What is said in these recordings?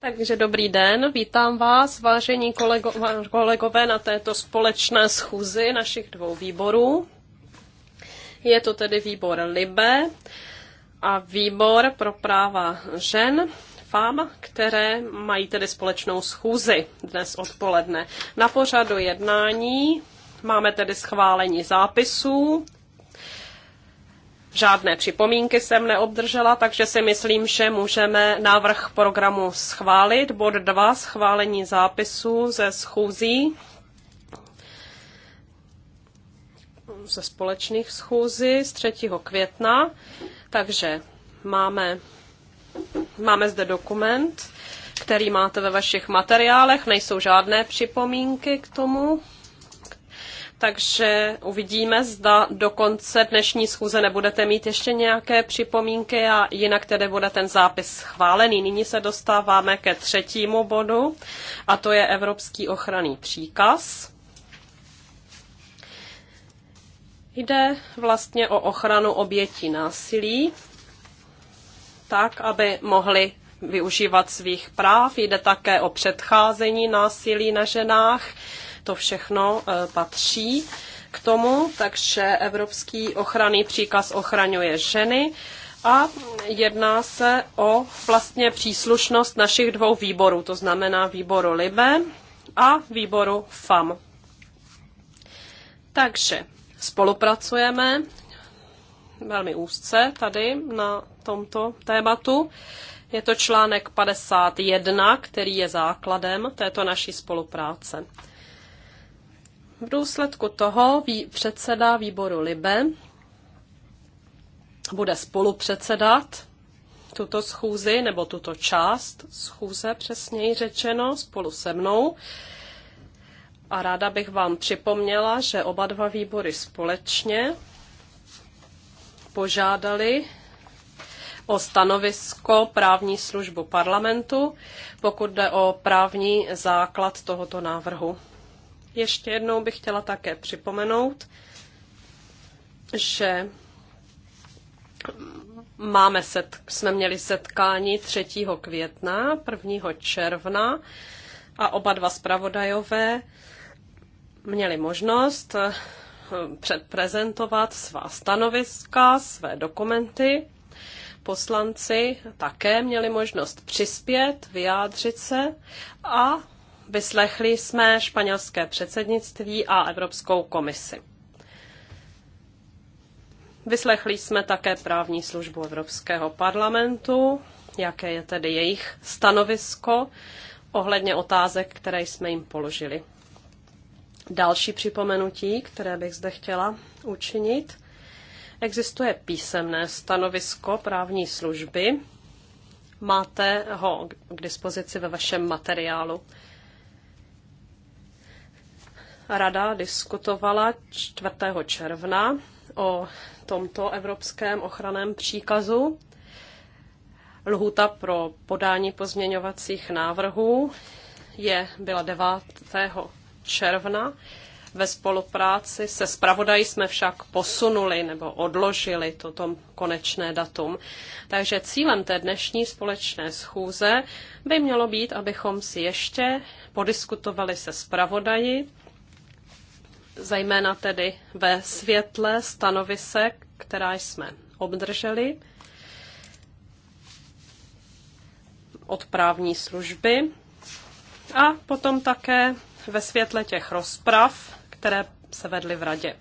Takže dobrý den, vítám vás, vážení kolego, kolegové, na této společné schůzi našich dvou výborů. Je to tedy výbor LIBE a výbor pro práva žen, FAM, které mají tedy společnou schůzi dnes odpoledne. Na pořadu jednání máme tedy schválení zápisů Žádné připomínky jsem neobdržela, takže si myslím, že můžeme návrh programu schválit. Bod 2, schválení zápisu ze schůzí, ze společných schůzí z 3. května. Takže máme, máme zde dokument, který máte ve vašich materiálech. Nejsou žádné připomínky k tomu takže uvidíme, zda do konce dnešní schůze nebudete mít ještě nějaké připomínky a jinak tedy bude ten zápis schválený. Nyní se dostáváme ke třetímu bodu a to je Evropský ochranný příkaz. Jde vlastně o ochranu obětí násilí, tak, aby mohli využívat svých práv. Jde také o předcházení násilí na ženách to všechno e, patří k tomu, takže Evropský ochranný příkaz ochraňuje ženy a jedná se o vlastně příslušnost našich dvou výborů, to znamená výboru LIBE a výboru FAM. Takže spolupracujeme velmi úzce tady na tomto tématu. Je to článek 51, který je základem této naší spolupráce. V důsledku toho ví, předseda výboru Libe bude spolupředsedat tuto schůzi, nebo tuto část schůze přesněji řečeno, spolu se mnou. A ráda bych vám připomněla, že oba dva výbory společně požádali o stanovisko právní službu parlamentu, pokud jde o právní základ tohoto návrhu. Ještě jednou bych chtěla také připomenout, že máme set, jsme měli setkání 3. května, 1. června a oba dva zpravodajové měli možnost eh, předprezentovat svá stanoviska, své dokumenty. Poslanci také měli možnost přispět, vyjádřit se a Vyslechli jsme španělské předsednictví a Evropskou komisi. Vyslechli jsme také právní službu Evropského parlamentu, jaké je tedy jejich stanovisko ohledně otázek, které jsme jim položili. Další připomenutí, které bych zde chtěla učinit, existuje písemné stanovisko právní služby. Máte ho k dispozici ve vašem materiálu. Rada diskutovala 4. června o tomto evropském ochraném příkazu. Lhuta pro podání pozměňovacích návrhů je, byla 9. června. Ve spolupráci se zpravodají jsme však posunuli nebo odložili toto konečné datum. Takže cílem té dnešní společné schůze by mělo být, abychom si ještě podiskutovali se zpravodaji zejména tedy ve světle stanovisek, která jsme obdrželi od právní služby a potom také ve světle těch rozprav, které se vedly v radě.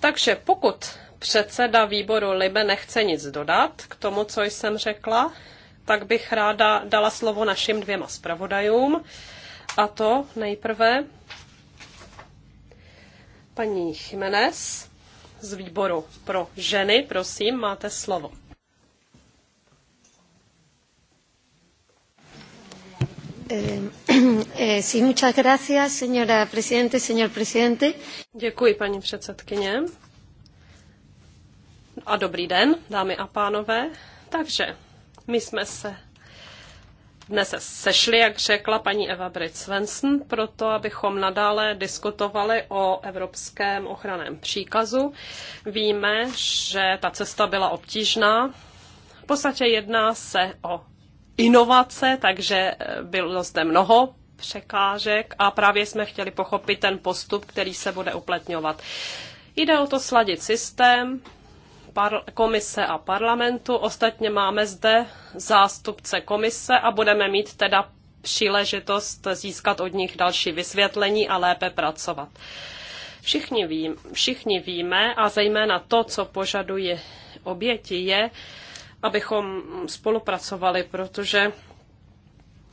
Takže pokud předseda výboru Libe nechce nic dodat k tomu, co jsem řekla, tak bych ráda dala slovo našim dvěma zpravodajům a to nejprve paní Jiménez z výboru pro ženy. Prosím, máte slovo. Eh, eh, Děkuji, paní předsedkyně. A dobrý den, dámy a pánové. Takže my jsme se dnes se sešli, jak řekla paní Eva Brit Svensson, proto abychom nadále diskutovali o evropském ochraném příkazu. Víme, že ta cesta byla obtížná. V podstatě jedná se o inovace, takže eh, bylo zde mnoho překážek a právě jsme chtěli pochopit ten postup, který se bude uplatňovat. Jde o to sladit systém, komise a parlamentu. Ostatně máme zde zástupce komise a budeme mít teda příležitost získat od nich další vysvětlení a lépe pracovat. Všichni, ví, všichni víme, a zejména to, co požaduje oběti, je, abychom spolupracovali, protože,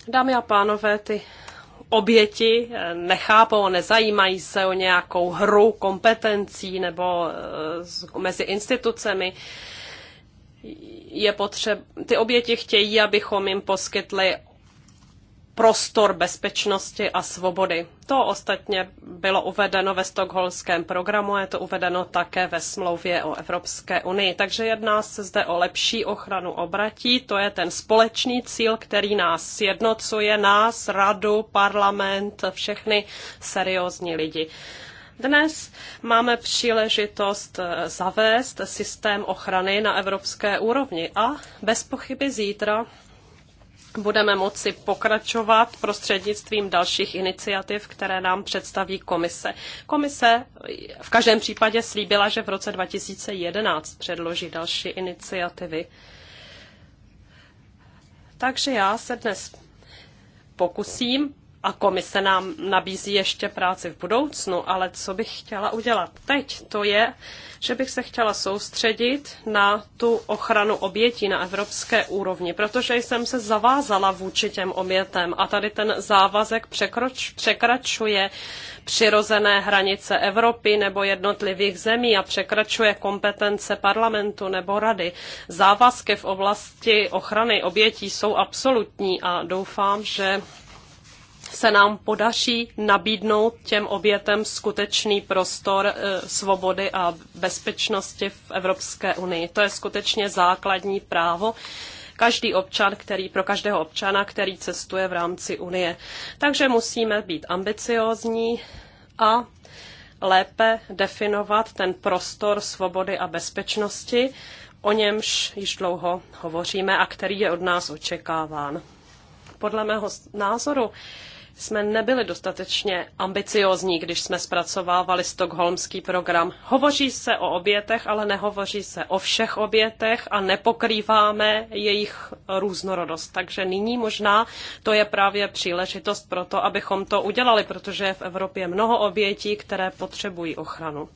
dámy a pánové, ty oběti eh, nechápou, nezajímají se o nějakou hru kompetencí nebo eh, mezi institucemi. Je potřeba, ty oběti chtějí, abychom jim poskytli prostor bezpečnosti a svobody. To ostatně bylo uvedeno ve stokholmském programu, je to uvedeno také ve smlouvě o Evropské unii. Takže jedná se zde o lepší ochranu obratí, to je ten společný cíl, který nás sjednocuje, nás, radu, parlament, všechny seriózní lidi. Dnes máme příležitost eh, zavést systém ochrany na evropské úrovni a bez pochyby zítra budeme moci pokračovat prostřednictvím dalších iniciativ, které nám představí komise. Komise v každém případě slíbila, že v roce 2011 předloží další iniciativy. Takže já se dnes pokusím a komise nám nabízí ještě práci v budoucnu, ale co bych chtěla udělat teď, to je, že bych se chtěla soustředit na tu ochranu obětí na evropské úrovni, protože jsem se zavázala vůči těm obětem a tady ten závazek překroč, překračuje přirozené hranice Evropy nebo jednotlivých zemí a překračuje kompetence parlamentu nebo rady. Závazky v oblasti ochrany obětí jsou absolutní a doufám, že se nám podaří nabídnout těm obětem skutečný prostor eh, svobody a bezpečnosti v Evropské unii. To je skutečně základní právo každý občan, který, pro každého občana, který cestuje v rámci Unie. Takže musíme být ambiciózní a lépe definovat ten prostor svobody a bezpečnosti, o němž již dlouho hovoříme a který je od nás očekáván. Podle mého názoru jsme nebyli dostatečně ambiciozní, když jsme zpracovávali stokholmský program. Hovoří se o obětech, ale nehovoří se o všech obětech a nepokrýváme jejich různorodost. Takže nyní možná to je právě příležitost pro to, abychom to udělali, protože je v Evropě mnoho obětí, které potřebují ochranu.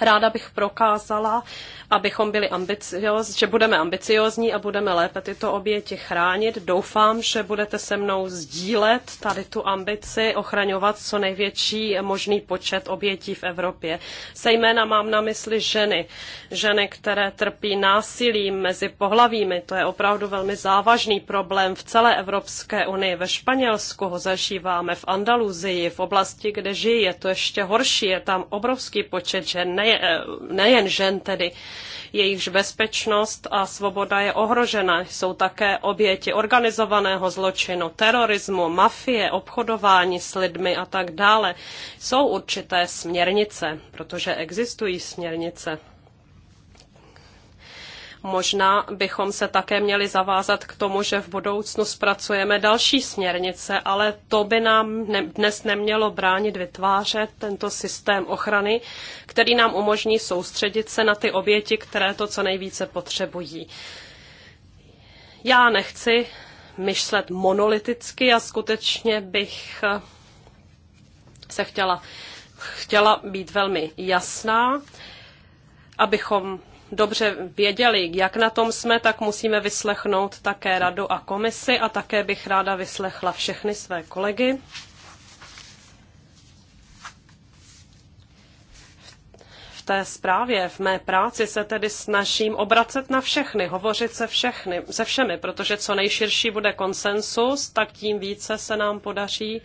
Ráda bych prokázala, abychom byli ambicioz, že budeme ambiciozní a budeme lépe tyto oběti chránit. Doufám, že budete se mnou sdílet tady tu ambici ochraňovat co největší možný počet obětí v Evropě. Sejména mám na mysli ženy. Ženy, které trpí násilím mezi pohlavími. To je opravdu velmi závažný problém v celé Evropské unii. Ve Španělsku ho zažíváme, v Andaluzii, v oblasti, kde žije. To ještě horší. Je tam obrovský počet žen, nejen, žen tedy, jejichž bezpečnost a svoboda je ohrožena. Jsou také oběti organizovaného zločinu, terorismu, mafie, obchodování s lidmi a tak dále. Jsou určité směrnice, protože existují směrnice Možná bychom se také měli zavázat k tomu, že v budoucnu zpracujeme další směrnice, ale to by nám ne, dnes nemělo bránit vytvářet tento systém ochrany, který nám umožní soustředit se na ty oběti, které to co nejvíce potřebují. Já nechci myšlet monoliticky a skutečně bych eh, se chtěla, chtěla být velmi jasná, abychom dobře věděli, jak na tom jsme, tak musíme vyslechnout také radu a komisi a také bych ráda vyslechla všechny své kolegy. V té zprávě, v mé práci se tedy snažím obracet na všechny, hovořit se, všechny, se všemi, protože co nejširší bude konsensus, tak tím více se nám podaří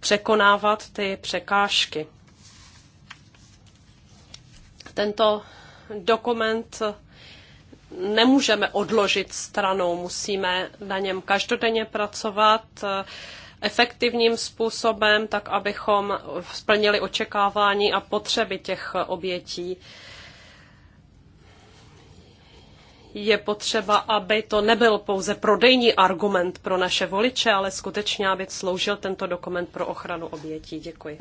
překonávat ty překážky tento dokument nemůžeme odložit stranou, musíme na něm každodenně pracovat eh, efektivním způsobem, tak abychom splnili očekávání a potřeby těch obětí. Je potřeba, aby to nebyl pouze prodejní argument pro naše voliče, ale skutečně, aby sloužil tento dokument pro ochranu obětí. Děkuji.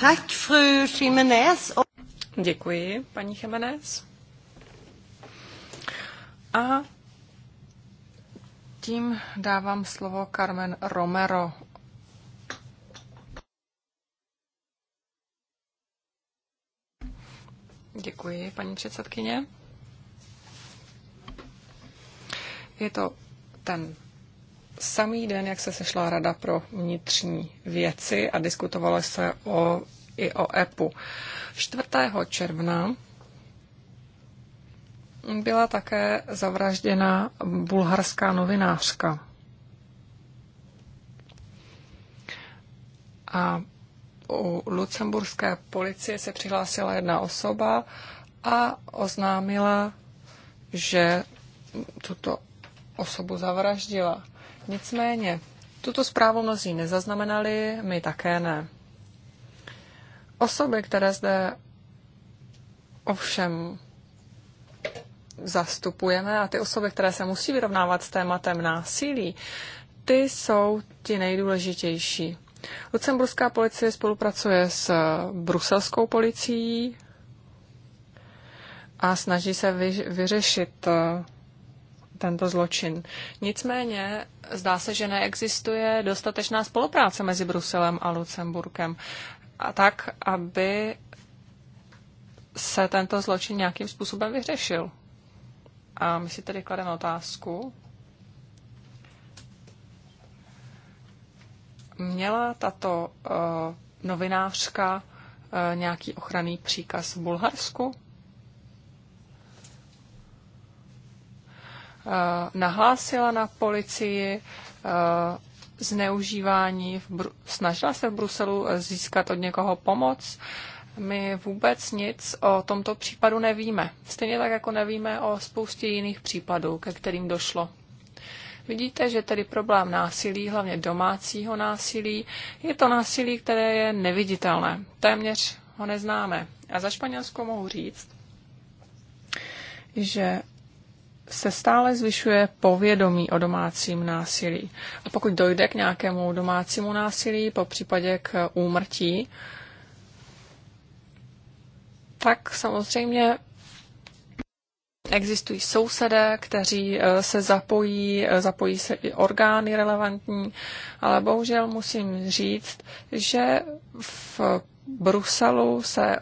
Tack, fru Jiménez. Děkuji, paní Jiménez. A tím dávám slovo Carmen Romero. Děkuji, paní předsedkyně. Je to ten samý den, jak se sešla Rada pro vnitřní věci a diskutovalo se o, i o EPU. 4. června byla také zavražděna bulharská novinářka. A u lucemburské policie se přihlásila jedna osoba a oznámila, že tuto osobu zavraždila. Nicméně, tuto zprávu mnozí nezaznamenali, my také ne. Osoby, které zde ovšem zastupujeme a ty osoby, které se musí vyrovnávat s tématem násilí, ty jsou ti nejdůležitější. Lucemburská policie spolupracuje s bruselskou policií a snaží se vyřešit eh, tento zločin. Nicméně zdá se, že neexistuje dostatečná spolupráce mezi Bruselem a Lucemburkem. A tak, aby se tento zločin nějakým způsobem vyřešil. A my si tedy klademe otázku, měla tato uh, novinářka uh, nějaký ochranný příkaz v Bulharsku? Eh, nahlásila na policii eh, zneužívání, v Bru- snažila se v Bruselu eh, získat od někoho pomoc. My vůbec nic o tomto případu nevíme. Stejně tak, jako nevíme o spoustě jiných případů, ke kterým došlo. Vidíte, že tedy problém násilí, hlavně domácího násilí, je to násilí, které je neviditelné. Téměř ho neznáme. A za Španělsko mohu říct, že se stále zvyšuje povědomí o domácím násilí. A pokud dojde k nějakému domácímu násilí, po případě k úmrtí, tak samozřejmě Existují sousedé, kteří eh, se zapojí, eh, zapojí se i orgány relevantní, ale bohužel musím říct, že v Bruselu se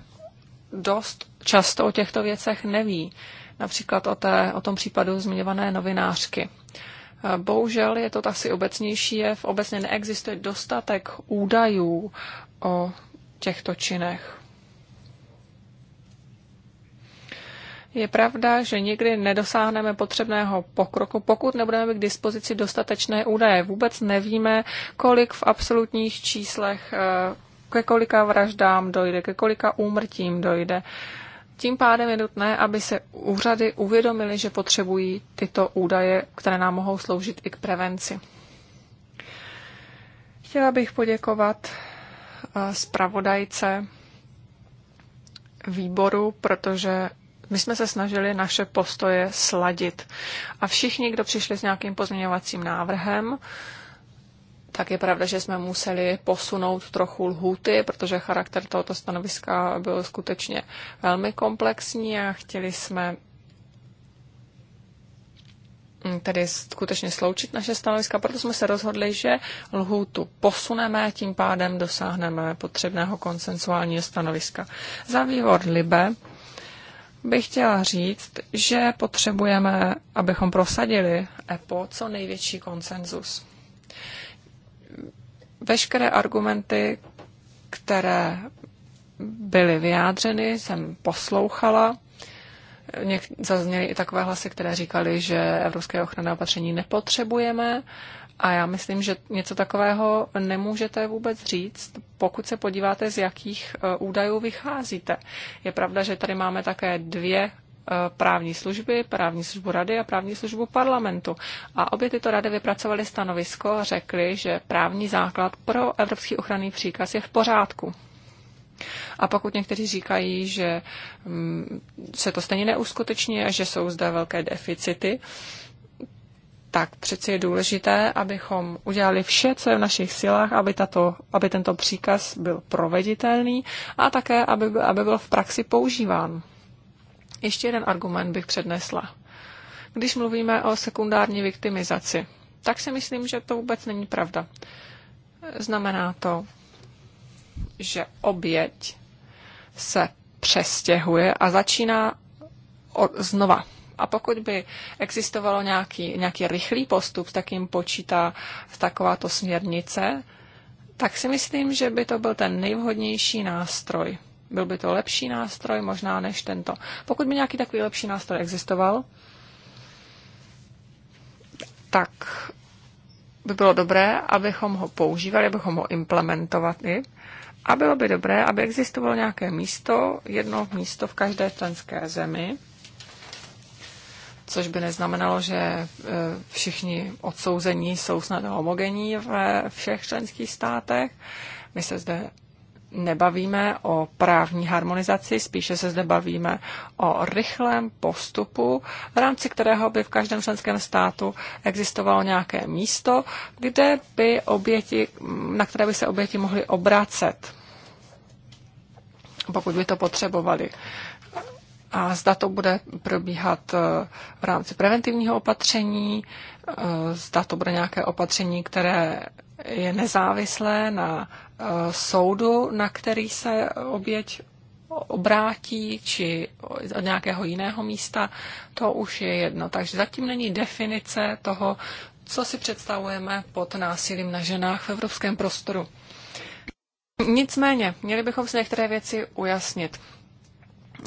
dost často o těchto věcech neví například o, té, o tom případu zmiňované novinářky. Eh, bohužel je to asi obecnější v Obecně neexistuje dostatek údajů o těchto činech. Je pravda, že nikdy nedosáhneme potřebného pokroku, pokud nebudeme mít k dispozici dostatečné údaje. Vůbec nevíme, kolik v absolutních číslech, eh, ke kolika vraždám dojde, ke kolika úmrtím dojde. Tím pádem je nutné, aby se úřady uvědomily, že potřebují tyto údaje, které nám mohou sloužit i k prevenci. Chtěla bych poděkovat eh, zpravodajce výboru, protože my jsme se snažili naše postoje sladit. A všichni, kdo přišli s nějakým pozměňovacím návrhem, tak je pravda, že jsme museli posunout trochu lhuty, protože charakter tohoto stanoviska byl skutečně velmi komplexní a chtěli jsme mm, tedy skutečně sloučit naše stanoviska, proto jsme se rozhodli, že lhůtu posuneme, tím pádem dosáhneme potřebného konsensuálního stanoviska. Za vývod Libe bych chtěla říct, že potřebujeme, abychom prosadili EPO co největší konsenzus veškeré argumenty, které byly vyjádřeny, jsem poslouchala. Něk- zazněly i takové hlasy, které říkali, že evropské ochranné opatření nepotřebujeme. A já myslím, že něco takového nemůžete vůbec říct, pokud se podíváte, z jakých e, údajů vycházíte. Je pravda, že tady máme také dvě Eh, právní služby, právní službu rady a právní službu parlamentu. A obě tyto rady vypracovaly stanovisko a řekly, že právní základ pro evropský ochranný příkaz je v pořádku. A pokud někteří říkají, že mm, se to stejně neuskuteční a že jsou zde velké deficity, tak přeci je důležité, abychom udělali vše, co je v našich silách, aby, tato, aby tento příkaz byl proveditelný a také, aby, aby byl v praxi používán. Ještě jeden argument bych přednesla. Když mluvíme o sekundární viktimizaci, tak si myslím, že to vůbec není pravda. Znamená to, že oběť se přestěhuje a začíná od, znova. A pokud by existovalo nějaký, nějaký rychlý postup, tak jim počítá takováto směrnice, tak si myslím, že by to byl ten nejvhodnější nástroj. Byl by to lepší nástroj možná než tento. Pokud by nějaký takový lepší nástroj existoval, tak by bylo dobré, abychom ho používali, abychom ho implementovali. A bylo by dobré, aby existovalo nějaké místo, jedno místo v každé členské zemi, což by neznamenalo, že e, všichni odsouzení jsou snad homogenní ve všech členských státech. My se zde nebavíme o právní harmonizaci, spíše se zde bavíme o rychlém postupu, v rámci kterého by v každém členském státu existovalo nějaké místo, kde by oběti, na které by se oběti mohly obracet, pokud by to potřebovali. A zda to bude probíhat eh, v rámci preventivního opatření, eh, zda to bude nějaké opatření, které je nezávislé na soudu, na který se oběť obrátí, či od nějakého jiného místa, to už je jedno. Takže zatím není definice toho, co si představujeme pod násilím na ženách v evropském prostoru. Nicméně, měli bychom si některé věci ujasnit.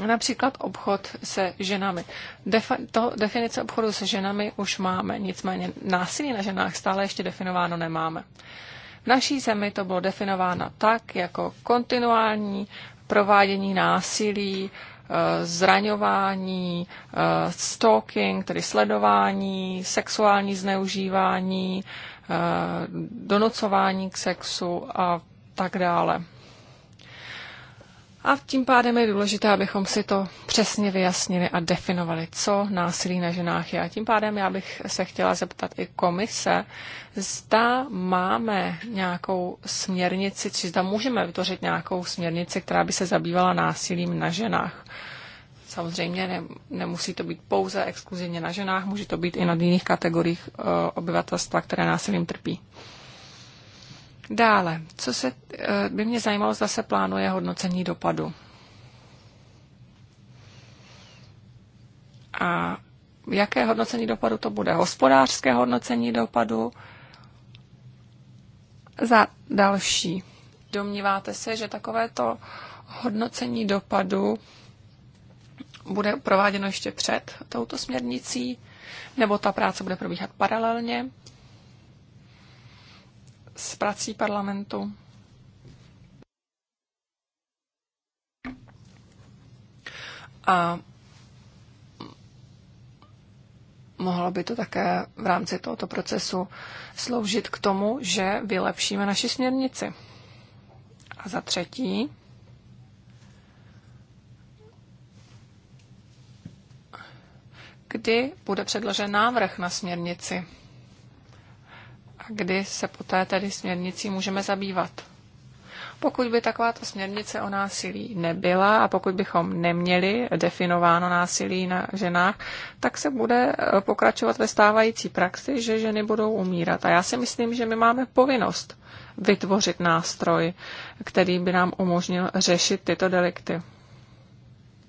Například obchod se ženami. Defa- to definice obchodu se ženami už máme, nicméně násilí na ženách stále ještě definováno nemáme. Uh, v naší zemi to bylo definováno tak, jako kontinuální provádění násilí, eh, zraňování, eh, stalking, tedy sledování, sexuální zneužívání, eh, donocování k sexu a tak dále. A tím pádem je důležité, abychom si to přesně vyjasnili a definovali, co násilí na ženách je. A tím pádem já bych se chtěla zeptat i komise, zda máme nějakou směrnici, či zda můžeme vytvořit nějakou směrnici, která by se zabývala násilím na ženách. Samozřejmě ne, nemusí to být pouze exkluzivně na ženách, může to být i na jiných kategoriích eh, obyvatelstva, které násilím trpí. Dále, co se, eh, by mě zajímalo, zda se plánuje hodnocení dopadu. A jaké hodnocení dopadu to bude? Hospodářské hodnocení dopadu? Za další, domníváte se, že takovéto hodnocení dopadu bude prováděno ještě před touto směrnicí, nebo ta práce bude probíhat paralelně? s prací parlamentu. A mohlo by to také v rámci tohoto procesu sloužit k tomu, že vylepšíme naši směrnici. A za třetí, kdy bude předložen návrh na směrnici a kdy se poté tedy směrnicí můžeme zabývat. Pokud by takováto směrnice o násilí nebyla a pokud bychom neměli definováno násilí na ženách, tak se bude eh, pokračovat ve stávající praxi, že ženy budou umírat. A já si myslím, že my máme povinnost vytvořit nástroj, který by nám umožnil řešit tyto delikty.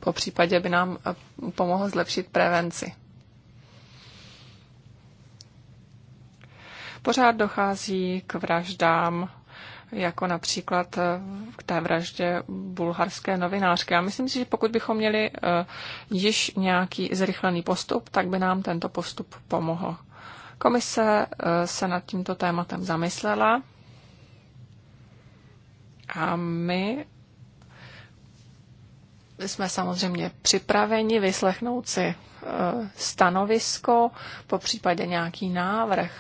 Po případě by nám eh, pomohl zlepšit prevenci. Pořád dochází k vraždám, jako například eh, k té vraždě bulharské novinářky. Já myslím si, že pokud bychom měli eh, již nějaký zrychlený postup, tak by nám tento postup pomohl. Komise eh, se nad tímto tématem zamyslela a my jsme samozřejmě připraveni vyslechnout si stanovisko, po případě nějaký návrh.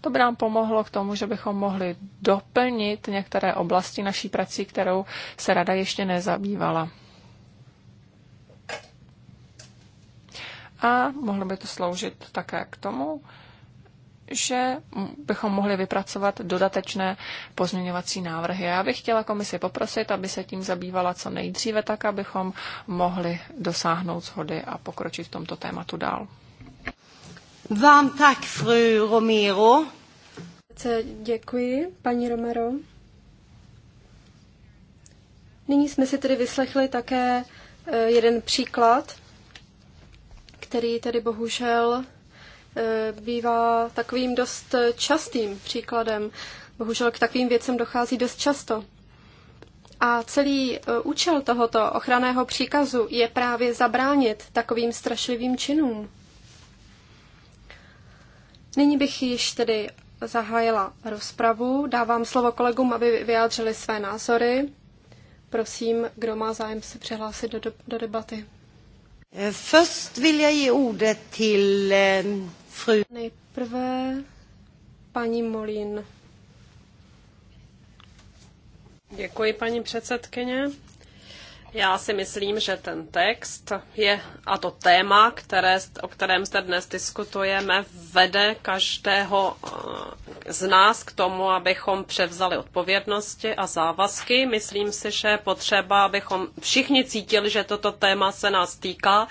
To by nám pomohlo k tomu, že bychom mohli doplnit některé oblasti naší prací, kterou se rada ještě nezabývala. A mohlo by to sloužit také k tomu, že bychom mohli vypracovat dodatečné pozměňovací návrhy. Já bych chtěla komisi poprosit, aby se tím zabývala co nejdříve, tak abychom mohli dosáhnout shody a pokročit v tomto tématu dál. Vám tak, fru Romero. Děkuji, paní Romero. Nyní jsme si tedy vyslechli také eh, jeden příklad, který tedy bohužel Eh, bývá takovým dost častým příkladem. Bohužel k takovým věcem dochází dost často. A celý eh, účel tohoto ochranného příkazu je právě zabránit takovým strašlivým činům. Nyní bych již tedy zahájila rozpravu. Dávám slovo kolegům, aby vyjádřili své názory. Prosím, kdo má zájem se přihlásit do, do, do debaty. Eh, Först vill jag ge ordet till Fru. Nejprve paní Molín. Děkuji, paní předsedkyně. Já si myslím, že ten text je, a to téma, které, o kterém zde dnes diskutujeme, vede každého eh, z nás k tomu, abychom převzali odpovědnosti a závazky. Myslím si, že je potřeba, abychom všichni cítili, že toto téma se nás týká,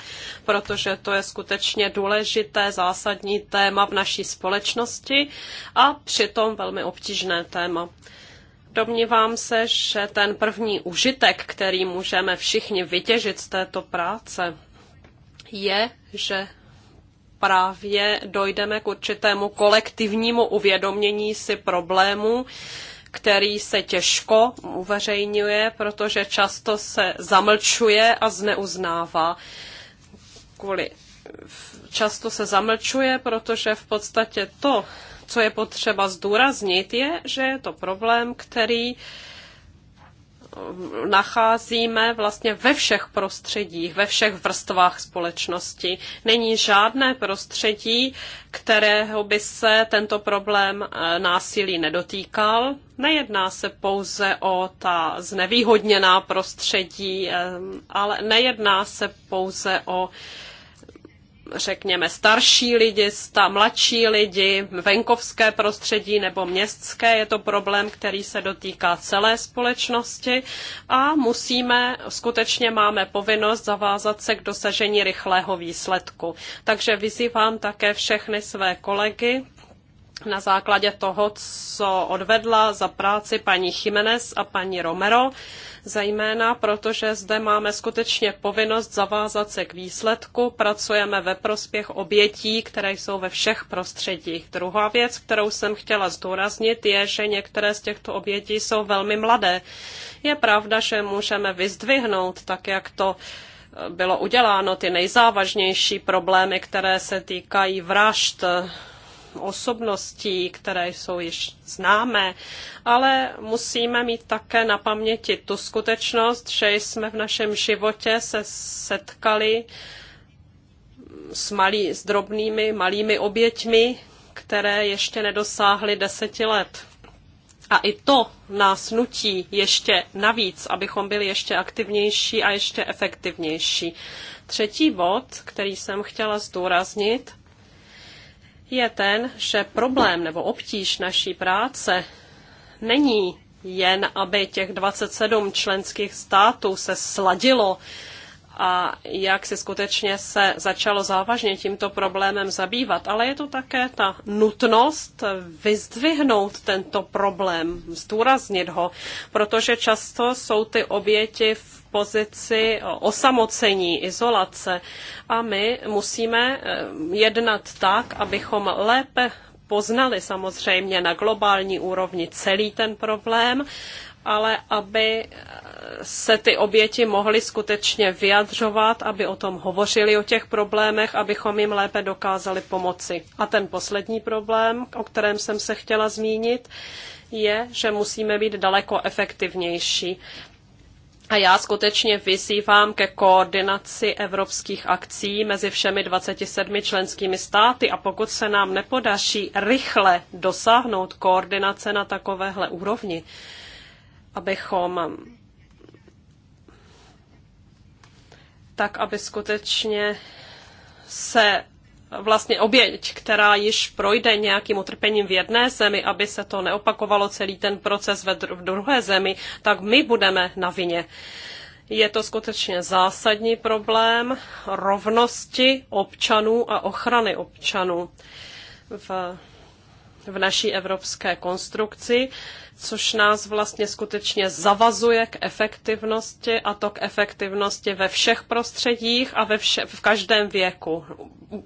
protože to je skutečně důležité, zásadní téma v naší společnosti a přitom velmi obtížné téma. Domnívám se, že ten první užitek, který můžeme všichni vytěžit z této práce, je, že právě dojdeme k určitému kolektivnímu uvědomění si problému, který se těžko uveřejňuje, protože často se zamlčuje a zneuznává. Kvůli často se zamlčuje, protože v podstatě to, co je potřeba zdůraznit, je, že je to problém, který eh, nacházíme vlastně ve všech prostředích, ve všech vrstvách společnosti. Není žádné prostředí, kterého by se tento problém eh, násilí nedotýkal. Nejedná se pouze o ta znevýhodněná prostředí, eh, ale nejedná se pouze o řekněme, starší lidi, sta, mladší lidi, venkovské prostředí nebo městské. Je to problém, který se dotýká celé společnosti a musíme, skutečně máme povinnost zavázat se k dosažení rychlého výsledku. Takže vyzývám také všechny své kolegy, na základě toho, co odvedla za práci paní Jiménez a paní Romero, zejména protože zde máme skutečně povinnost zavázat se k výsledku, pracujeme ve prospěch obětí, které jsou ve všech prostředích. Druhá věc, kterou jsem chtěla zdůraznit, je, že některé z těchto obětí jsou velmi mladé. Je pravda, že můžeme vyzdvihnout, tak jak to eh, bylo uděláno, ty nejzávažnější problémy, které se týkají vražd osobností, které jsou již známé, ale musíme mít také na paměti tu skutečnost, že jsme v našem životě se setkali s, malý, s drobnými, malými oběťmi, které ještě nedosáhly deseti let. A i to nás nutí ještě navíc, abychom byli ještě aktivnější a ještě efektivnější. Třetí bod, který jsem chtěla zdůraznit, je ten, že problém nebo obtíž naší práce není jen, aby těch 27 členských států se sladilo a jak si skutečně se začalo závažně tímto problémem zabývat. Ale je to také ta nutnost vyzdvihnout tento problém, zdůraznit ho, protože často jsou ty oběti v pozici osamocení, izolace a my musíme eh, jednat tak, abychom lépe poznali samozřejmě na globální úrovni celý ten problém, ale aby eh, se ty oběti mohly skutečně vyjadřovat, aby o tom hovořili, o těch problémech, abychom jim lépe dokázali pomoci. A ten poslední problém, o kterém jsem se chtěla zmínit, je, že musíme být daleko efektivnější. A já skutečně vyzývám ke koordinaci evropských akcí mezi všemi 27 členskými státy a pokud se nám nepodaří rychle dosáhnout koordinace na takovéhle úrovni, abychom tak, aby skutečně se vlastně oběť, která již projde nějakým utrpením v jedné zemi, aby se to neopakovalo celý ten proces ve druhé zemi, tak my budeme na vině. Je to skutečně zásadní problém rovnosti občanů a ochrany občanů. V v naší evropské konstrukci, což nás vlastně skutečně zavazuje k efektivnosti a to k efektivnosti ve všech prostředích a ve vše, v každém věku.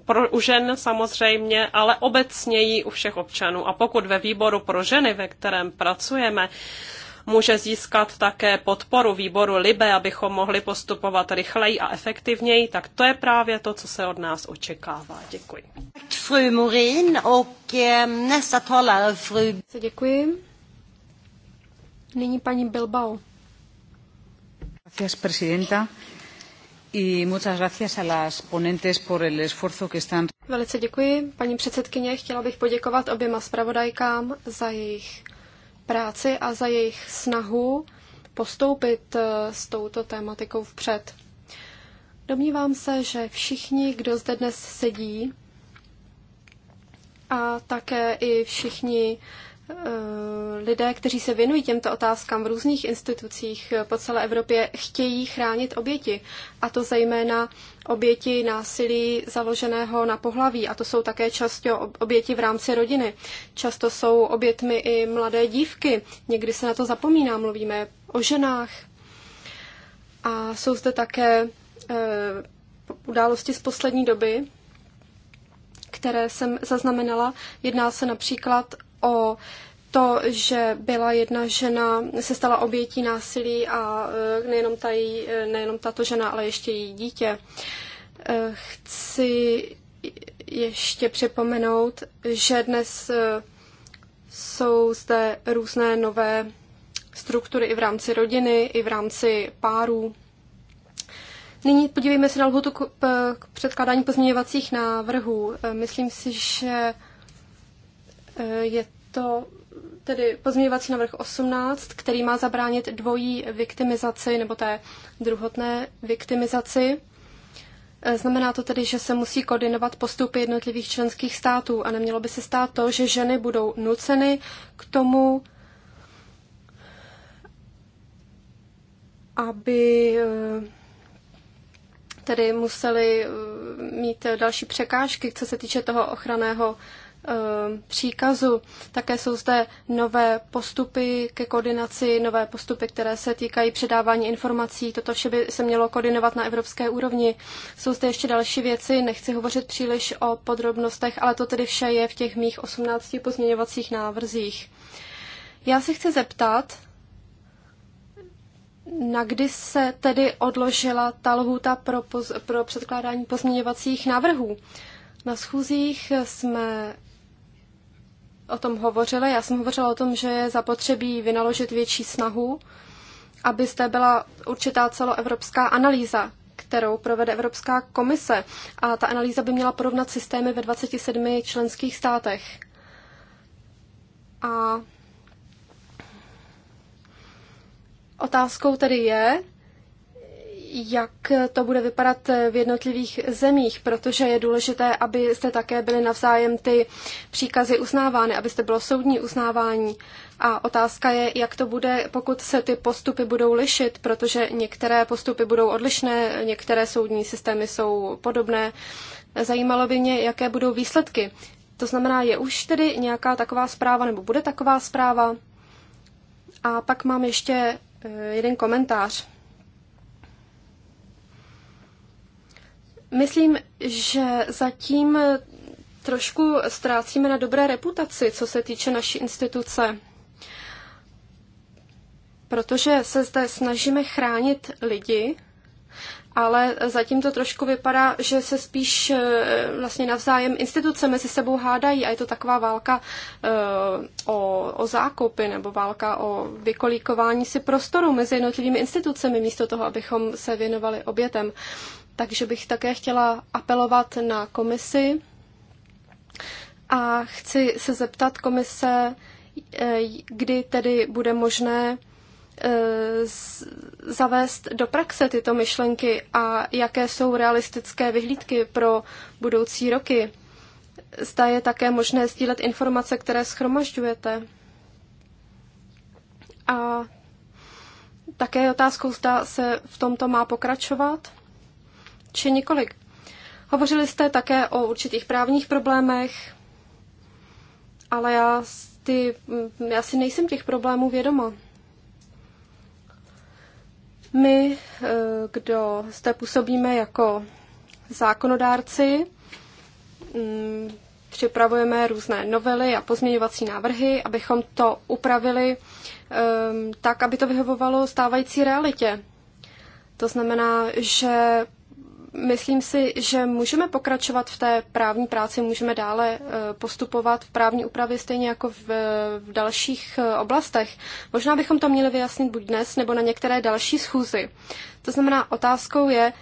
Pro, u žen samozřejmě, ale obecněji u všech občanů. A pokud ve výboru pro ženy, ve kterém pracujeme, může získat také podporu výboru LIBE, abychom mohli postupovat rychleji a efektivněji, tak to je právě to, co se od nás očekává. Děkuji. Fru Morin och ehm, nästa fru... Děkuji. Nyní paní Bilbao. Gracias, presidenta. Y muchas gracias a las ponentes por el esfuerzo que están. Velice děkuji, paní předsedkyně. Chtěla bych poděkovat oběma zpravodajkám za jejich práci a za jejich snahu postoupit eh, s touto tématikou vpřed. Domnívám se, že všichni, kdo zde dnes sedí, a také i všichni lidé, kteří se věnují těmto otázkám v různých institucích po celé Evropě, chtějí chránit oběti. A to zejména oběti násilí založeného na pohlaví. A to jsou také často oběti v rámci rodiny. Často jsou obětmi i mladé dívky. Někdy se na to zapomíná, mluvíme o ženách. A jsou zde také eh, události z poslední doby, které jsem zaznamenala. Jedná se například o to, že byla jedna žena, se stala obětí násilí a e, nejenom, ta e, nejenom tato žena, ale ještě její dítě. E, chci ještě připomenout, že dnes jsou zde různé nové struktury i v rámci rodiny, i v rámci párů. Nyní podívejme se na lhutu k předkládání pozměňovacích návrhů. Myslím si, že Eh, je to tedy pozměňovací návrh 18, který má zabránit dvojí viktimizaci nebo té druhotné viktimizaci. Eh, znamená to tedy, že se musí koordinovat postupy jednotlivých členských států a nemělo by se stát to, že ženy budou nuceny k tomu, aby eh, tedy museli mít další překážky, co se týče toho ochraného Ehm, příkazu. Také jsou zde nové postupy ke koordinaci, nové postupy, které se týkají předávání informací. Toto vše by se mělo koordinovat na evropské úrovni. Jsou zde ještě další věci, nechci hovořit příliš o podrobnostech, ale to tedy vše je v těch mých 18 pozměňovacích návrzích. Já se chci zeptat, na kdy se tedy odložila ta lhůta pro, poz, pro předkládání pozměňovacích návrhů? Na schůzích jsme o tom hovořili. Já jsem hovořila o tom, že je zapotřebí vynaložit větší snahu, aby zde byla určitá celoevropská analýza, kterou provede Evropská komise. A ta analýza by měla porovnat systémy ve 27 členských státech. A otázkou tedy je, jak to bude vypadat v jednotlivých zemích, protože je důležité, abyste také byly navzájem ty příkazy uznávány, abyste bylo soudní uznávání. A otázka je, jak to bude, pokud se ty postupy budou lišit, protože některé postupy budou odlišné, některé soudní systémy jsou podobné. Zajímalo by mě, jaké budou výsledky. To znamená, je už tedy nějaká taková zpráva, nebo bude taková zpráva? A pak mám ještě eh, jeden komentář. Myslím, že zatím trošku ztrácíme na dobré reputaci, co se týče naší instituce, protože se zde snažíme chránit lidi, ale zatím to trošku vypadá, že se spíš eh, vlastně navzájem instituce mezi sebou hádají a je to taková válka eh, o, o zákupy nebo válka o vykolíkování si prostoru mezi jednotlivými institucemi místo toho, abychom se věnovali obětem. Takže bych také chtěla apelovat na komisi a chci se zeptat komise, eh, kdy tedy bude možné eh, zavést do praxe tyto myšlenky a jaké jsou realistické vyhlídky pro budoucí roky. Zda je také možné sdílet informace, které schromažďujete. A také je otázkou, zda se v tomto má pokračovat či několik. Hovořili jste také o určitých právních problémech, ale já, ty, mm, já si nejsem těch problémů vědoma. My, eh, kdo zde působíme jako zákonodárci, mm, připravujeme různé novely a pozměňovací návrhy, abychom to upravili eh, tak, aby to vyhovovalo stávající realitě. To znamená, že Myslím si, že můžeme pokračovat v té právní práci, můžeme dále eh, postupovat v právní úpravě stejně jako v, eh, v dalších eh, oblastech. Možná bychom to měli vyjasnit buď dnes nebo na některé další schůzy. To znamená, otázkou je,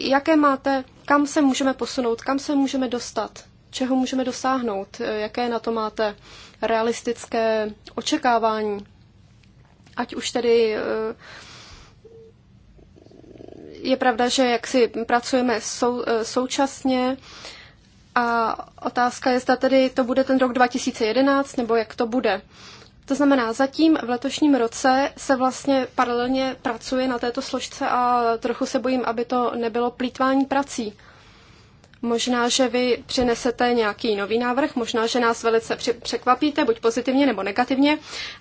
jaké máte, kam se můžeme posunout, kam se můžeme dostat, čeho můžeme dosáhnout, jaké na to máte realistické očekávání. Ať už tedy uh, je pravda, že jak si pracujeme sou, eh, současně a otázka je, zda tedy to bude ten rok 2011 nebo jak to bude. To znamená, zatím v letošním roce se vlastně paralelně pracuje na této složce a trochu se bojím, aby to nebylo plítvání prací. Možná, že vy přinesete nějaký nový návrh, možná, že nás velice překvapíte, buď pozitivně nebo negativně,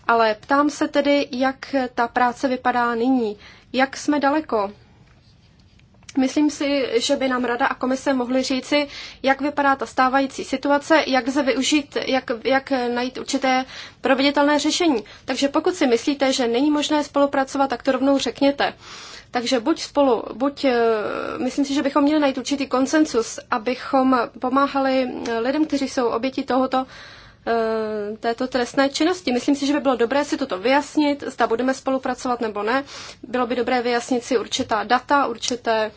ale ptám se tedy, jak ta práce vypadá nyní, jak jsme daleko. Myslím si, že by nám Rada a Komise mohly říci, jak vypadá ta stávající situace, jak se využít, jak, jak najít určité proveditelné řešení. Takže pokud si myslíte, že není možné spolupracovat, tak to rovnou řekněte. Takže buď spolu, buď, eh, myslím si, že bychom měli najít určitý konsensus, abychom pomáhali eh, lidem, kteří jsou oběti tohoto Eh, této trestné činnosti. Myslím si, že by bylo dobré si toto vyjasnit, zda budeme spolupracovat nebo ne. Bylo by dobré vyjasnit si určitá data, určité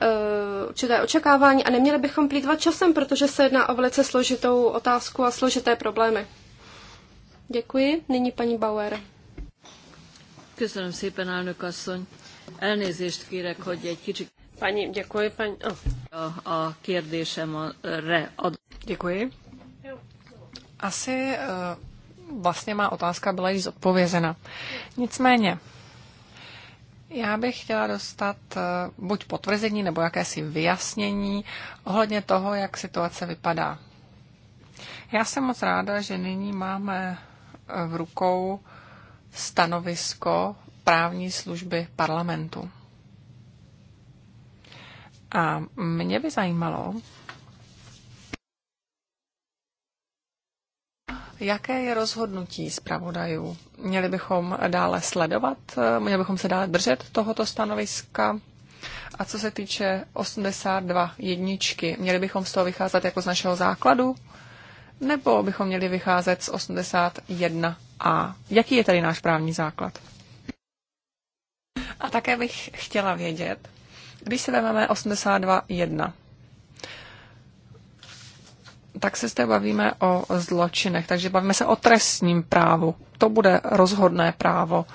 eh, určité očekávání a neměli bychom plítvat časem, protože se jedná o velice složitou otázku a složité problémy. Děkuji. Nyní paní Bauer. Köszönöm szépen, elnök děkuji, paní... Oh. A, a, re, Děkuji. Asi eh, vlastně má otázka byla již zodpovězena. Nicméně, já bych chtěla dostat eh, buď potvrzení nebo jakési vyjasnění ohledně toho, jak situace vypadá. Já jsem moc ráda, že nyní máme eh, v rukou stanovisko právní služby parlamentu. A mě by zajímalo, Jaké je rozhodnutí zpravodajů? Měli bychom dále sledovat, měli bychom se dále držet tohoto stanoviska? A co se týče 82 jedničky, měli bychom z toho vycházet jako z našeho základu? Nebo bychom měli vycházet z 81a? Jaký je tedy náš právní základ? A také bych chtěla vědět, když se vezmeme 82.1, tak se zde bavíme o zločinech, takže bavíme se o trestním právu. To bude rozhodné právo,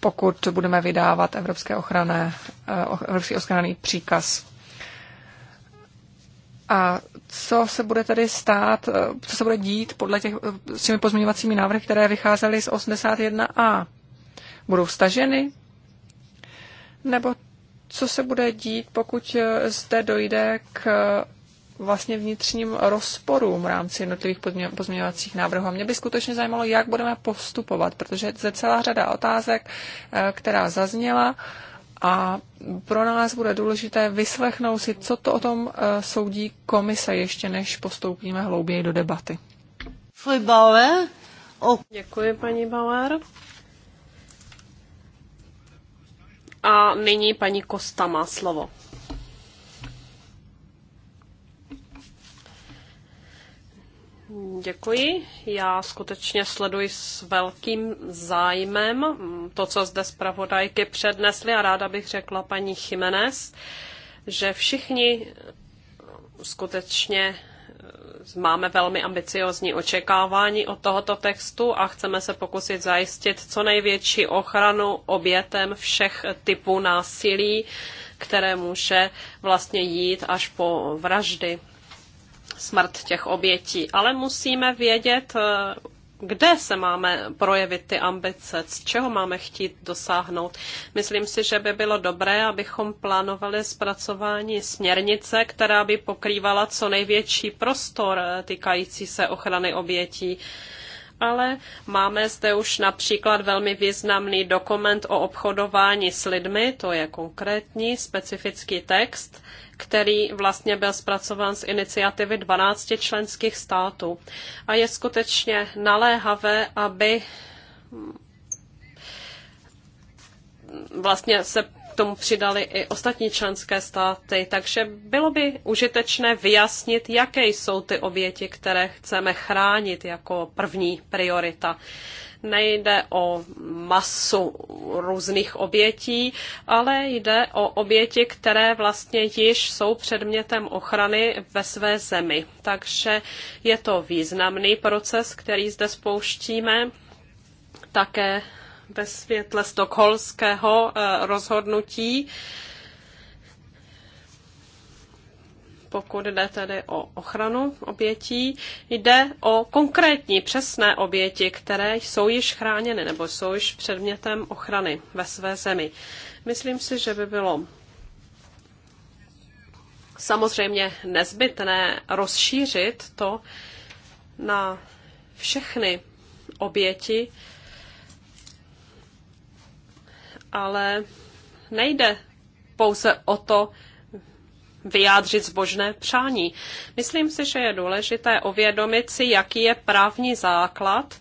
pokud budeme vydávat evropské ochranné, eh, evropský ochranný příkaz. A co se bude tedy stát, eh, co se bude dít podle těch, eh, s těmi pozměňovacími návrhy, které vycházely z 81a? Budou staženy? Nebo co se bude dít, pokud zde dojde k vlastně vnitřním rozporům v rámci jednotlivých pozměňovacích návrhů. A mě by skutečně zajímalo, jak budeme postupovat, protože je zde celá řada otázek, eh, která zazněla a pro nás bude důležité vyslechnout si, co to o tom eh, soudí komise, ještě než postoupíme hlouběji do debaty. Oh. Děkuji, paní Bauer. A nyní paní Kosta má slovo. Děkuji. Já skutečně sleduji s velkým zájmem to, co zde zpravodajky přednesly a ráda bych řekla paní Jiménez, že všichni skutečně eh, máme velmi ambiciozní očekávání od tohoto textu a chceme se pokusit zajistit co největší ochranu obětem všech typů násilí, které může vlastně jít až po vraždy smrt těch obětí, ale musíme vědět, eh, kde se máme projevit ty ambice, z čeho máme chtít dosáhnout. Myslím si, že by bylo dobré, abychom plánovali zpracování směrnice, která by pokrývala co největší prostor eh, týkající se ochrany obětí ale máme zde už například velmi významný dokument o obchodování s lidmi, to je konkrétní specifický text, který vlastně byl zpracován z iniciativy 12 členských států. A je skutečně naléhavé, aby vlastně se k tomu přidali i ostatní členské státy, takže bylo by užitečné vyjasnit, jaké jsou ty oběti, které chceme chránit jako první priorita. Nejde o masu různých obětí, ale jde o oběti, které vlastně již jsou předmětem ochrany ve své zemi. Takže je to významný proces, který zde spouštíme. Také ve světle stokholského eh, rozhodnutí pokud jde tedy o ochranu obětí, jde o konkrétní přesné oběti, které jsou již chráněny nebo jsou již předmětem ochrany ve své zemi. Myslím si, že by bylo samozřejmě nezbytné rozšířit to na všechny oběti, ale nejde pouze o to vyjádřit zbožné přání. Myslím si, že je důležité ovědomit si, jaký je právní základ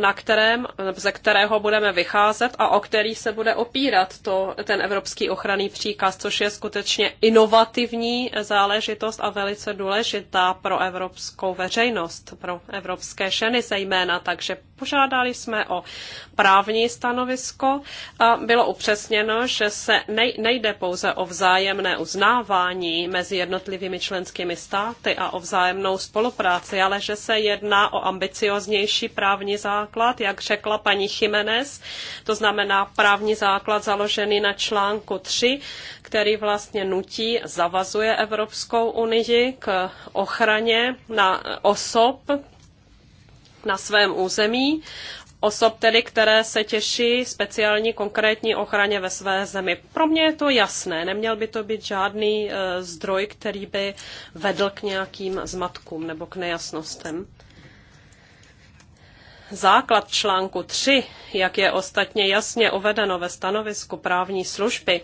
na kterém, ze kterého budeme vycházet a o který se bude opírat to, ten evropský ochranný příkaz, což je skutečně inovativní záležitost a velice důležitá pro evropskou veřejnost, pro evropské šeny zejména. Takže požádali jsme o právní stanovisko a bylo upřesněno, že se nejde pouze o vzájemné uznávání mezi jednotlivými členskými státy a o vzájemnou spolupráci, ale že se jedná o ambicioznější právní zákon základ, jak řekla paní Jiménez, to znamená právní základ založený na článku 3, který vlastně nutí, zavazuje Evropskou unii k ochraně na osob na svém území, osob tedy, které se těší speciální konkrétní ochraně ve své zemi. Pro mě je to jasné, neměl by to být žádný eh, zdroj, který by vedl k nějakým zmatkům nebo k nejasnostem základ článku 3, jak je ostatně jasně uvedeno ve stanovisku právní služby,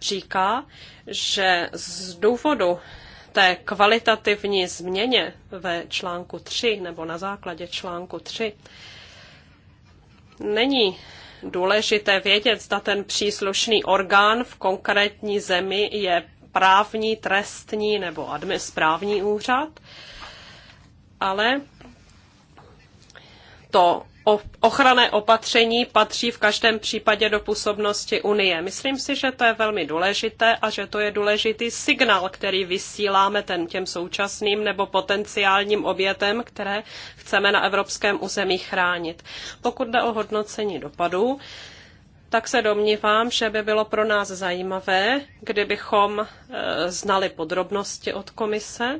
říká, že z důvodu té kvalitativní změně ve článku 3 nebo na základě článku 3 není důležité vědět, zda ten příslušný orgán v konkrétní zemi je právní, trestní nebo správní úřad, ale to ochranné opatření patří v každém případě do působnosti Unie. Myslím si, že to je velmi důležité a že to je důležitý signál, který vysíláme ten těm současným nebo potenciálním obětem, které chceme na evropském území chránit. Pokud jde o hodnocení dopadů, tak se domnívám, že by bylo pro nás zajímavé, kdybychom e, znali podrobnosti od komise,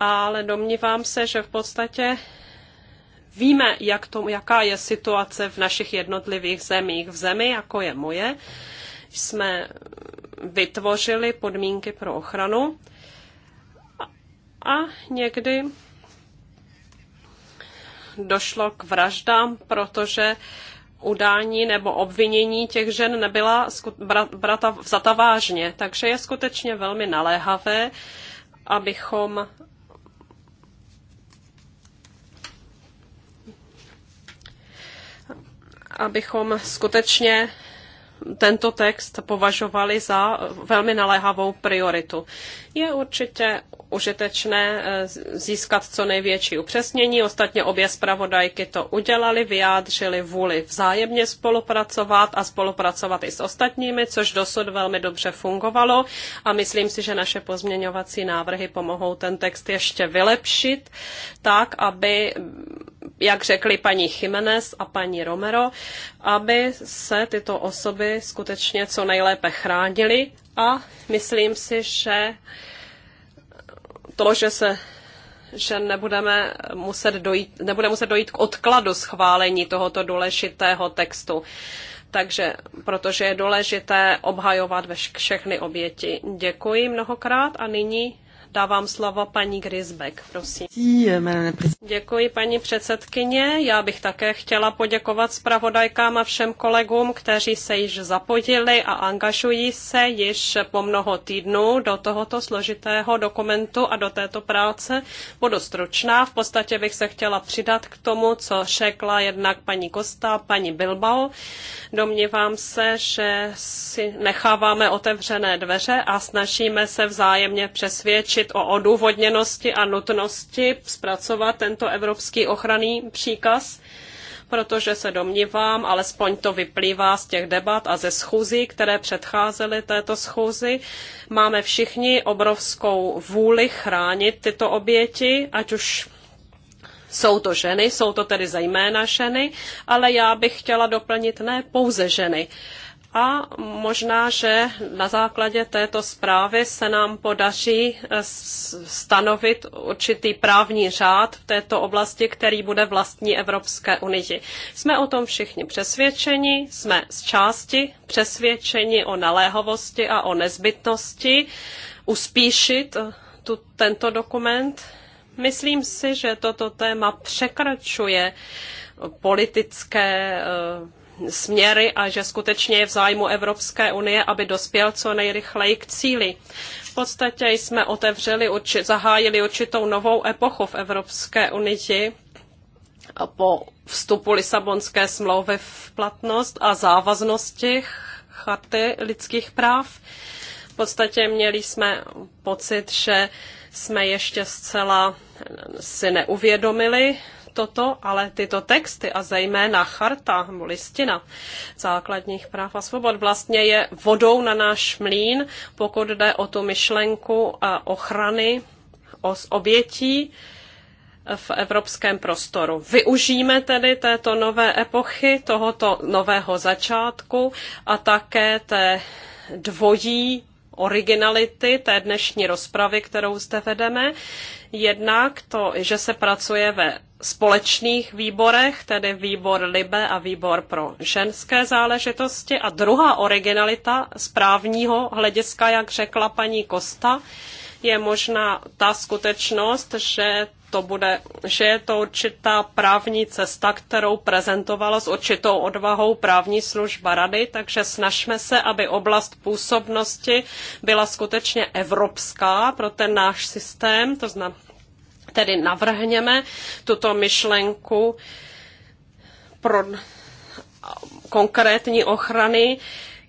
ale domnívám se, že v podstatě Víme, jak to, jaká je situace v našich jednotlivých zemích. V zemi, jako je moje, jsme vytvořili podmínky pro ochranu a někdy došlo k vraždám, protože udání nebo obvinění těch žen nebyla brata vzata vážně. Takže je skutečně velmi naléhavé, abychom abychom skutečně tento text považovali za velmi naléhavou prioritu. Je určitě užitečné eh, získat co největší upřesnění. Ostatně obě zpravodajky to udělali, vyjádřili vůli vzájemně spolupracovat a spolupracovat i s ostatními, což dosud velmi dobře fungovalo a myslím si, že naše pozměňovací návrhy pomohou ten text ještě vylepšit tak, aby jak řekli paní Jiménez a paní Romero, aby se tyto osoby skutečně co nejlépe chránily a myslím si, že to, že se že nebudeme muset dojít, nebude muset dojít k odkladu schválení tohoto důležitého textu. Takže, protože je důležité obhajovat všechny oběti. Děkuji mnohokrát a nyní dávám slovo paní Grisbeck, prosím. Děkuji, paní předsedkyně. Já bych také chtěla poděkovat zpravodajkám a všem kolegům, kteří se již zapojili a angažují se již po mnoho týdnů do tohoto složitého dokumentu a do této práce. Budu stručná. V podstatě bych se chtěla přidat k tomu, co řekla jednak paní Kosta, paní Bilbao. Domnívám se, že si necháváme otevřené dveře a snažíme se vzájemně přesvědčit hovořit o odůvodněnosti a nutnosti zpracovat tento evropský ochranný příkaz, protože se domnívám, alespoň to vyplývá z těch debat a ze schůzí, které předcházely této schůzi, máme všichni obrovskou vůli chránit tyto oběti, ať už jsou to ženy, jsou to tedy zejména ženy, ale já bych chtěla doplnit ne pouze ženy. Uh, a možná, že na základě této zprávy se nám podaří eh, stanovit určitý právní řád v této oblasti, který bude vlastní Evropské unii. Jsme o tom všichni přesvědčeni, jsme z části přesvědčeni o naléhovosti a o nezbytnosti uspíšit eh, tu, tento dokument. Myslím si, že toto téma překračuje politické eh, směry a že skutečně je v zájmu Evropské unie, aby dospěl co nejrychleji k cíli. V podstatě jsme otevřeli, urči, zahájili určitou novou epochu v Evropské unii po vstupu Lisabonské smlouvy v platnost a závaznosti charty lidských práv. V podstatě měli jsme pocit, že jsme ještě zcela si neuvědomili toto, ale tyto texty a zejména charta nebo listina základních práv a svobod vlastně je vodou na náš mlín, pokud jde o tu myšlenku eh, ochrany o obětí eh, v evropském prostoru. Využijeme tedy této nové epochy, tohoto nového začátku a také té dvojí originality té dnešní rozpravy, kterou zde vedeme. Jednak to, že se pracuje ve společných výborech, tedy výbor Libe a výbor pro ženské záležitosti. A druhá originalita z právního hlediska, jak řekla paní Kosta, je možná ta skutečnost, že to bude, že je to určitá právní cesta, kterou prezentovala s určitou odvahou právní služba rady, takže snažme se, aby oblast působnosti byla skutečně evropská pro ten náš systém, to znamená, tedy navrhněme tuto myšlenku pro konkrétní ochrany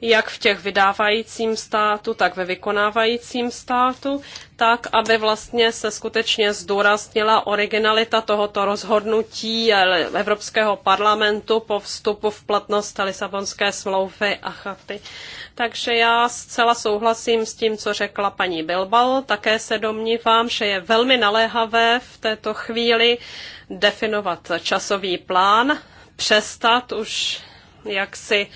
jak v těch vydávajícím státu, tak ve vykonávajícím státu, tak aby vlastně se skutečně zdůraznila originalita tohoto rozhodnutí Evropského parlamentu po vstupu v platnost Lisabonské smlouvy a chaty. Takže já zcela souhlasím s tím, co řekla paní Bilbal. Také se domnívám, že je velmi naléhavé v této chvíli definovat časový plán, přestat už jaksi uh,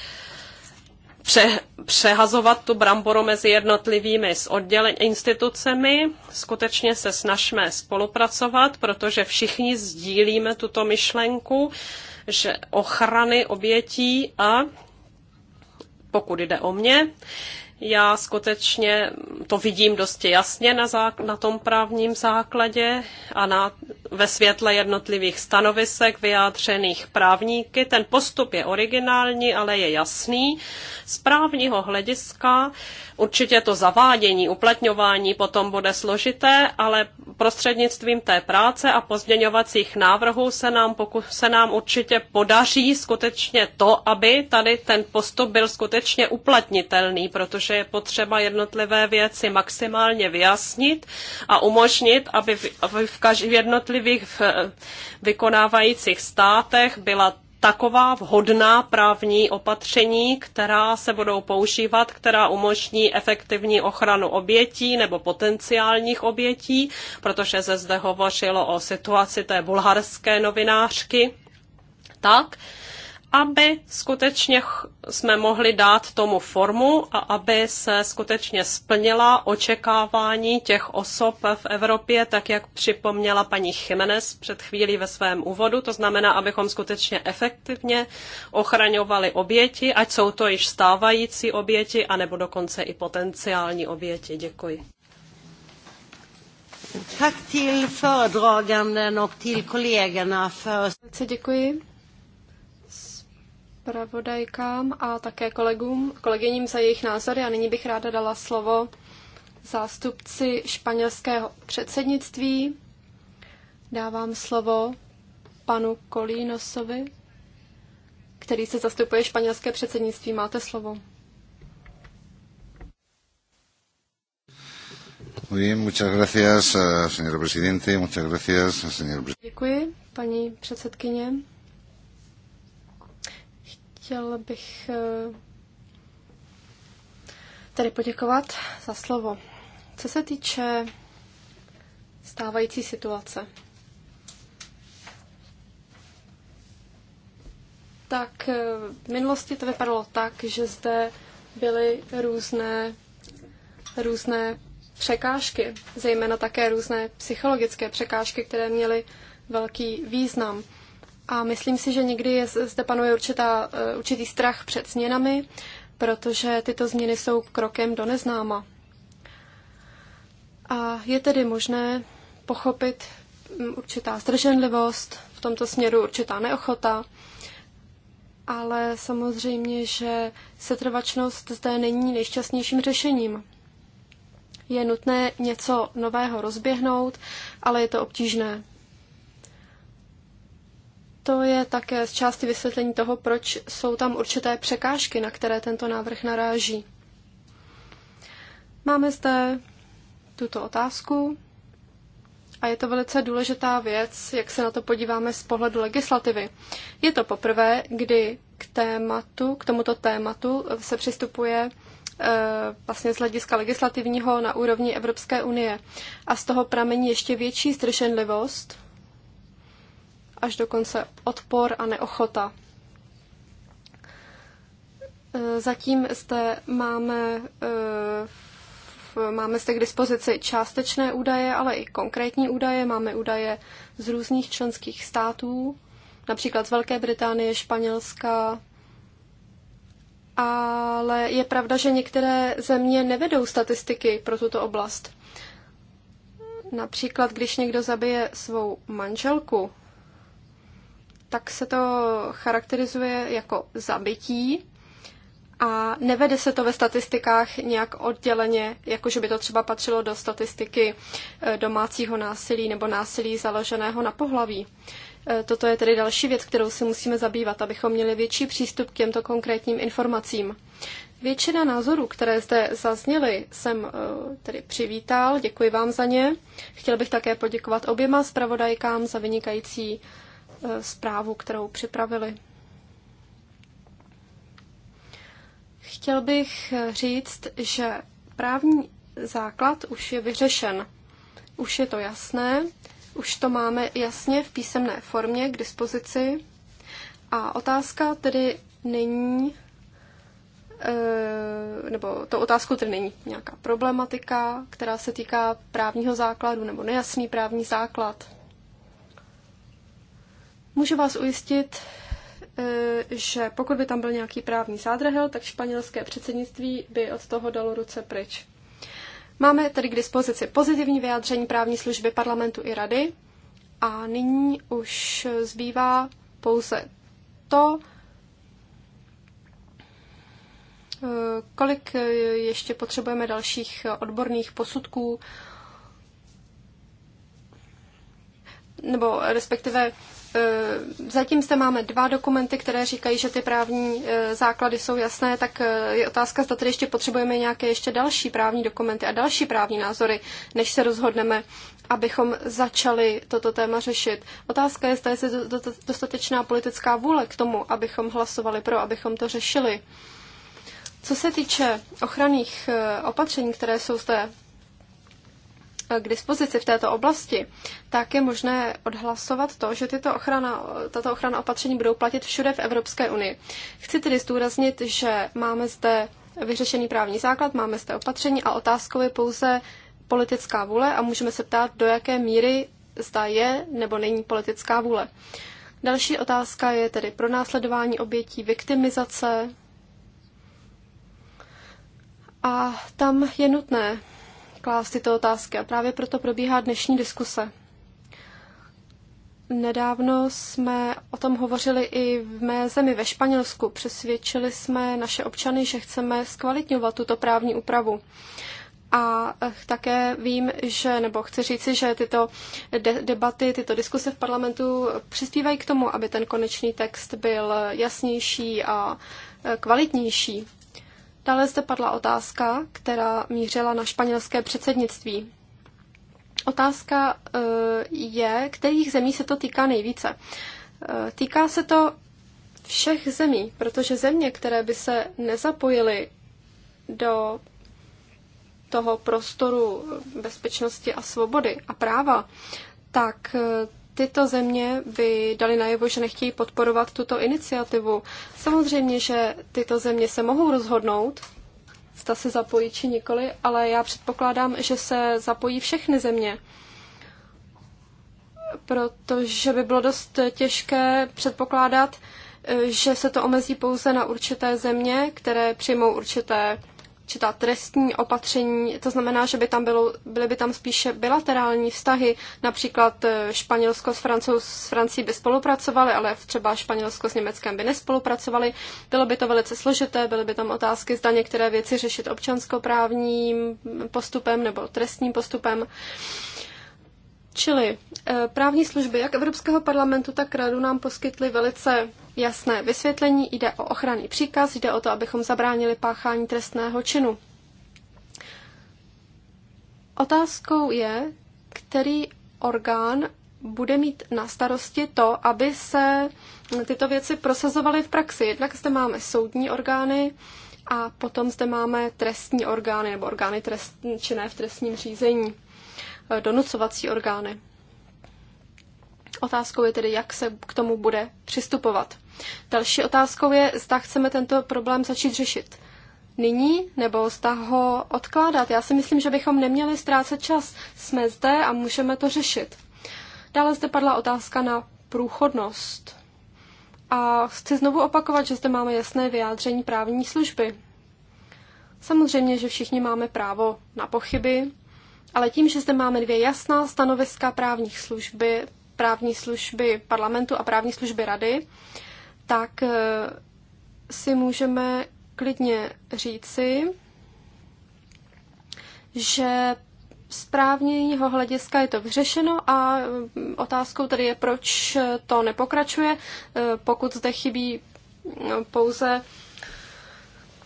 pře- přehazovat tu bramboru mezi jednotlivými s oddělen- institucemi. Skutečně se snažíme spolupracovat, protože všichni sdílíme tuto myšlenku, že ochrany obětí a pokud jde o mě, já skutečně to vidím dosti jasně na, zák- na tom právním základě a na, ve světle jednotlivých stanovisek vyjádřených právníky. Ten postup je originální, ale je jasný. Z právního hlediska Určitě to zavádění, uplatňování potom bude složité, ale prostřednictvím té práce a pozměňovacích návrhů se nám, poku- se nám určitě podaří skutečně to, aby tady ten postup byl skutečně uplatnitelný, protože je potřeba jednotlivé věci maximálně vyjasnit a umožnit, aby v, v, kaž- v jednotlivých v, eh, vykonávajících státech byla taková vhodná právní opatření, která se budou používat, která umožní efektivní ochranu obětí nebo potenciálních obětí, protože se zde hovořilo o situaci té bulharské novinářky, tak, aby skutečně jsme mohli dát tomu formu a aby se skutečně splnila očekávání těch osob v Evropě, tak jak připomněla paní Jiménez před chvílí ve svém úvodu. To znamená, abychom skutečně efektivně ochraňovali oběti, ať jsou to již stávající oběti, anebo dokonce i potenciální oběti. Děkuji. Tak till föredraganden och till kollegorna för... Děkuji zpravodajkám a také kolegům, kolegyním za jejich názory a nyní bych ráda dala slovo zástupci španělského předsednictví. Dávám slovo panu Kolínosovi, který se zastupuje španělské předsednictví. Máte slovo. Eh, Děkuji, paní předsedkyně. Chtěl bych eh, tady poděkovat za slovo. Co se týče stávající situace, tak eh, v minulosti to vypadalo tak, že zde byly různé, různé překážky, zejména také různé psychologické překážky, které měly velký význam. A myslím si, že někdy je, zde panuje určitá, eh, určitý strach před změnami, protože tyto změny jsou krokem do neznáma. A je tedy možné pochopit mm, určitá zdrženlivost, v tomto směru určitá neochota, ale samozřejmě, že setrvačnost zde není nejšťastnějším řešením. Je nutné něco nového rozběhnout, ale je to obtížné. To je také z části vysvětlení toho, proč jsou tam určité překážky, na které tento návrh naráží. Máme zde tuto otázku a je to velice důležitá věc, jak se na to podíváme z pohledu legislativy. Je to poprvé, kdy k tématu, k tomuto tématu se přistupuje eh, vlastně z hlediska legislativního na úrovni Evropské unie. A z toho pramení ještě větší zdrženlivost až dokonce odpor a neochota. E, zatím zde máme, e, máme zde k dispozici částečné údaje, ale i konkrétní údaje. Máme údaje z různých členských států, například z Velké Británie, Španělska, ale je pravda, že některé země nevedou statistiky pro tuto oblast. Například, když někdo zabije svou manželku, tak se to charakterizuje jako zabití a nevede se to ve statistikách nějak odděleně, jakože by to třeba patřilo do statistiky eh, domácího násilí nebo násilí založeného na pohlaví. Eh, toto je tedy další věc, kterou si musíme zabývat, abychom měli větší přístup k těmto konkrétním informacím. Většina názorů, které zde zazněly, jsem eh, tedy přivítal, děkuji vám za ně. Chtěl bych také poděkovat oběma zpravodajkám za vynikající Eh, zprávu, kterou připravili. Chtěl bych eh, říct, že právní základ už je vyřešen. Už je to jasné, už to máme jasně v písemné formě k dispozici. A otázka tedy není, eh, nebo to otázku tedy není nějaká problematika, která se týká právního základu nebo nejasný právní základ. Můžu vás ujistit, eh, že pokud by tam byl nějaký právní zádrhel, tak španělské předsednictví by od toho dalo ruce pryč. Máme tedy k dispozici pozitivní vyjádření právní služby parlamentu i rady a nyní už zbývá pouze to, eh, kolik eh, ještě potřebujeme dalších odborných posudků, nebo respektive Eh, zatím zde máme dva dokumenty, které říkají, že ty právní eh, základy jsou jasné, tak eh, je otázka, zda tady ještě potřebujeme nějaké ještě další právní dokumenty a další právní názory, než se rozhodneme, abychom začali toto téma řešit. Otázka je, zda je dostatečná politická vůle k tomu, abychom hlasovali pro, abychom to řešili. Co se týče ochranných opatření, které jsou zde k dispozici v této oblasti, tak je možné odhlasovat to, že tyto ochrana, tato ochrana opatření budou platit všude v Evropské unii. Chci tedy zdůraznit, že máme zde vyřešený právní základ, máme zde opatření a otázkou je pouze politická vůle a můžeme se ptát, do jaké míry zda je nebo není politická vůle. Další otázka je tedy pro následování obětí viktimizace. A tam je nutné klást tyto otázky a právě proto probíhá dnešní diskuse. Nedávno jsme o tom hovořili i v mé zemi ve Španělsku. Přesvědčili jsme naše občany, že chceme zkvalitňovat tuto právní úpravu. A eh, také vím, že, nebo chci říci, že tyto de- debaty, tyto diskuse v parlamentu přispívají k tomu, aby ten konečný text byl jasnější a eh, kvalitnější. Dále zde padla otázka, která mířila na španělské předsednictví. Otázka eh, je, kterých zemí se to týká nejvíce. Eh, týká se to všech zemí, protože země, které by se nezapojily do toho prostoru bezpečnosti a svobody a práva, tak eh, tyto země by dali najevo, že nechtějí podporovat tuto iniciativu. Samozřejmě, že tyto země se mohou rozhodnout, zda se zapojí či nikoli, ale já předpokládám, že se zapojí všechny země. Protože by bylo dost těžké předpokládat, eh, že se to omezí pouze na určité země, které přijmou určité určitá trestní opatření, to znamená, že by tam bylo, byly by tam spíše bilaterální vztahy, například eh, Španělsko s, Francouz, s Francií by spolupracovali, ale třeba Španělsko s Německem by nespolupracovali. Bylo by to velice složité, byly by tam otázky, zda některé věci řešit občanskoprávním postupem nebo trestním postupem. Uh, Čili eh, právní služby jak Evropského parlamentu, tak radu nám poskytly velice jasné vysvětlení. Jde o ochranný příkaz, jde o to, abychom zabránili páchání trestného činu. Otázkou je, který orgán bude mít na starosti to, aby se tyto věci prosazovaly v praxi. Jednak zde máme soudní orgány a potom zde máme trestní orgány nebo orgány trest, činné v trestním řízení donucovací orgány. Otázkou je tedy, jak se k tomu bude přistupovat. Další otázkou je, zda chceme tento problém začít řešit nyní, nebo zda ho odkládat. Já si myslím, že bychom neměli ztrácet čas. Jsme zde a můžeme to řešit. Dále zde padla otázka na průchodnost. A chci znovu opakovat, že zde máme jasné vyjádření právní služby. Samozřejmě, že všichni máme právo na pochyby, ale tím, že zde máme dvě jasná stanoviska právních služby, právní služby parlamentu a právní služby rady, tak eh, si můžeme klidně říci, že z právního hlediska je to vyřešeno a mm, otázkou tedy je, proč to nepokračuje, eh, pokud zde chybí mm, pouze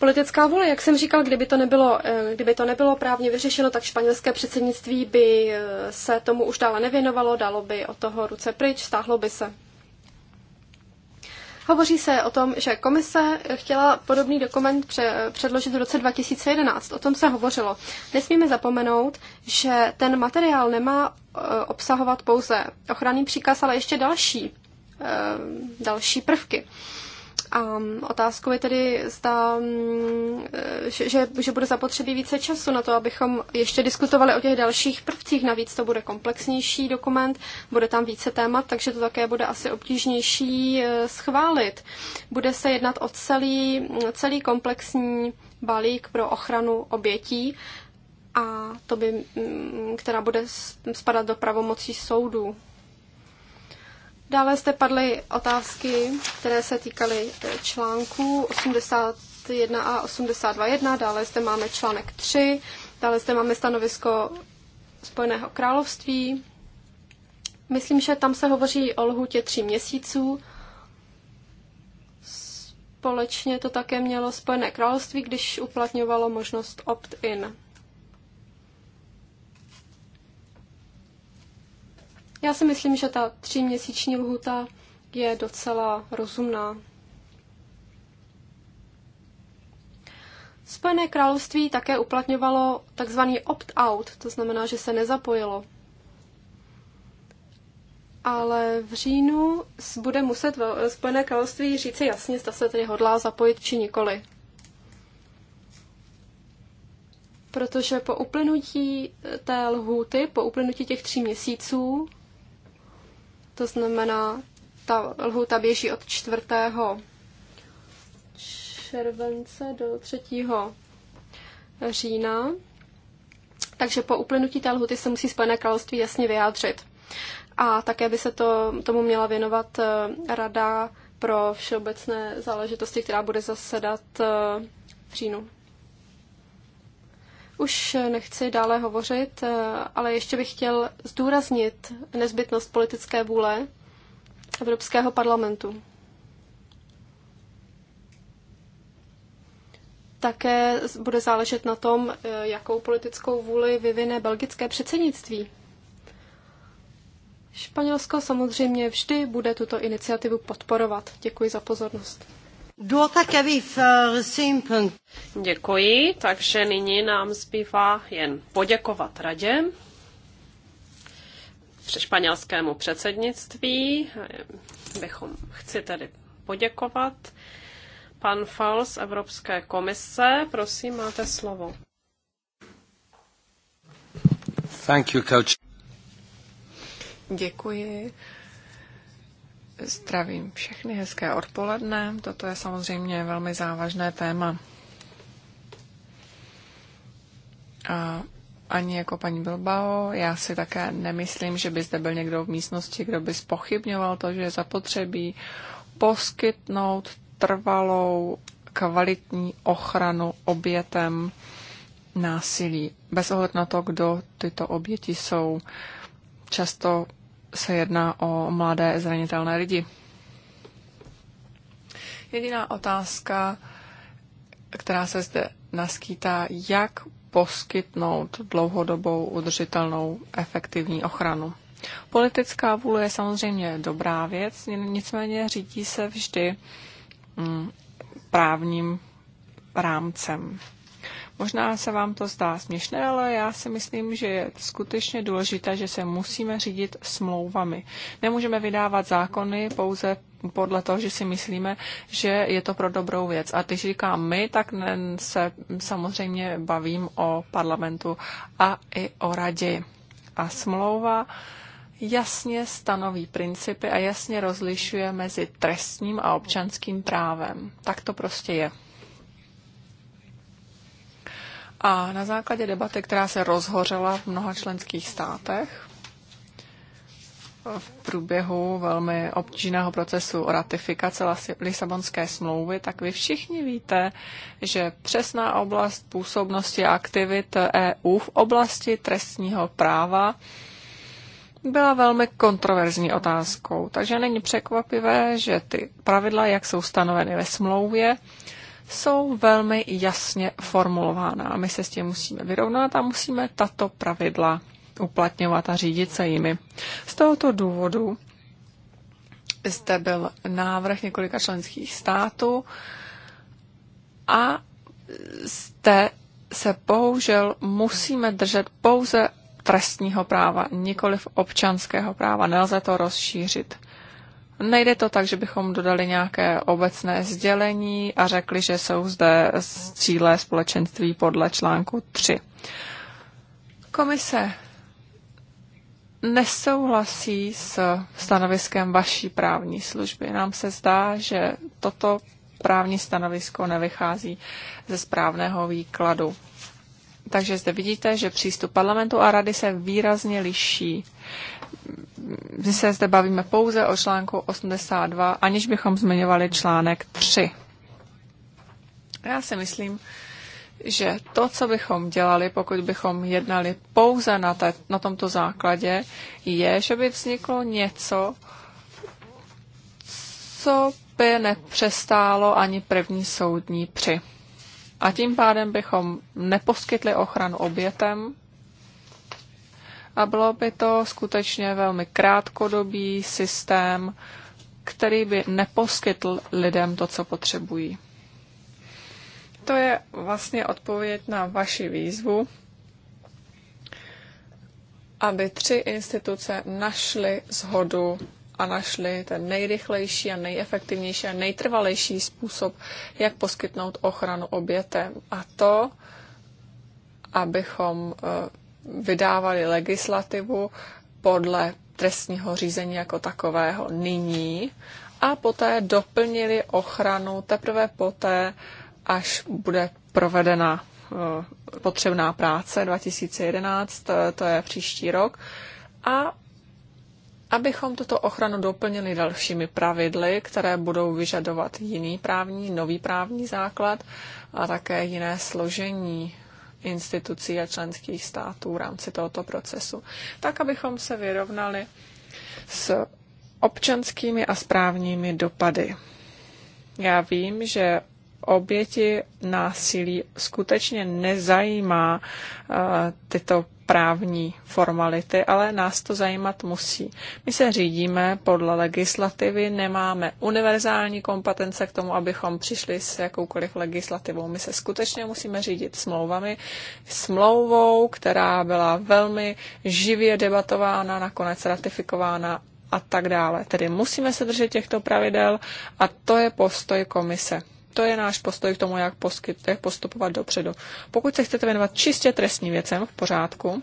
politická vůle. Jak jsem říkal, kdyby to, nebylo, eh, kdyby to nebylo právně vyřešeno, tak španělské předsednictví by eh, se tomu už dále nevěnovalo, dalo by od toho ruce pryč, stáhlo by se. Hovoří se o tom, že komise chtěla podobný dokument předložit v roce 2011. O tom se hovořilo. Nesmíme zapomenout, že ten materiál nemá eh, obsahovat pouze ochranný příkaz, ale ještě další, další prvky. A mm, otázkou je tedy, zda, mm, e, že, že bude zapotřebí více času na to, abychom ještě diskutovali o těch dalších prvcích. Navíc to bude komplexnější dokument, bude tam více témat, takže to také bude asi obtížnější e, schválit. Bude se jednat o celý, celý komplexní balík pro ochranu obětí, a to by, mm, která bude spadat do pravomocí soudů. Dále jste padly otázky, které se týkaly eh, článků 81 a 82.1, dále zde máme článek 3, dále zde máme stanovisko Spojeného království. Myslím, že tam se hovoří o lhůtě tří měsíců. Společně to také mělo Spojené království, když uplatňovalo možnost opt-in. Já si myslím, že ta tříměsíční lhuta je docela rozumná. Spojené království také uplatňovalo takzvaný opt-out, to znamená, že se nezapojilo. Ale v říjnu bude muset Spojené království říci jasně, zda se tedy hodlá zapojit či nikoli. Protože po uplynutí té lhůty, po uplynutí těch tří měsíců, to znamená, ta lhůta běží od 4. července do 3. října. Takže po uplynutí té lhuty se musí Spojené království jasně vyjádřit. A také by se to, tomu měla věnovat eh, Rada pro všeobecné záležitosti, která bude zasedat eh, v říjnu. Už nechci dále hovořit, eh, ale ještě bych chtěl zdůraznit nezbytnost politické vůle Evropského parlamentu. Také bude záležet na tom, eh, jakou politickou vůli vyvine belgické předsednictví. Španělsko samozřejmě vždy bude tuto iniciativu podporovat. Děkuji za pozornost. Děkuji, takže nyní nám zbývá jen poděkovat radě španělskému předsednictví. Bychom chci tedy poděkovat. Pan Fals, Evropské komise, prosím, máte slovo. Thank you, coach. Děkuji. Zdravím všechny, hezké odpoledne. Toto je samozřejmě velmi závažné téma. A ani jako paní Bilbao, já si také nemyslím, že by zde byl někdo v místnosti, kdo by spochybňoval to, že je zapotřebí poskytnout trvalou kvalitní ochranu obětem násilí. Bez ohledu na to, kdo tyto oběti jsou. Často se jedná o mladé zranitelné lidi. Jediná otázka, která se zde naskýtá, jak poskytnout dlouhodobou, udržitelnou, efektivní ochranu. Politická vůle je samozřejmě dobrá věc, nicméně řídí se vždy mm, právním rámcem. Možná se vám to zdá směšné, ale já si myslím, že je skutečně důležité, že se musíme řídit smlouvami. Nemůžeme vydávat zákony pouze podle toho, že si myslíme, že je to pro dobrou věc. A když říkám my, tak se samozřejmě bavím o parlamentu a i o radě. A smlouva jasně stanoví principy a jasně rozlišuje mezi trestním a občanským právem. Tak to prostě je. A na základě debaty, která se rozhořela v mnoha členských státech v průběhu velmi obtížného procesu o ratifikace Lisabonské smlouvy, tak vy všichni víte, že přesná oblast působnosti a aktivit EU v oblasti trestního práva byla velmi kontroverzní otázkou. Takže není překvapivé, že ty pravidla, jak jsou stanoveny ve smlouvě, jsou velmi jasně formulována a my se s tím musíme vyrovnat a musíme tato pravidla uplatňovat a řídit se jimi. Z tohoto důvodu zde byl návrh několika členských států a zde se bohužel musíme držet pouze trestního práva, nikoliv občanského práva. Nelze to rozšířit. Nejde to tak, že bychom dodali nějaké obecné sdělení a řekli, že jsou zde cíle společenství podle článku 3. Komise nesouhlasí s stanoviskem vaší právní služby. Nám se zdá, že toto právní stanovisko nevychází ze správného výkladu. Takže zde vidíte, že přístup parlamentu a rady se výrazně liší se zde bavíme pouze o článku 82, aniž bychom zmiňovali článek 3. Já si myslím, že to, co bychom dělali, pokud bychom jednali pouze na, te, na tomto základě, je, že by vzniklo něco, co by nepřestálo ani první soudní při. A tím pádem bychom neposkytli ochranu obětem, a bylo by to skutečně velmi krátkodobý systém, který by neposkytl lidem to, co potřebují. To je vlastně odpověď na vaši výzvu, aby tři instituce našly zhodu a našli ten nejrychlejší a nejefektivnější a nejtrvalejší způsob, jak poskytnout ochranu obětem. A to, abychom eh, vydávali legislativu podle trestního řízení jako takového nyní a poté doplnili ochranu teprve poté, až bude provedena eh, potřebná práce 2011, eh, to je příští rok, a abychom tuto ochranu doplnili dalšími pravidly, které budou vyžadovat jiný právní, nový právní základ a také jiné složení institucí a členských států v rámci tohoto procesu, tak abychom se vyrovnali s občanskými a správními dopady. Já vím, že oběti násilí skutečně nezajímá eh, tyto právní formality, ale nás to zajímat musí. My se řídíme podle legislativy, nemáme univerzální kompetence k tomu, abychom přišli s jakoukoliv legislativou. My se skutečně musíme řídit smlouvami. Smlouvou, která byla velmi živě debatována, nakonec ratifikována a tak dále. Tedy musíme se držet těchto pravidel a to je postoj komise. To je náš postoj k tomu, jak, poskyt, jak postupovat dopředu. Pokud se chcete věnovat čistě trestním věcem, v pořádku,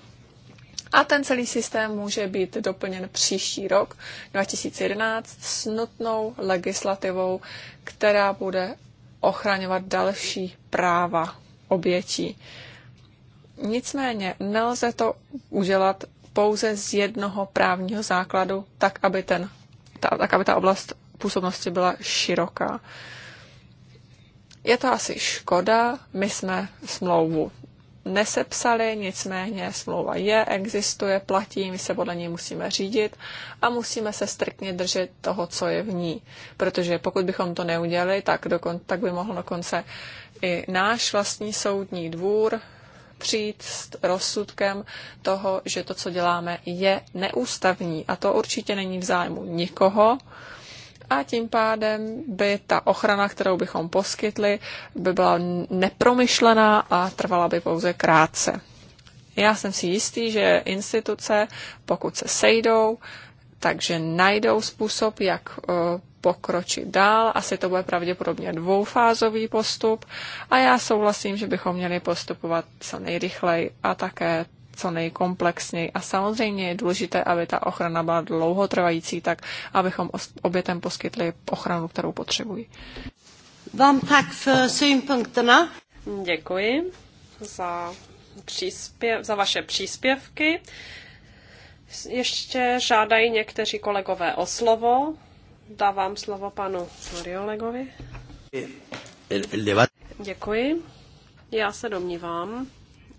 a ten celý systém může být doplněn příští rok 2011 s nutnou legislativou, která bude ochraňovat další práva obětí. Nicméně nelze to udělat pouze z jednoho právního základu, tak aby, ten, ta, tak aby ta oblast působnosti byla široká. Je to asi škoda, my jsme smlouvu nesepsali, nicméně smlouva je, existuje, platí, my se podle ní musíme řídit a musíme se striktně držet toho, co je v ní. Protože pokud bychom to neudělali, tak, dokon, tak by mohl dokonce i náš vlastní soudní dvůr přijít s rozsudkem toho, že to, co děláme, je neústavní. A to určitě není v zájmu nikoho, a tím pádem by ta ochrana, kterou bychom poskytli, by byla nepromyšlená a trvala by pouze krátce. Já jsem si jistý, že instituce, pokud se sejdou, takže najdou způsob, jak eh, pokročit dál. Asi to bude pravděpodobně dvoufázový postup a já souhlasím, že bychom měli postupovat co nejrychleji a také co nejkomplexněji. A samozřejmě je důležité, aby ta ochrana byla dlouhotrvající, tak abychom obětem poskytli ochranu, kterou potřebují. Vám tak v eh, Děkuji za, příspěv, za vaše příspěvky. Ještě žádají někteří kolegové o slovo. Dávám slovo panu Mariolegovi. Děkuji. Já se domnívám,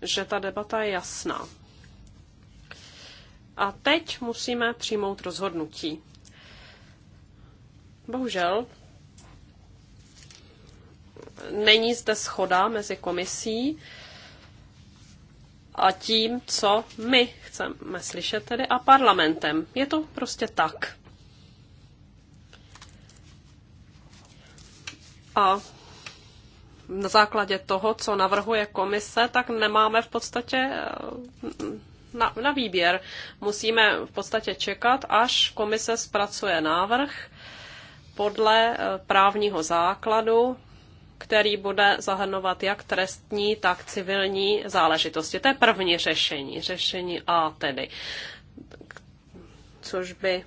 že ta debata je jasná. A teď musíme přijmout rozhodnutí. Bohužel není zde schoda mezi komisí a tím, co my chceme slyšet tedy a parlamentem. Je to prostě tak. A na základě toho, co navrhuje komise, tak nemáme v podstatě eh, na, na výběr. Musíme v podstatě čekat, až komise zpracuje návrh podle eh, právního základu, který bude zahrnovat jak trestní, tak civilní záležitosti. To je první řešení, řešení A tedy, což by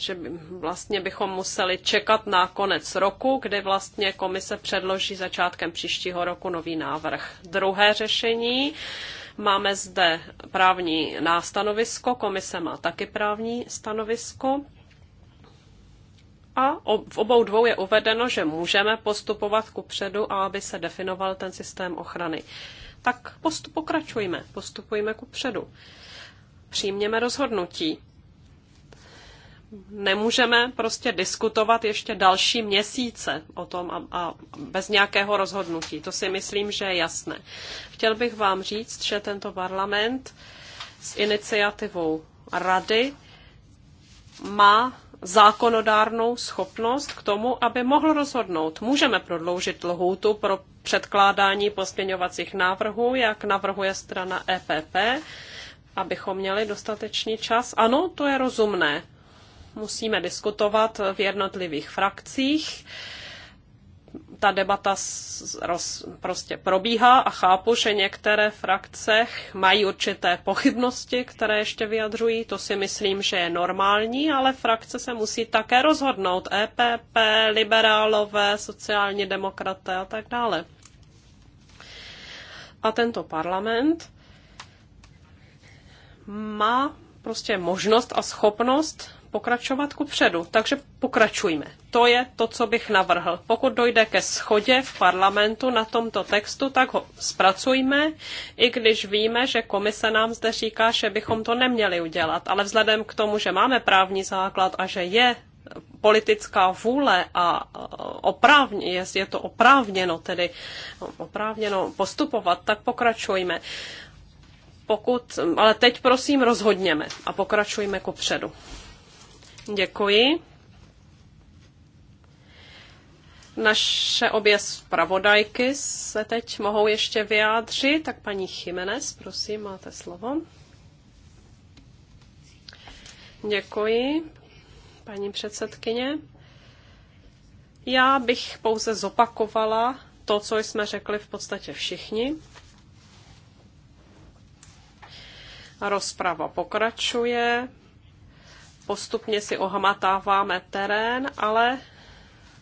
že vlastně bychom museli čekat na konec roku, kdy vlastně komise předloží začátkem příštího roku nový návrh. Druhé řešení, máme zde právní nástanovisko, komise má taky právní stanovisko. A v obou dvou je uvedeno, že můžeme postupovat ku předu, aby se definoval ten systém ochrany. Tak postup pokračujme, postupujme ku předu. Přijměme rozhodnutí nemůžeme prostě diskutovat ještě další měsíce o tom a, a bez nějakého rozhodnutí. To si myslím, že je jasné. Chtěl bych vám říct, že tento parlament s iniciativou rady má zákonodárnou schopnost k tomu, aby mohl rozhodnout. Můžeme prodloužit lhůtu pro předkládání pozměňovacích návrhů, jak navrhuje strana EPP, abychom měli dostatečný čas. Ano, to je rozumné musíme diskutovat v jednotlivých frakcích. Ta debata roz, prostě probíhá a chápu, že některé frakce mají určité pochybnosti, které ještě vyjadřují. To si myslím, že je normální, ale frakce se musí také rozhodnout. EPP, liberálové, sociální demokraté a tak dále. A tento parlament má prostě možnost a schopnost pokračovat ku předu. Takže pokračujme. To je to, co bych navrhl. Pokud dojde ke schodě v parlamentu na tomto textu, tak ho zpracujme, i když víme, že komise nám zde říká, že bychom to neměli udělat. Ale vzhledem k tomu, že máme právní základ a že je politická vůle a e, oprávně, jestli je to oprávněno, tedy no, oprávněno postupovat, tak pokračujme. Pokud, ale teď prosím rozhodněme a pokračujme ku předu. Děkuji. Naše obě zpravodajky se teď mohou ještě vyjádřit. Tak paní Chimenez, prosím, máte slovo. Děkuji, paní předsedkyně. Já bych pouze zopakovala to, co jsme řekli v podstatě všichni. Rozprava pokračuje postupně si ohmatáváme terén, ale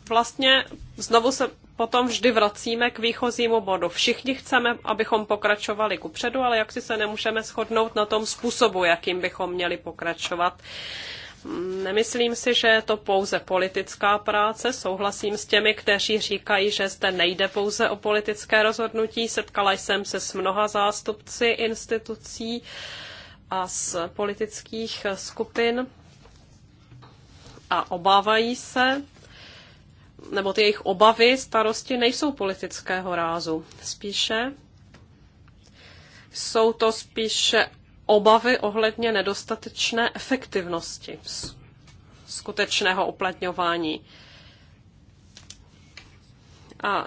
vlastně znovu se potom vždy vracíme k výchozímu bodu. Všichni chceme, abychom pokračovali kupředu, ale jak si se nemůžeme shodnout na tom způsobu, jakým bychom měli pokračovat. Nemyslím si, že je to pouze politická práce. Souhlasím s těmi, kteří říkají, že zde nejde pouze o politické rozhodnutí. Setkala jsem se s mnoha zástupci institucí a z politických skupin a obávají se, nebo ty jejich obavy, starosti nejsou politického rázu. Spíše jsou to spíše obavy ohledně nedostatečné efektivnosti skutečného uplatňování. A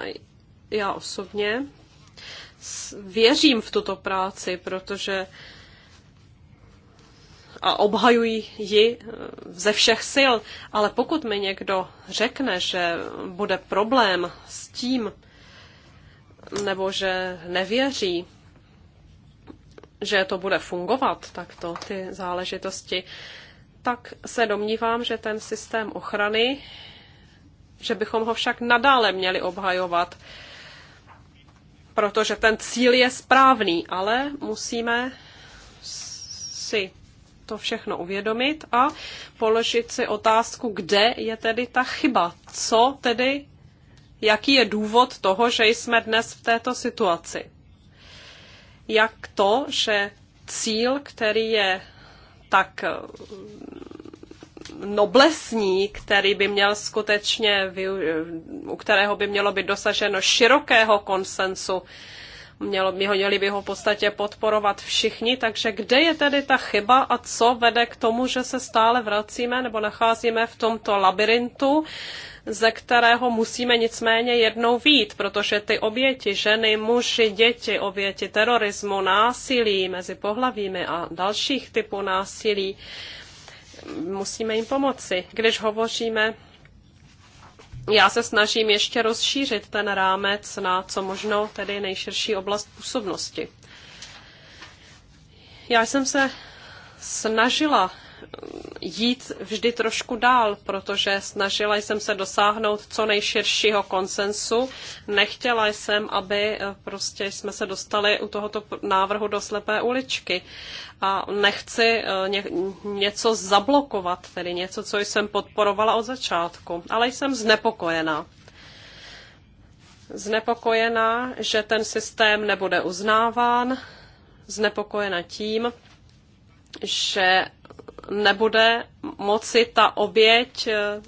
já osobně věřím v tuto práci, protože a obhajují ji eh, ze všech sil. Ale pokud mi někdo řekne, že bude problém s tím, nebo že nevěří, že to bude fungovat takto, ty záležitosti, tak se domnívám, že ten systém ochrany, že bychom ho však nadále měli obhajovat, protože ten cíl je správný, ale musíme si to všechno uvědomit a položit si otázku, kde je tedy ta chyba, co tedy, jaký je důvod toho, že jsme dnes v této situaci. Jak to, že cíl, který je tak mm, noblesní, který by měl skutečně, u kterého by mělo být dosaženo širokého konsensu mělo, měli by ho v podstatě podporovat všichni, takže kde je tedy ta chyba a co vede k tomu, že se stále vracíme nebo nacházíme v tomto labirintu, ze kterého musíme nicméně jednou vít, protože ty oběti, ženy, muži, děti, oběti terorismu, násilí mezi pohlavími a dalších typů násilí, musíme jim pomoci. Když hovoříme já se snažím ještě rozšířit ten rámec na co možno tedy nejširší oblast působnosti. Já jsem se snažila jít vždy trošku dál, protože snažila jsem se dosáhnout co nejširšího konsensu. Nechtěla jsem, aby eh, prostě jsme se dostali u tohoto návrhu do slepé uličky. A nechci eh, ně, něco zablokovat, tedy něco, co jsem podporovala od začátku. Ale jsem znepokojená znepokojena, že ten systém nebude uznáván, znepokojena tím, že nebude moci ta oběť eh,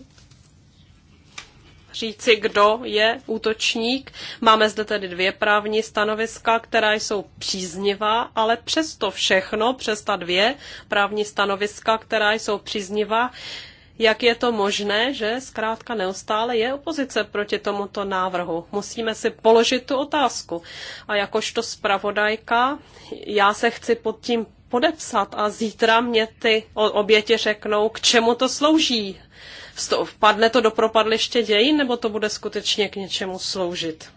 říci, kdo je útočník. Máme zde tedy dvě právní stanoviska, která jsou příznivá, ale přesto všechno, přes ta dvě právní stanoviska, která jsou příznivá, jak je to možné, že zkrátka neustále je opozice proti tomuto návrhu. Musíme si položit tu otázku. A jakožto zpravodajka, já se chci pod tím podepsat a zítra mě ty oběti řeknou, k čemu to slouží. Vpadne to do propadliště dějin, nebo to bude skutečně k něčemu sloužit?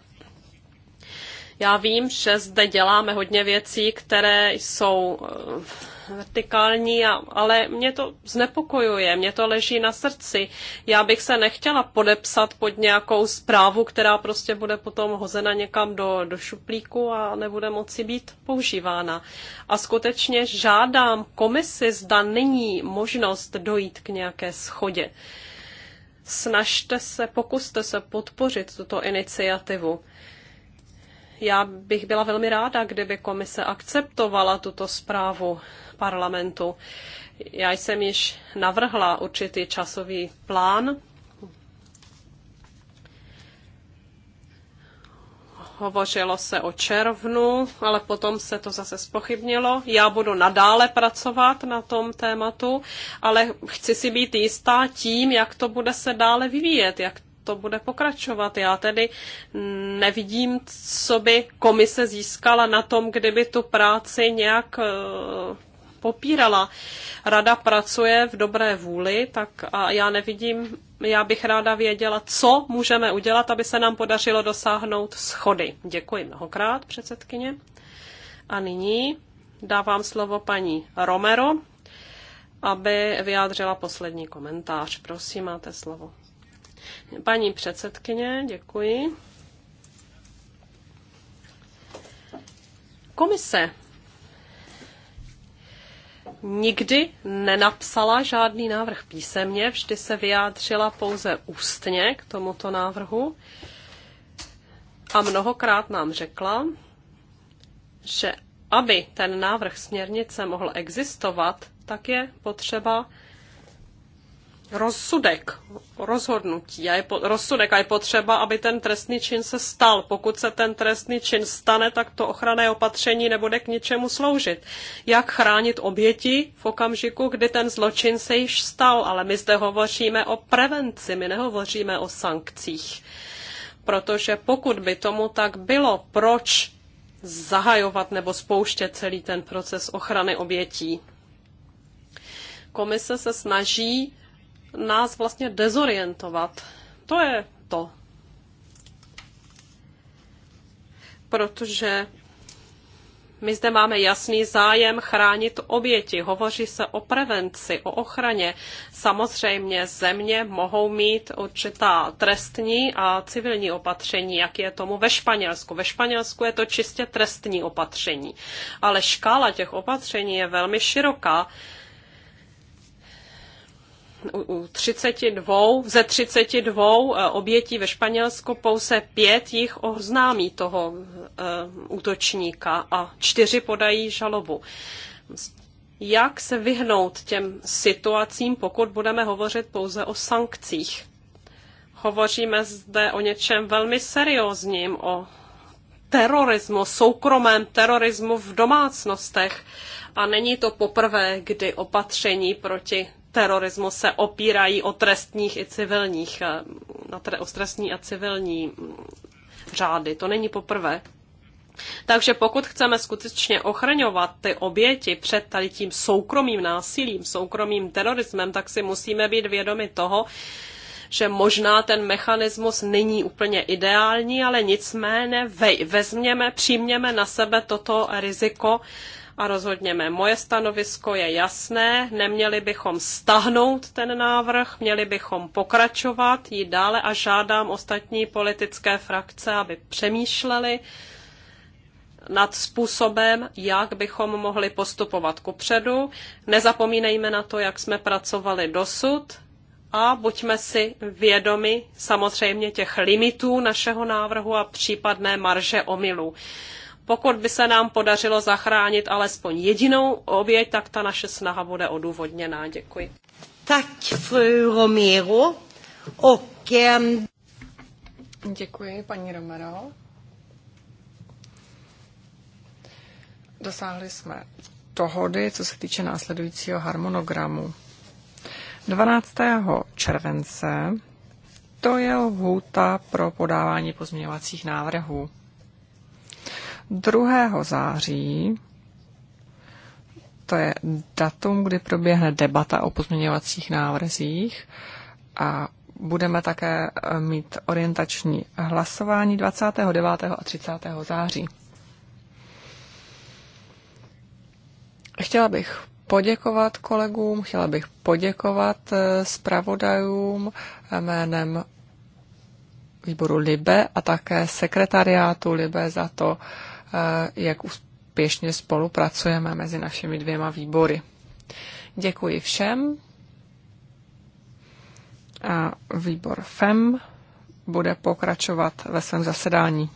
Já vím, že zde děláme hodně věcí, které jsou eh, vertikální, a, ale mě to znepokojuje, mě to leží na srdci. Já bych se nechtěla podepsat pod nějakou zprávu, která prostě bude potom hozena někam do, do šuplíku a nebude moci být používána. A skutečně žádám komisi, zda není možnost dojít k nějaké schodě. Snažte se, pokuste se podpořit tuto iniciativu já bych byla velmi ráda, kdyby komise akceptovala tuto zprávu, parlamentu. Já jsem již navrhla určitý časový plán. Hovořilo se o červnu, ale potom se to zase spochybnilo. Já budu nadále pracovat na tom tématu, ale chci si být jistá tím, jak to bude se dále vyvíjet, jak to bude pokračovat. Já tedy nevidím, co by komise získala na tom, kdyby tu práci nějak eh, popírala. Rada pracuje v dobré vůli, tak a já nevidím, já bych ráda věděla, co můžeme udělat, aby se nám podařilo dosáhnout schody. Děkuji mnohokrát, předsedkyně. A nyní dávám slovo paní Romero, aby vyjádřila poslední komentář. Prosím, máte slovo. Paní předsedkyně, děkuji. Komise nikdy nenapsala žádný návrh písemně, vždy se vyjádřila pouze ústně k tomuto návrhu a mnohokrát nám řekla, že aby ten návrh směrnice mohl existovat, tak je potřeba rozsudek, rozhodnutí a je po, rozsudek a je potřeba, aby ten trestný čin se stal. Pokud se ten trestný čin stane, tak to ochranné opatření nebude k ničemu sloužit. Jak chránit oběti v okamžiku, kdy ten zločin se již stal, ale my zde hovoříme o prevenci, my nehovoříme o sankcích. Protože pokud by tomu tak bylo, proč zahajovat nebo spouštět celý ten proces ochrany obětí? Komise se snaží nás vlastně dezorientovat. To je to. Protože my zde máme jasný zájem chránit oběti, hovoří se o prevenci, o ochraně. Samozřejmě země mohou mít určitá trestní a civilní opatření, jak je tomu ve Španělsku. Ve Španělsku je to čistě trestní opatření, ale škála těch opatření je velmi široká u 32, ze 32 eh, obětí ve Španělsku pouze pět jich oznámí toho eh, útočníka a čtyři podají žalobu. Jak se vyhnout těm situacím, pokud budeme hovořit pouze o sankcích? Hovoříme zde o něčem velmi seriózním, o terorismu, soukromém terorismu v domácnostech. A není to poprvé, kdy opatření proti terorismu se opírají o trestních i civilních, eh, na tre, o trestní a civilní mm, řády. To není poprvé. Takže pokud chceme skutečně ochraňovat ty oběti před tady tím soukromým násilím, soukromým terorismem, tak si musíme být vědomi toho, že možná ten mechanismus není úplně ideální, ale nicméně ve, vezměme, přijměme na sebe toto riziko a rozhodněme. Moje stanovisko je jasné, neměli bychom stahnout ten návrh, měli bychom pokračovat, jít dále a žádám ostatní politické frakce, aby přemýšleli nad způsobem, jak bychom mohli postupovat kupředu. Nezapomínejme na to, jak jsme pracovali dosud, a buďme si vědomi samozřejmě těch limitů našeho návrhu a případné marže omylů. Pokud by se nám podařilo zachránit alespoň jedinou oběť, tak ta naše snaha bude odůvodněná. Děkuji. Tak, fru Romero. Ok. Děkuji, paní Romero. Dosáhli jsme dohody, co se týče následujícího harmonogramu. 12. července to je lhůta pro podávání pozměňovacích návrhů. 2. září, to je datum, kdy proběhne debata o pozměňovacích návrzích a budeme také eh, mít orientační hlasování 29. a 30. září. Chtěla bych poděkovat kolegům, chtěla bych poděkovat eh, zpravodajům eh, jménem výboru Libe a také sekretariátu Libe za to, Eh, jak úspěšně spolupracujeme mezi našimi dvěma výbory. Děkuji všem. A výbor FEM bude pokračovat ve svém zasedání.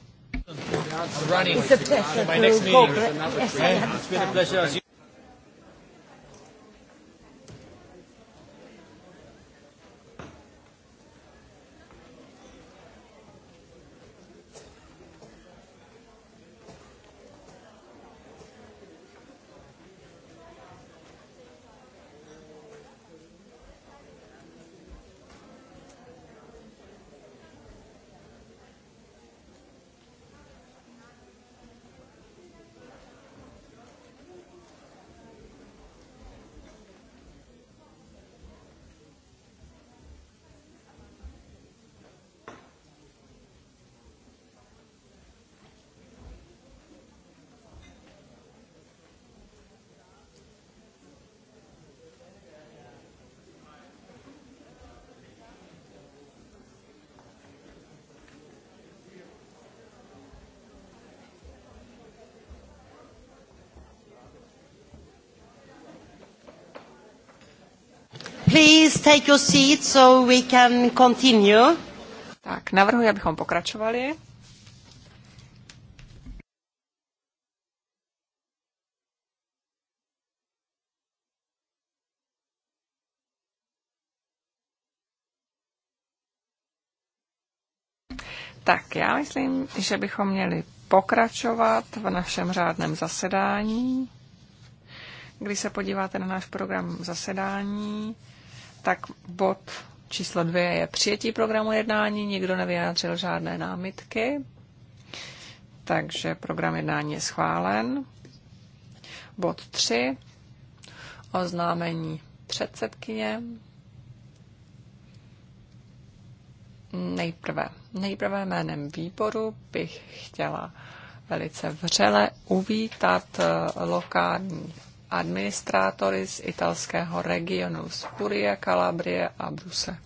Please take your seat so we can continue. Tak, navrhuji, abychom pokračovali. Tak, já myslím, že bychom měli pokračovat v našem řádném zasedání. Když se podíváte na náš program zasedání, tak bod číslo dvě je přijetí programu jednání. Nikdo nevyjádřil žádné námitky, takže program jednání je schválen. Bod tři oznámení předsedkyně. Nejprve, nejprve jménem výboru bych chtěla velice vřele uvítat eh, lokální administrátory z italského regionu Spurie, Kalabrie a Bruse.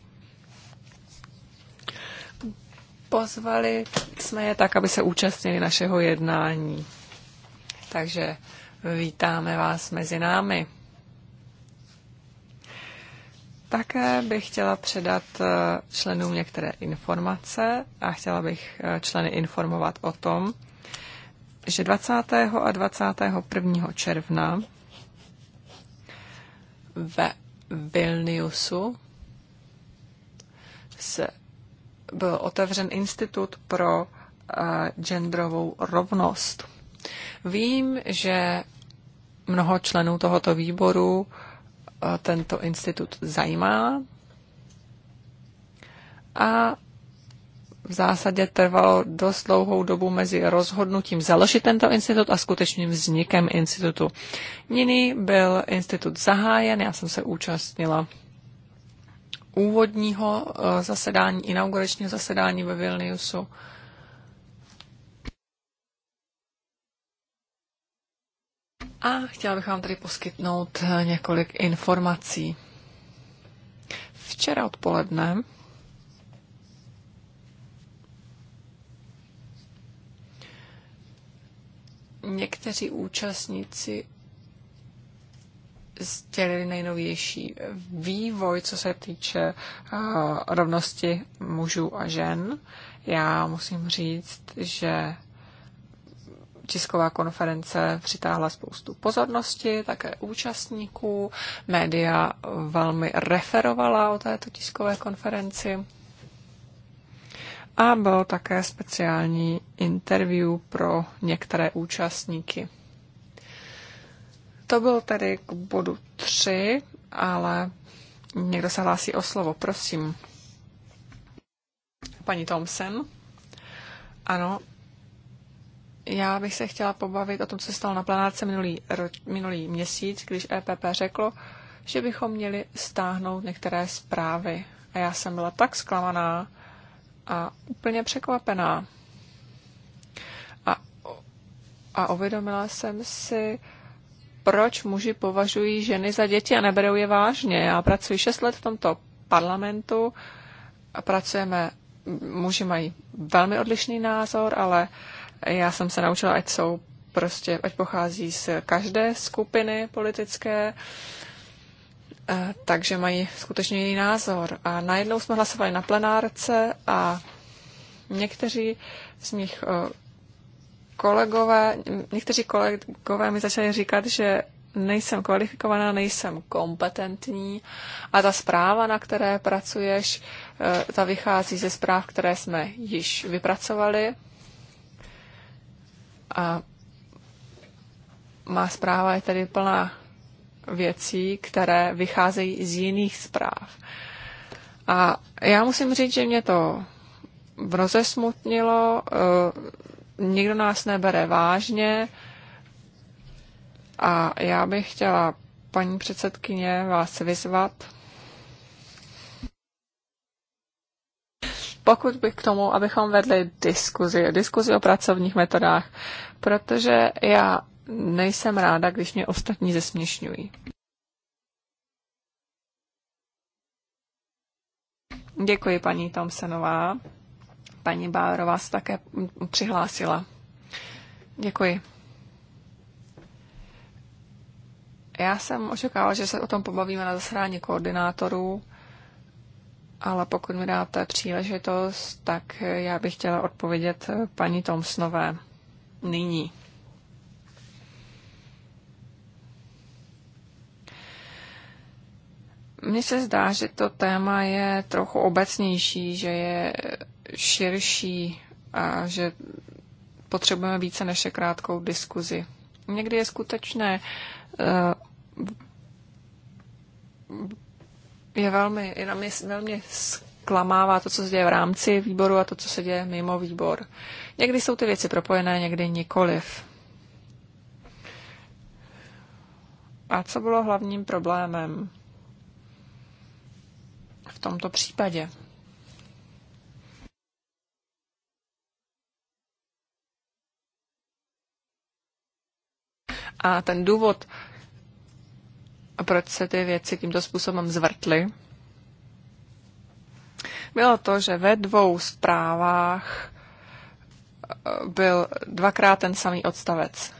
Pozvali jsme je tak, aby se účastnili našeho jednání. Takže vítáme vás mezi námi. Také bych chtěla předat eh, členům některé informace a chtěla bych eh, členy informovat o tom, že 20. a 21. června ve Vilniusu se byl otevřen institut pro eh, genderovou rovnost. Vím, že mnoho členů tohoto výboru eh, tento institut zajímá a v zásadě trvalo dost dlouhou dobu mezi rozhodnutím založit tento institut a skutečným vznikem institutu. Nyní byl institut zahájen, já jsem se účastnila úvodního eh, zasedání, inauguračního zasedání ve Vilniusu. A chtěla bych vám tady poskytnout eh, několik informací. Včera odpoledne někteří účastníci sdělili nejnovější vývoj, co se týče uh, rovnosti mužů a žen. Já musím říct, že tisková konference přitáhla spoustu pozornosti, také účastníků. Média velmi referovala o této tiskové konferenci a bylo také speciální interview pro některé účastníky. To byl tedy k bodu 3, ale někdo se hlásí o slovo, prosím. Paní Thompson. Ano, já bych se chtěla pobavit o tom, co se stalo na planátce minulý, minulý měsíc, když EPP řeklo, že bychom měli stáhnout některé zprávy. A já jsem byla tak zklamaná, a úplně překvapená. A, a uvědomila jsem si, proč muži považují ženy za děti a neberou je vážně. Já pracuji 6 let v tomto parlamentu a pracujeme, muži mají velmi odlišný názor, ale já jsem se naučila, ať jsou prostě, ať pochází z každé skupiny politické, Eh, takže mají skutečně jiný názor. A najednou jsme hlasovali na plenárce a někteří z mých eh, kolegové, někteří kolegové mi začali říkat, že nejsem kvalifikovaná, nejsem kompetentní a ta zpráva, na které pracuješ, eh, ta vychází ze zpráv, které jsme již vypracovali a má zpráva je tedy plná věcí, které vycházejí z jiných zpráv. A já musím říct, že mě to rozesmutnilo, eh, nikdo nás nebere vážně a já bych chtěla, paní předsedkyně, vás vyzvat, pokud bych k tomu, abychom vedli diskuzi, diskuzi o pracovních metodách, protože já nejsem ráda, když mě ostatní zesměšňují. Děkuji, paní Tomsenová. Paní Bárová se také přihlásila. Děkuji. Já jsem očekávala, že se o tom pobavíme na zasrání koordinátorů, ale pokud mi dáte příležitost, tak já bych chtěla odpovědět paní Tomsnové nyní. Mně se zdá, že to téma je trochu obecnější, že je širší a že potřebujeme více než krátkou diskuzi. Někdy je skutečné, eh, je velmi, je na velmi zklamává to, co se děje v rámci výboru a to, co se děje mimo výbor. Někdy jsou ty věci propojené, někdy nikoliv. A co bylo hlavním problémem? v tomto případě. A ten důvod, proč se ty věci tímto způsobem zvrtly, bylo to, že ve dvou zprávách eh, byl dvakrát ten samý odstavec.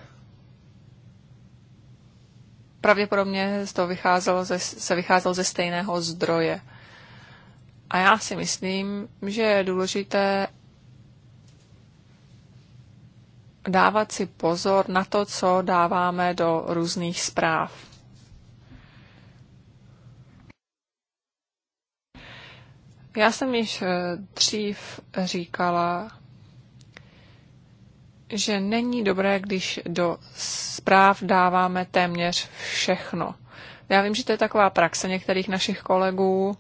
Pravděpodobně z toho vycházelo ze, se vycházelo ze stejného zdroje. A já si myslím, že je důležité dávat si pozor na to, co dáváme do různých zpráv. Já jsem již eh, dřív říkala, že není dobré, když do zpráv dáváme téměř všechno. Já vím, že to je taková praxe některých našich kolegů,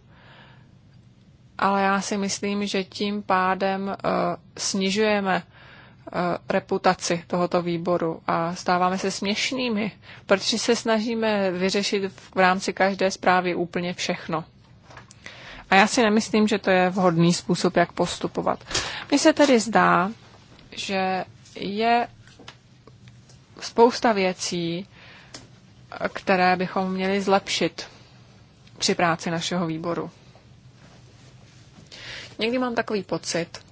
ale já si myslím, že tím pádem eh, snižujeme eh, reputaci tohoto výboru a stáváme se směšnými, protože se snažíme vyřešit v rámci každé zprávy úplně všechno. A já si nemyslím, že to je vhodný způsob, jak postupovat. Mně se tedy zdá, že je spousta věcí, které bychom měli zlepšit při práci našeho výboru. Někdy mám takový pocit,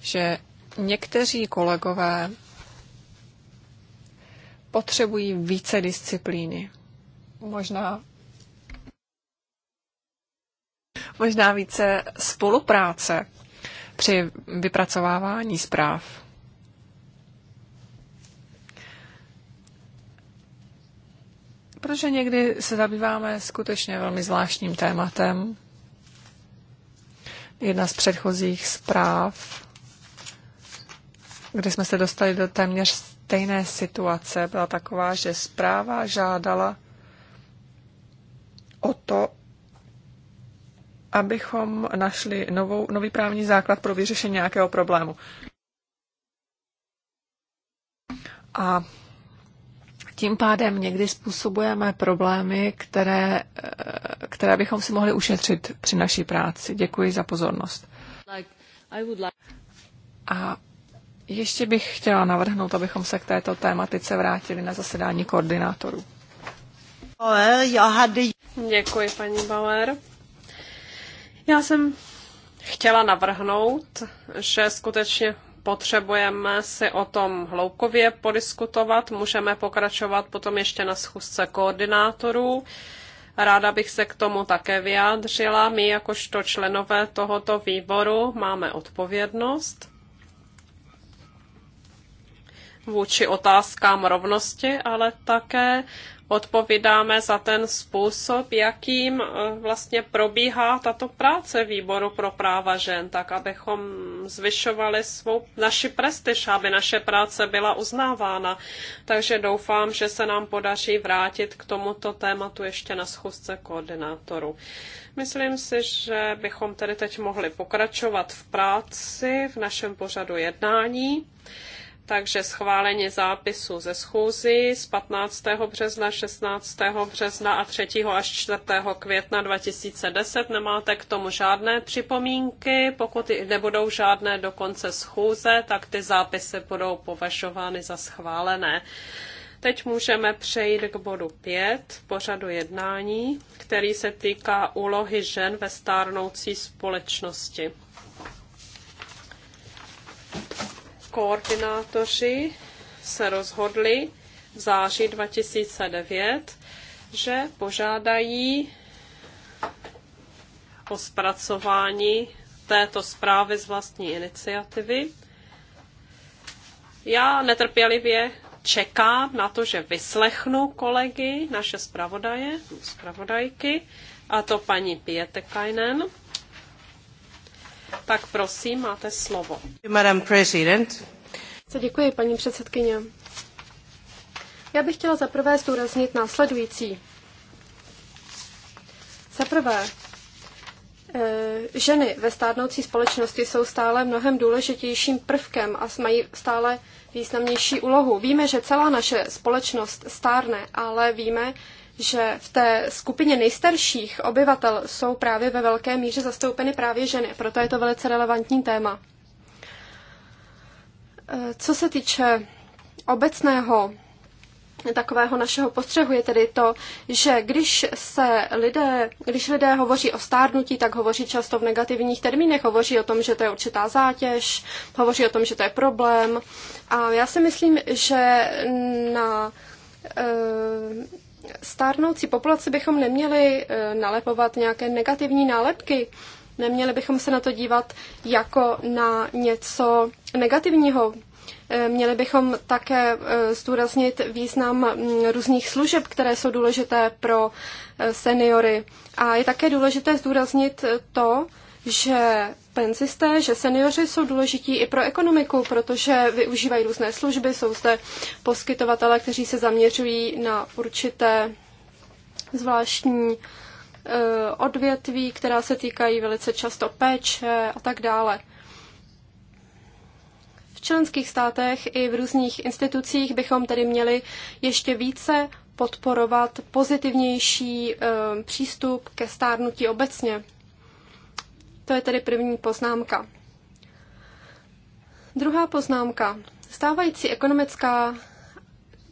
že někteří kolegové potřebují více disciplíny. Možná možná více spolupráce při vypracovávání zpráv. protože někdy se zabýváme skutečně velmi zvláštním tématem. Jedna z předchozích zpráv, kde jsme se dostali do téměř stejné situace, byla taková, že zpráva žádala o to, abychom našli novou, nový právní základ pro vyřešení nějakého problému. A tím pádem někdy způsobujeme problémy, které, eh, které bychom si mohli ušetřit při naší práci. Děkuji za pozornost. A ještě bych chtěla navrhnout, abychom se k této tématice vrátili na zasedání koordinátorů. Děkuji, paní Bauer. Já jsem chtěla navrhnout, že skutečně potřebujeme si o tom hloubkově podiskutovat. Můžeme pokračovat potom ještě na schůzce koordinátorů. Ráda bych se k tomu také vyjádřila. My jakožto členové tohoto výboru máme odpovědnost vůči otázkám rovnosti, ale také odpovídáme za ten způsob, jakým eh, vlastně probíhá tato práce výboru pro práva žen, tak abychom zvyšovali svou, naši prestiž, aby naše práce byla uznávána. Takže doufám, že se nám podaří vrátit k tomuto tématu ještě na schůzce koordinátorů. Myslím si, že bychom tedy teď mohli pokračovat v práci v našem pořadu jednání. Takže schválení zápisu ze schůzí z 15. března, 16. března a 3. až 4. května 2010. Nemáte k tomu žádné připomínky. Pokud nebudou žádné do konce schůze, tak ty zápisy budou považovány za schválené. Teď můžeme přejít k bodu 5 pořadu jednání, který se týká úlohy žen ve stárnoucí společnosti. Koordinátoři se rozhodli v září 2009, že požádají o zpracování této zprávy z vlastní iniciativy. Já netrpělivě čekám na to, že vyslechnu kolegy, naše zpravodaje, zpravodajky, a to paní Pietekainen. Kainen tak prosím, máte slovo. Madam President. Děkuji, paní předsedkyně. Já bych chtěla zaprvé zdůraznit následující. Zaprvé, eh, ženy ve stárnoucí společnosti jsou stále mnohem důležitějším prvkem a mají stále významnější úlohu. Víme, že celá naše společnost stárne, ale víme, že v té skupině nejstarších obyvatel jsou právě ve velké míře zastoupeny právě ženy, proto je to velice relevantní téma. E, co se týče obecného takového našeho postřehu je tedy to, že když se lidé, když lidé hovoří o stárnutí, tak hovoří často v negativních termínech, hovoří o tom, že to je určitá zátěž, hovoří o tom, že to je problém. A já si myslím, že na e, stárnoucí populaci bychom neměli e, nalepovat nějaké negativní nálepky. Neměli bychom se na to dívat jako na něco negativního. E, měli bychom také e, zdůraznit význam různých služeb, které jsou důležité pro seniory. A je také důležité zdůraznit to, že penzisté, že seniori jsou důležití i pro ekonomiku, protože využívají různé služby, jsou zde poskytovatele, kteří se zaměřují na určité zvláštní e, odvětví, která se týkají velice často péče a tak dále. V členských státech i v různých institucích bychom tedy měli ještě více podporovat pozitivnější e, přístup ke stárnutí obecně. To je tedy první poznámka. Druhá poznámka. Stávající ekonomická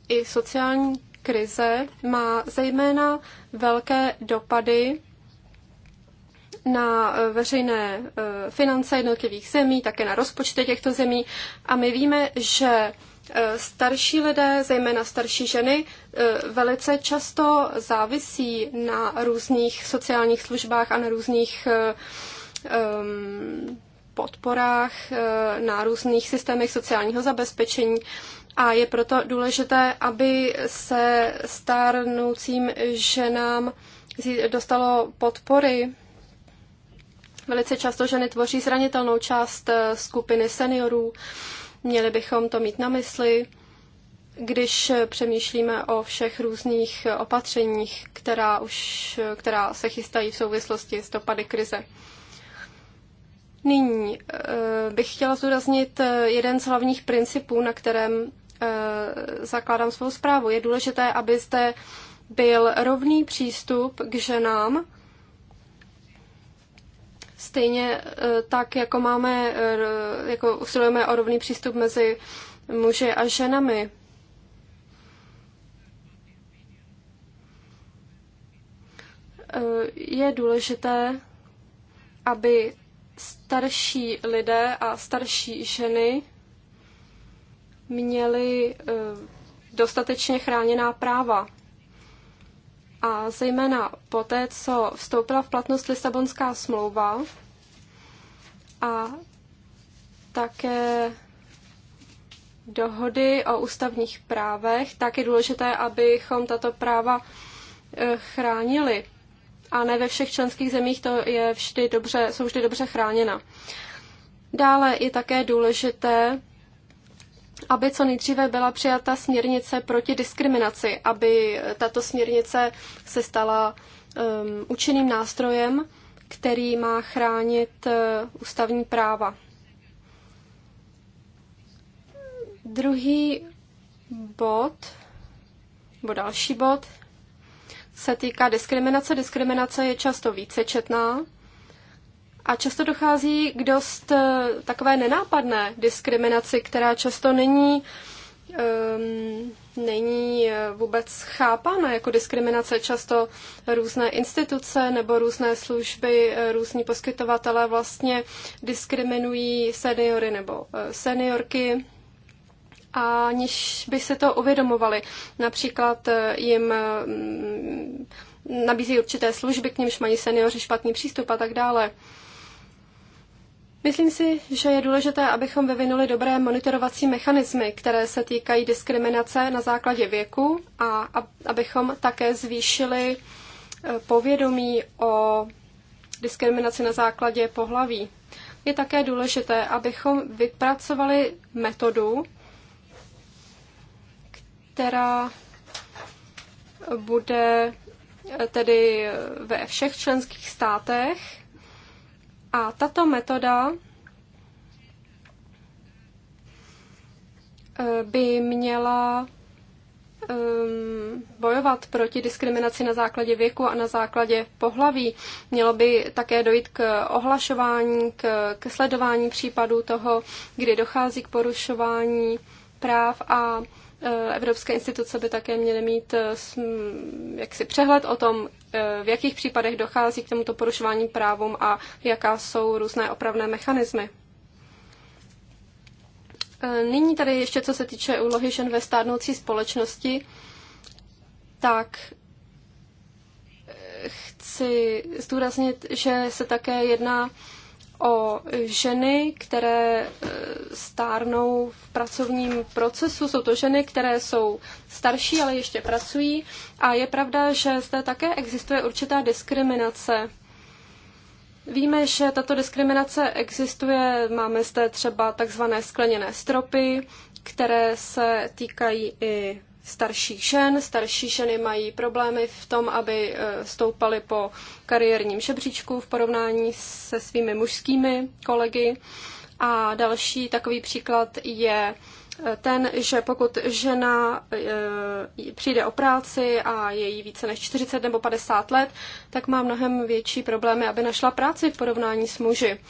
i sociální krize má zejména velké dopady na eh, veřejné eh, finance jednotlivých zemí, také na rozpočty těchto zemí. A my víme, že eh, starší lidé, zejména starší ženy, velice často závisí na různých sociálních službách a na různých Um, podporách, uh, na různých systémech sociálního zabezpečení. A je proto důležité, aby se stárnoucím ženám dostalo podpory. Velice často ženy tvoří zranitelnou část eh, skupiny seniorů. Měli bychom to mít na mysli, když přemýšlíme o všech různých opatřeních, která, už, eh, která se chystají v souvislosti s dopady krize. Nyní eh, bych chtěla zdůraznit eh, jeden z hlavních principů, na kterém eh, zakládám svou zprávu. Je důležité, abyste byl rovný přístup k ženám, stejně tak, jako máme, jako usilujeme o rovný přístup mezi muži a ženami. Je důležité, aby starší lidé a starší ženy měli eh, dostatečně chráněná práva. A zejména poté, co vstoupila v platnost Lisabonská smlouva a také dohody o ústavních právech, tak je důležité, abychom tato práva eh, chránili a ne ve všech členských zemích to je vždy dobře, jsou vždy dobře chráněna. Dále je také důležité, aby co nejdříve byla přijata směrnice proti diskriminaci, aby tato směrnice se stala um, účinným nástrojem, který má chránit uh, ústavní práva. Druhý bod, nebo další bod, se týká diskriminace. Diskriminace je často vícečetná a často dochází k dost eh, takové nenápadné diskriminaci, která často není, um, není eh, vůbec chápána jako diskriminace. Často různé instituce nebo různé služby, eh, různí poskytovatelé vlastně diskriminují seniory nebo seniorky aniž by se to uvědomovali. Například eh, jim mm, nabízí určité služby, k nimž mají seniori špatný přístup a tak dále. Myslím si, že je důležité, abychom vyvinuli dobré monitorovací mechanismy, které se týkají diskriminace na základě věku a abychom také zvýšili eh, povědomí o diskriminaci na základě pohlaví. Je také důležité, abychom vypracovali metodu, která bude tedy ve všech členských státech. A tato metoda by měla um, bojovat proti diskriminaci na základě věku a na základě pohlaví. Mělo by také dojít k ohlašování, k, k sledování případů toho, kdy dochází k porušování práv a Eh, evropské instituce by také měly mít eh, jaksi přehled o tom, eh, v jakých případech dochází k tomuto porušování právům a jaká jsou různé opravné mechanismy. Nyní tady ještě co se týče úlohy žen ve stárnoucí společnosti, tak chci zdůraznit, že se také jedná o ženy, které e, stárnou v pracovním procesu. Jsou to ženy, které jsou starší, ale ještě pracují. A je pravda, že zde také existuje určitá diskriminace. Víme, že tato diskriminace existuje. Máme zde třeba takzvané skleněné stropy, které se týkají i starších žen. Starší ženy mají problémy v tom, aby eh, stoupaly po kariérním žebříčku v porovnání se svými mužskými kolegy. A další takový příklad je eh, ten, že pokud žena eh, přijde o práci a je jí více než 40 nebo 50 let, tak má mnohem větší problémy, aby našla práci v porovnání s muži.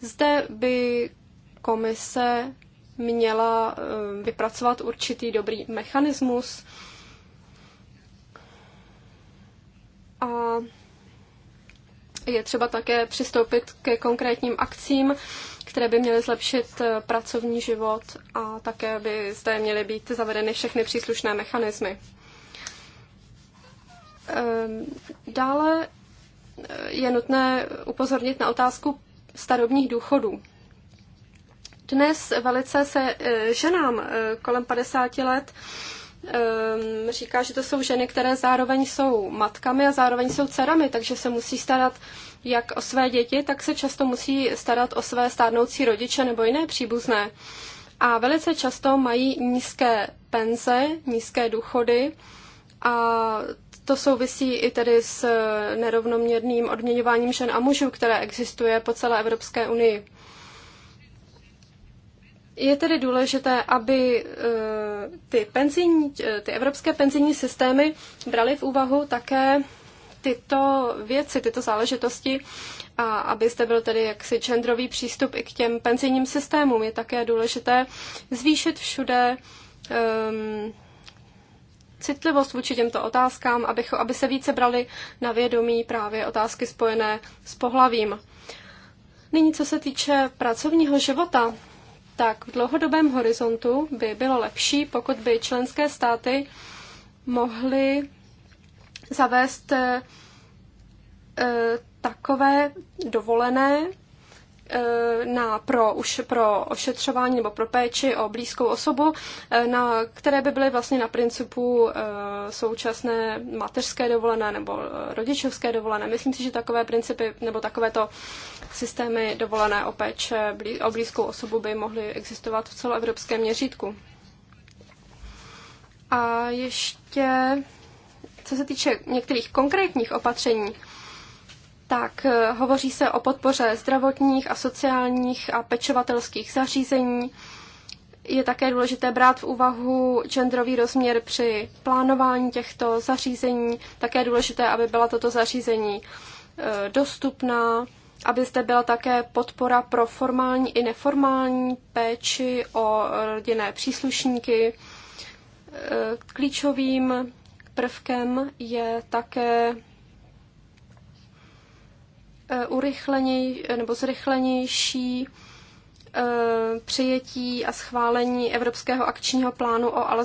Zde by komise měla eh, vypracovat určitý dobrý mechanismus. A je třeba také přistoupit ke konkrétním akcím, které by měly zlepšit eh, pracovní život a také by zde měly být zavedeny všechny příslušné mechanismy. Ehm, dále eh, je nutné upozornit na otázku starobních důchodů. Dnes velice se e, ženám e, kolem 50 let e, říká, že to jsou ženy, které zároveň jsou matkami a zároveň jsou dcerami, takže se musí starat jak o své děti, tak se často musí starat o své stárnoucí rodiče nebo jiné příbuzné. A velice často mají nízké penze, nízké důchody a to souvisí i tedy s nerovnoměrným odměňováním žen a mužů, které existuje po celé Evropské unii. Je tedy důležité, aby eh, ty, penzín, eh, ty evropské penzijní systémy braly v úvahu také tyto věci, tyto záležitosti a abyste byl tedy jaksi genderový přístup i k těm penzijním systémům. Je také důležité zvýšit všude um, citlivost vůči těmto otázkám, aby, aby se více brali na vědomí právě otázky spojené s pohlavím. Nyní, co se týče pracovního života, tak v dlouhodobém horizontu by bylo lepší, pokud by členské státy mohly zavést eh, takové dovolené Eh, na, pro, už pro ošetřování nebo pro péči o blízkou osobu, eh, na, které by byly vlastně na principu eh, současné mateřské dovolené nebo rodičovské dovolené. Myslím si, že takové principy nebo takovéto systémy dovolené o péče o blízkou osobu by mohly existovat v celoevropském měřítku. A ještě, co se týče některých konkrétních opatření, tak eh, hovoří se o podpoře zdravotních a sociálních a pečovatelských zařízení. Je také důležité brát v úvahu genderový rozměr při plánování těchto zařízení. Také je důležité, aby byla toto zařízení eh, dostupná, aby zde byla také podpora pro formální i neformální péči o rodinné příslušníky. Eh, klíčovým prvkem je také Eh, urychleněj, nebo zrychlenější eh, přijetí a schválení Evropského akčního plánu o,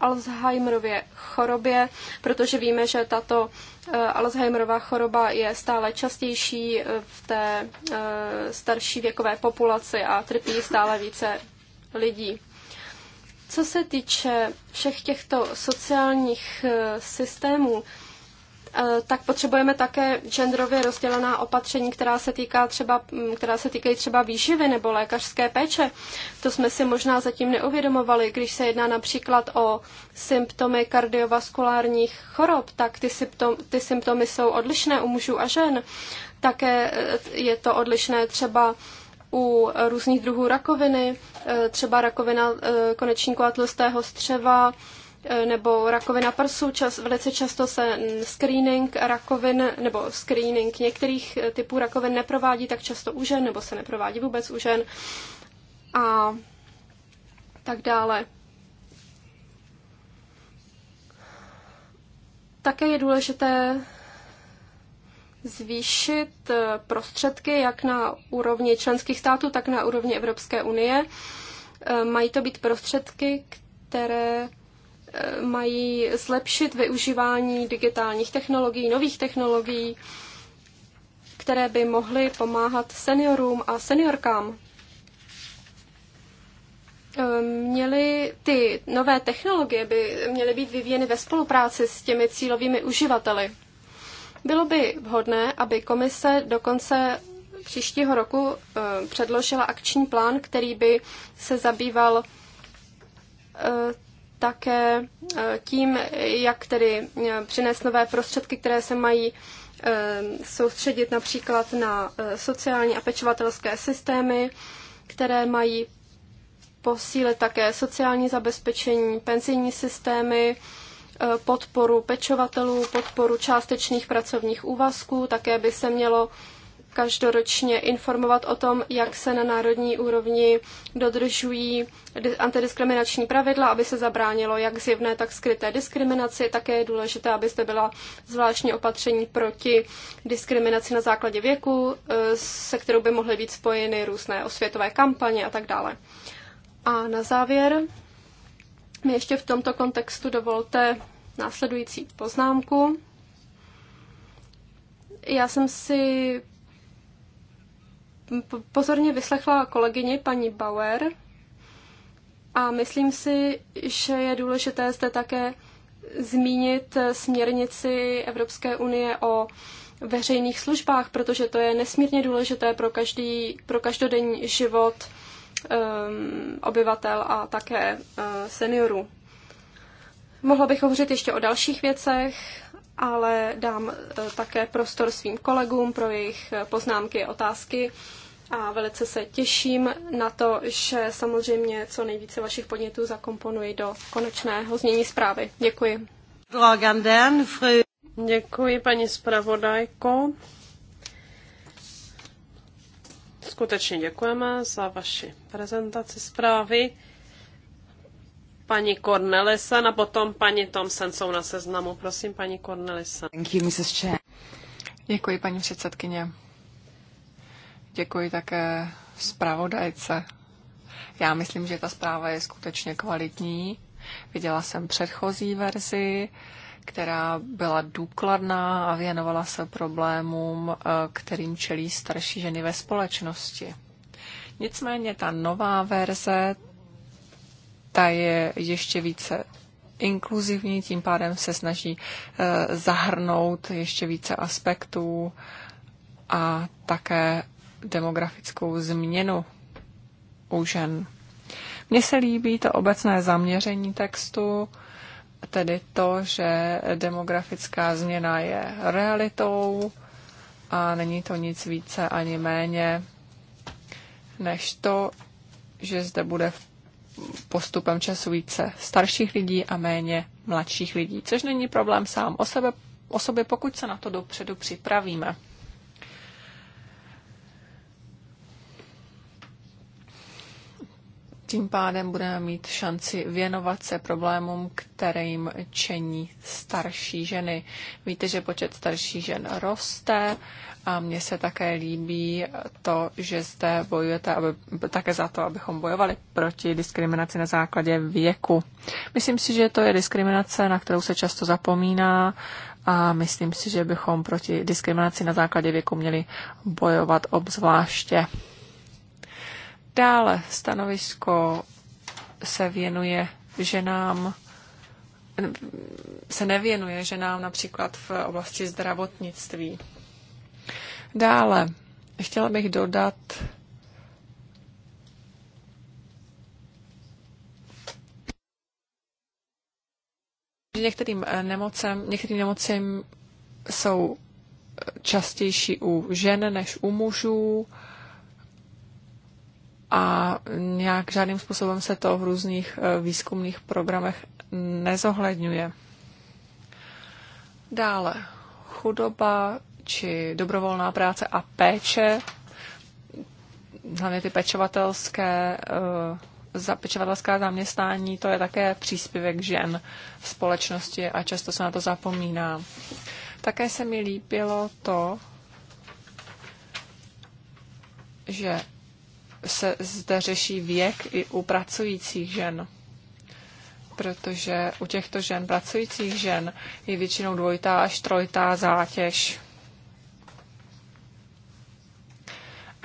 Alzheimerově chorobě, protože víme, že tato eh, Alzheimerová choroba je stále častější v té starší věkové populaci a trpí stále více lidí. Co se týče všech těchto sociálních systémů, Eh, tak potřebujeme také genderově rozdělená opatření, která se, týká třeba, mm, která se týkají třeba výživy nebo lékařské péče. To jsme si možná zatím neuvědomovali. Když se jedná například o symptomy kardiovaskulárních chorob, tak ty, symptom, ty symptomy jsou odlišné u mužů a žen. Také eh, je to odlišné třeba u různých druhů rakoviny, eh, třeba rakovina konečníku a tlustého střeva, Eh, nebo rakovina prsu, čas, velice často se screening rakovin nebo screening některých eh, typů rakovin neprovádí tak často u žen nebo se neprovádí vůbec u žen a tak dále. Také je důležité zvýšit eh, prostředky jak na úrovni členských států, tak na úrovni Evropské unie. Mají to být prostředky, které Eh, mají zlepšit využívání digitálních technologií, nových technologií, které by mohly pomáhat seniorům a seniorkám. Ehm, měly ty nové technologie by měly být vyvíjeny ve spolupráci s těmi cílovými uživateli. Bylo by vhodné, aby komise do konce příštího roku ehm, předložila akční plán, který by se zabýval ehm, také eh, tím, jak tedy eh, přinést nové prostředky, které se mají eh, soustředit například na sociální a pečovatelské systémy, které mají posílit také sociální zabezpečení, penzijní systémy, podporu pečovatelů, podporu částečných pracovních úvazků, také by se mělo každoročně informovat o tom, jak se na národní úrovni dodržují antidiskriminační pravidla, aby se zabránilo jak zjevné, tak skryté diskriminaci. Také je důležité, aby zde byla zvláštní opatření proti diskriminaci na základě věku, e, se kterou by mohly být spojeny různé osvětové kampaně a tak dále. A na závěr mi ještě v tomto kontextu dovolte následující poznámku. Já jsem si pozorně vyslechla kolegyně paní Bauer a myslím si, že je důležité zde také zmínit směrnici Evropské unie o veřejných službách, protože to je nesmírně důležité pro, každý, pro každodenní život um, obyvatel a také uh, seniorů. Mohla bych hovořit ještě o dalších věcech, ale dám eh, také prostor svým kolegům pro jejich eh, poznámky a otázky. A velice se těším na to, že samozřejmě co nejvíce vašich podnětů zakomponuji do konečného znění zprávy. Děkuji. Děkuji, paní zpravodajko. Skutečně děkujeme za vaši prezentaci zprávy. Paní Cornelisen a potom paní Thompson jsou na seznamu. Prosím, paní Cornelisen. Thank you, Mrs. Chair. Děkuji, paní předsedkyně. Děkuji také zpravodajce. Já myslím, že ta zpráva je skutečně kvalitní. Viděla jsem předchozí verzi, která byla důkladná a věnovala se problémům, eh, kterým čelí starší ženy ve společnosti. Nicméně ta nová verze ta je ještě více inkluzivní, tím pádem se snaží eh, zahrnout ještě více aspektů a také demografickou změnu u žen. Mně se líbí to obecné zaměření textu, tedy to, že demografická změna je realitou a není to nic více ani méně než to, že zde bude v postupem času více starších lidí a méně mladších lidí, což není problém sám o, sebe, o sobě, pokud se na to dopředu připravíme. Tím pádem budeme mít šanci věnovat se problémům, kterým čení starší ženy. Víte, že počet starších žen roste a mně se také líbí to, že zde bojujete aby, také za to, abychom bojovali proti diskriminaci na základě věku. Myslím si, že to je diskriminace, na kterou se často zapomíná a myslím si, že bychom proti diskriminaci na základě věku měli bojovat obzvláště. Dále stanovisko se věnuje ženám se nevěnuje ženám například v oblasti zdravotnictví. Dále, chtěla bych dodat že některým eh, nemocem, některým nemocem jsou eh, častější u žen než u mužů a nějak žádným způsobem se to v různých eh, výzkumných programech nezohledňuje. Dále, chudoba či dobrovolná práce a péče, hlavně ty pečovatelské, eh, za pečovatelská zaměstnání, to je také příspěvek žen v společnosti a často se na to zapomíná. Také se mi líbilo to, že se zde řeší věk i u pracujících žen. Protože u těchto žen, pracujících žen, je většinou dvojitá až trojitá zátěž.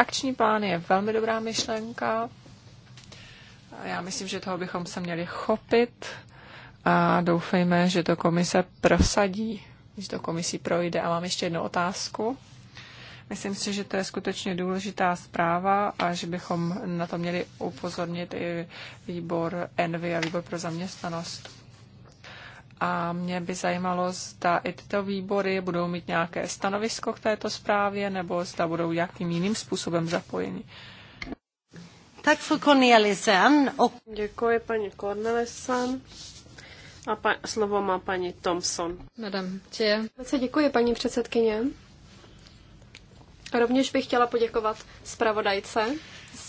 Akční plán je velmi dobrá myšlenka. Já myslím, že toho bychom se měli chopit a doufejme, že to komise prosadí, že to komisí projde. A mám ještě jednu otázku. Myslím si, že to je skutečně důležitá zpráva a že bychom na to měli upozornit i výbor ENVY a výbor pro zaměstnanost a mě by zajímalo, zda i tyto výbory budou mít nějaké stanovisko k této zprávě, nebo zda budou jakým jiným způsobem zapojeni. Tak för Cornelisen. Děkuji paní Cornelisen. A pa, slovo má paní Thompson. Madam, tě. Velice děkuji, paní předsedkyně. Rovněž bych chtěla poděkovat zpravodajce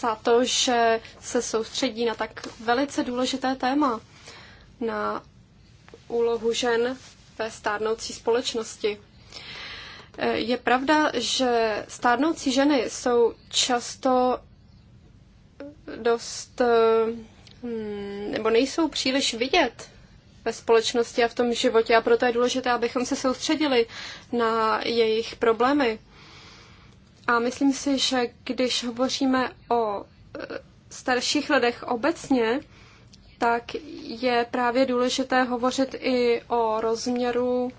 za to, že se soustředí na tak velice důležité téma, na úlohu žen ve stárnoucí společnosti. Eh, je pravda, že stárnoucí ženy jsou často dost, eh, hmm, nebo nejsou příliš vidět ve společnosti a v tom životě a proto je důležité, abychom se soustředili na jejich problémy. A myslím si, že když hovoříme o eh, starších lidech obecně, tak je právě důležité hovořit i o rozměru,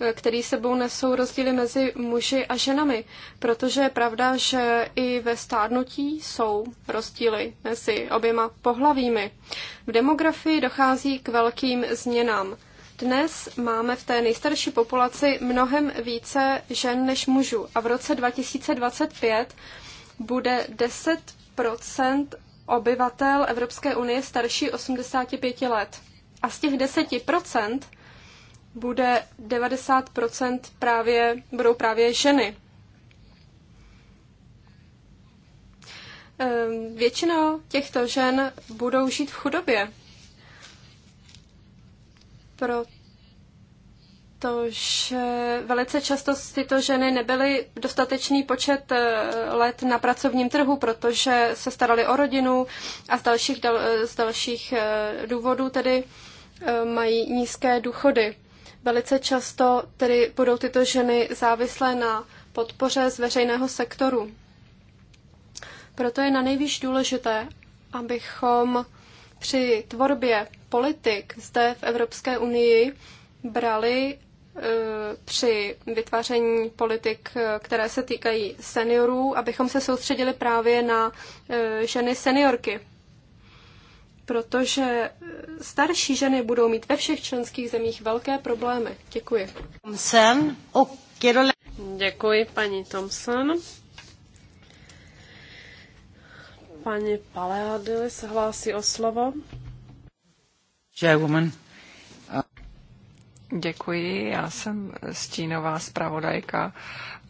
eh, který sebou nesou rozdíly mezi muži a ženami, protože je pravda, že i ve stárnutí jsou rozdíly mezi oběma pohlavími. V demografii dochází k velkým změnám. Dnes máme v té nejstarší populaci mnohem více žen než mužů a v roce 2025 bude 10 obyvatel Evropské unie starší 85 let. A z těch 10% bude 90% právě, budou právě ženy. Ehm, většina těchto žen budou žít v chudobě, proto že velice často tyto ženy nebyly dostatečný počet eh, let na pracovním trhu, protože se staraly o rodinu a z dalších, z dalších eh, důvodů tedy eh, mají nízké důchody. Velice často tedy budou tyto ženy závislé na podpoře z veřejného sektoru. Proto je na nejvíc důležité, abychom při tvorbě politik zde v Evropské unii brali při vytváření politik, které se týkají seniorů, abychom se soustředili právě na e, ženy seniorky. Protože e, starší ženy budou mít ve všech členských zemích velké problémy. Děkuji. Děkuji, paní Thompson. Paní Paleadily se hlásí o slovo. Chairwoman, Děkuji, já jsem stínová zpravodajka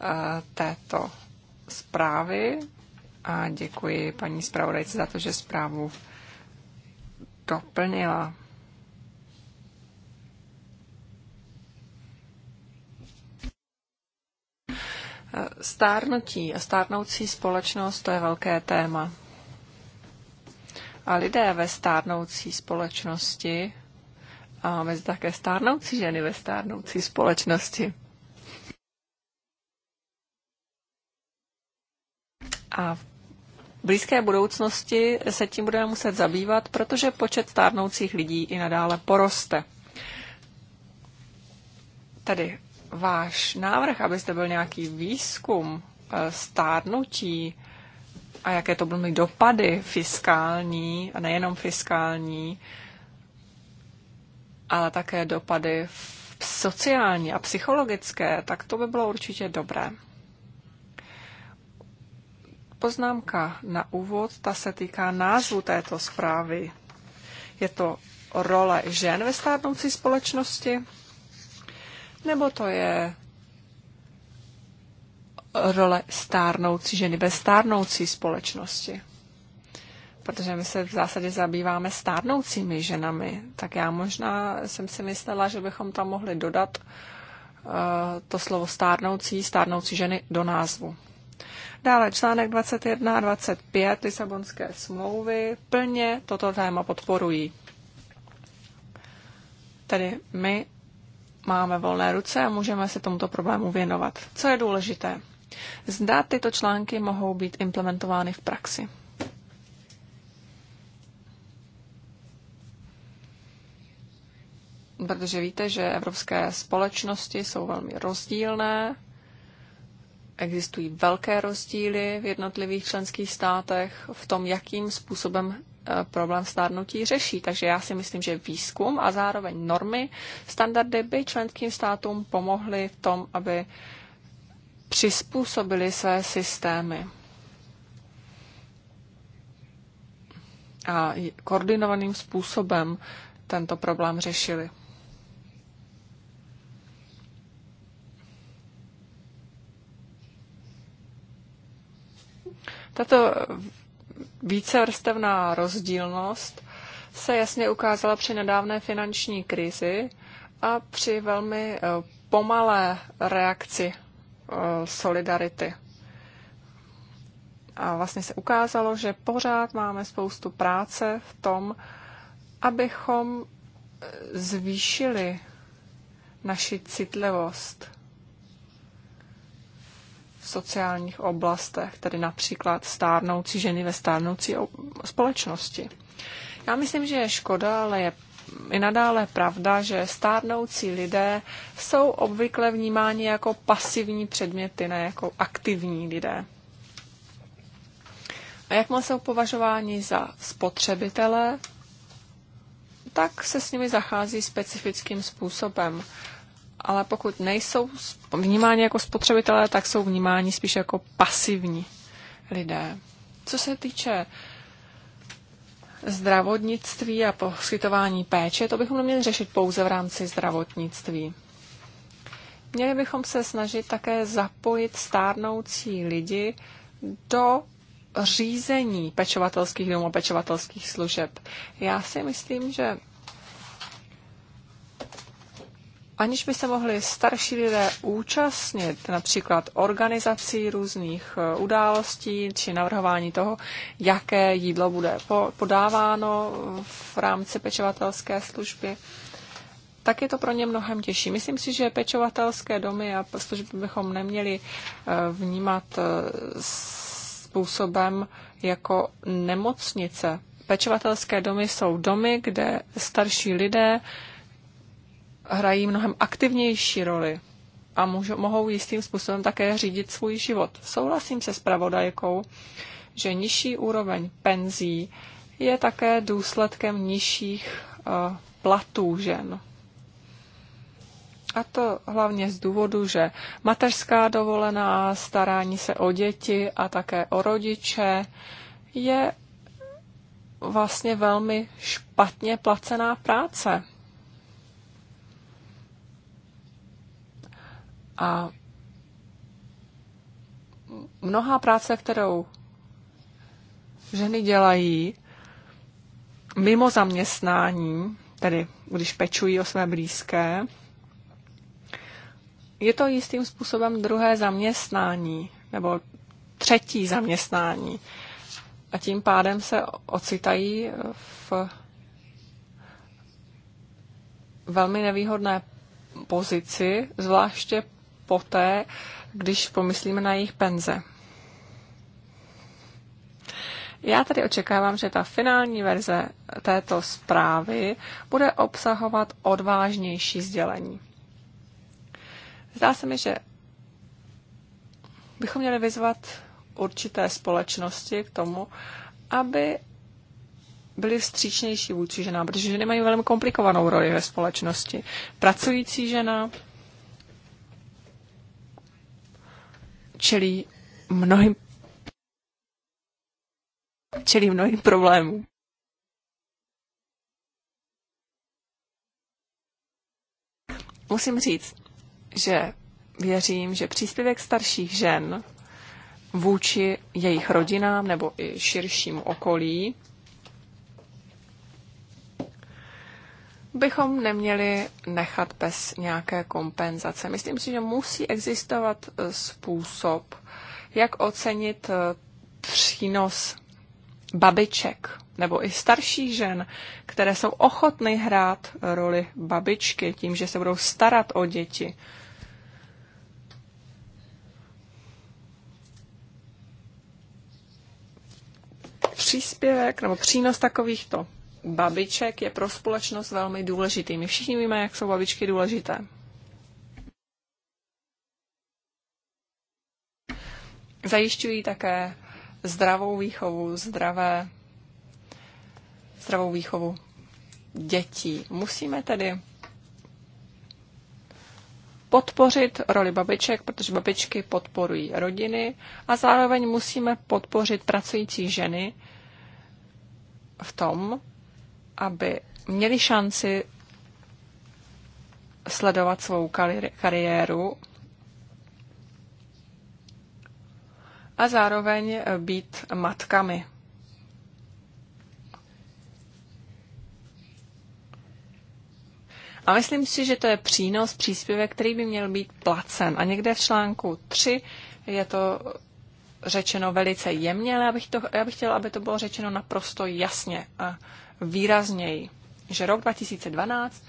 eh, této zprávy a děkuji paní zpravodajce za to, že zprávu doplnila. Stárnutí a stárnoucí společnost to je velké téma. A lidé ve stárnoucí společnosti a mezi také stárnoucí ženy ve stárnoucí společnosti. A v blízké budoucnosti se tím budeme muset zabývat, protože počet stárnoucích lidí i nadále poroste. Tedy váš návrh, abyste byl nějaký výzkum eh, stárnutí a jaké to budou mít dopady fiskální a nejenom fiskální, ale také dopady sociální a psychologické, tak to by bylo určitě dobré. Poznámka na úvod, ta se týká názvu této zprávy. Je to role žen ve stárnoucí společnosti? Nebo to je role stárnoucí ženy ve stárnoucí společnosti? protože my se v zásadě zabýváme stárnoucími ženami, tak já možná jsem si myslela, že bychom tam mohli dodat eh, to slovo stárnoucí, stárnoucí ženy do názvu. Dále článek 21 a 25 Lisabonské smlouvy plně toto téma podporují. Tedy my máme volné ruce a můžeme se tomuto problému věnovat. Co je důležité? Zda tyto články mohou být implementovány v praxi. protože víte, že evropské společnosti jsou velmi rozdílné, existují velké rozdíly v jednotlivých členských státech v tom, jakým způsobem eh, problém stárnutí řeší. Takže já si myslím, že výzkum a zároveň normy, standardy by členským státům pomohly v tom, aby přizpůsobili své systémy. A koordinovaným způsobem tento problém řešili. Tato vícevrstevná rozdílnost se jasně ukázala při nedávné finanční krizi a při velmi eh, pomalé reakci eh, solidarity. A vlastně se ukázalo, že pořád máme spoustu práce v tom, abychom eh, zvýšili naši citlivost sociálních oblastech, tedy například stárnoucí ženy ve stárnoucí společnosti. Já myslím, že je škoda, ale je i nadále pravda, že stárnoucí lidé jsou obvykle vnímáni jako pasivní předměty, ne jako aktivní lidé. A jak má jsou považováni za spotřebitele, tak se s nimi zachází specifickým způsobem ale pokud nejsou vnímáni jako spotřebitelé, tak jsou vnímáni spíš jako pasivní lidé. Co se týče zdravotnictví a poskytování péče, to bychom neměli řešit pouze v rámci zdravotnictví. Měli bychom se snažit také zapojit stárnoucí lidi do řízení pečovatelských domů a pečovatelských služeb. Já si myslím, že aniž by se mohli starší lidé účastnit například organizací různých eh, událostí či navrhování toho, jaké jídlo bude podáváno eh, v rámci pečovatelské služby, tak je to pro ně mnohem těžší. Myslím si, že pečovatelské domy a služby bychom neměli eh, vnímat způsobem jako nemocnice. Pečovatelské domy jsou domy, kde starší lidé hrají mnohem aktivnější roli a můžou, mohou jistým způsobem také řídit svůj život. Souhlasím se s pravodajkou, že nižší úroveň penzí je také důsledkem nižších uh, platů žen. A to hlavně z důvodu, že mateřská dovolená, starání se o děti a také o rodiče je vlastně velmi špatně placená práce. A mnohá práce, kterou ženy dělají mimo zaměstnání, tedy když pečují o své blízké, je to jistým způsobem druhé zaměstnání nebo třetí zaměstnání. A tím pádem se ocitají v velmi nevýhodné pozici, zvláště poté, když pomyslíme na jejich penze. Já tady očekávám, že ta finální verze této zprávy bude obsahovat odvážnější sdělení. Zdá se mi, že bychom měli vyzvat určité společnosti k tomu, aby byly vstřícnější vůči ženám, protože ženy mají velmi komplikovanou roli ve společnosti. Pracující žena, čelí mnohým čelí mnohým problémům. Musím říct, že věřím, že příspěvek starších žen vůči jejich rodinám nebo i širšímu okolí bychom neměli nechat bez nějaké kompenzace. Myslím si, že musí existovat eh, způsob, jak ocenit eh, přínos babiček nebo i starších žen, které jsou ochotny hrát roli babičky tím, že se budou starat o děti. Příspěvek nebo přínos takovýchto babiček je pro společnost velmi důležitý. My všichni víme, jak jsou babičky důležité. Zajišťují také zdravou výchovu, zdravé, zdravou výchovu dětí. Musíme tedy podpořit roli babiček, protože babičky podporují rodiny a zároveň musíme podpořit pracující ženy v tom, aby měli šanci sledovat svou kariéru a zároveň být matkami. A myslím si, že to je přínos, příspěvek, který by měl být placen. A někde v článku 3 je to řečeno velice jemně, ale já bych, to, já bych chtěla, aby to bylo řečeno naprosto jasně. A výrazněji, že rok 2012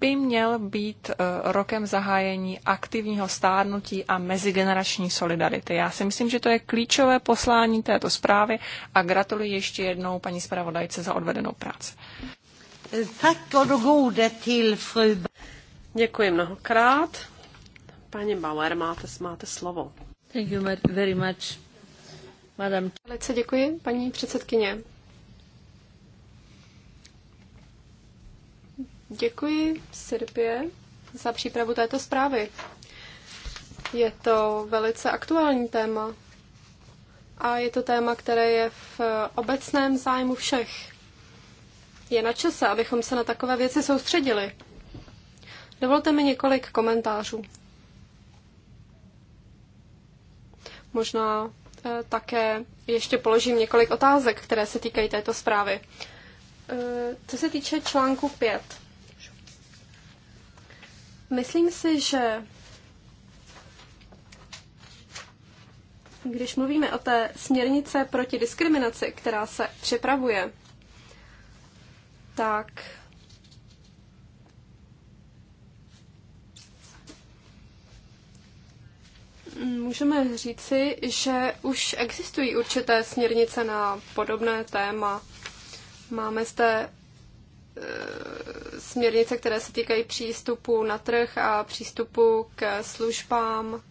by měl být eh, rokem zahájení aktivního stárnutí a mezigenerační solidarity. Já si myslím, že to je klíčové poslání této zprávy a gratuluji ještě jednou paní zpravodajce za odvedenou práci. Děkuji mnohokrát. Paní Bauer, máte, máte slovo. Thank you very much, madam. Velice děkuji, paní předsedkyně. Děkuji Sirpě za přípravu této zprávy. Je to velice aktuální téma a je to téma, které je v obecném zájmu všech. Je na čase, abychom se na takové věci soustředili. Dovolte mi několik komentářů. Možná eh, také ještě položím několik otázek, které se týkají této zprávy. Eh, co se týče článku 5, Myslím si, že když mluvíme o té směrnice proti diskriminaci, která se připravuje, tak můžeme říci, že už existují určité směrnice na podobné téma. Máme zde Eh, směrnice, které se týkají přístupu na trh a přístupu k službám.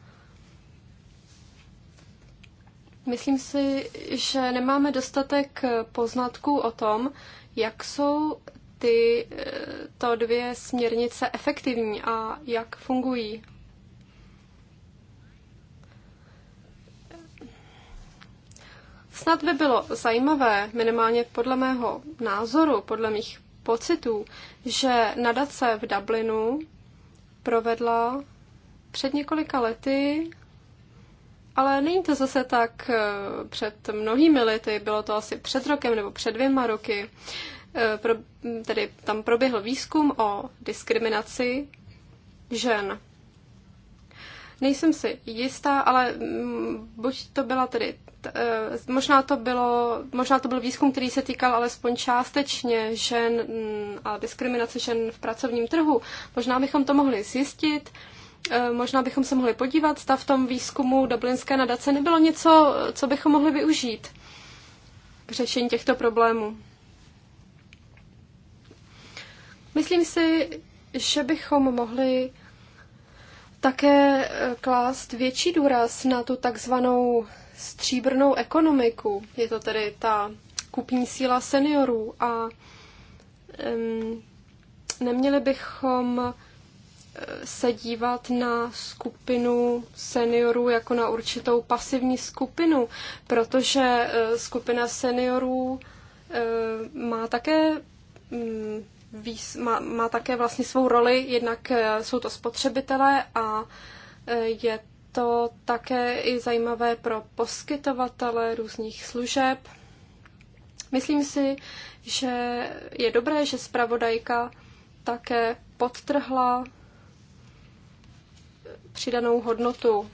Myslím si, že nemáme dostatek poznatků o tom, jak jsou ty eh, to dvě směrnice efektivní a jak fungují. Snad by bylo zajímavé, minimálně podle mého názoru, podle mých pocitů, že nadace v Dublinu provedla před několika lety, ale není to zase tak eh, před mnohými lety, bylo to asi před rokem nebo před dvěma roky, eh, tedy tam proběhl výzkum o diskriminaci žen. Nejsem si jistá, ale mm, buď to byla tedy, e, možná to, bylo, možná to byl výzkum, který se týkal alespoň částečně žen mm, a diskriminace žen v pracovním trhu. Možná bychom to mohli zjistit. E, možná bychom se mohli podívat, zda v tom výzkumu Dublinské nadace nebylo něco, co bychom mohli využít k řešení těchto problémů. Myslím si, že bychom mohli také eh, klást větší důraz na tu takzvanou stříbrnou ekonomiku. Je to tedy ta kupní síla seniorů a um, neměli bychom eh, se dívat na skupinu seniorů jako na určitou pasivní skupinu, protože eh, skupina seniorů má také mm, výs, má, má také vlastně svou roli, jednak eh, jsou to spotřebitelé a eh, je to také i zajímavé pro poskytovatele různých služeb. Myslím si, že je dobré, že zpravodajka také podtrhla eh, přidanou hodnotu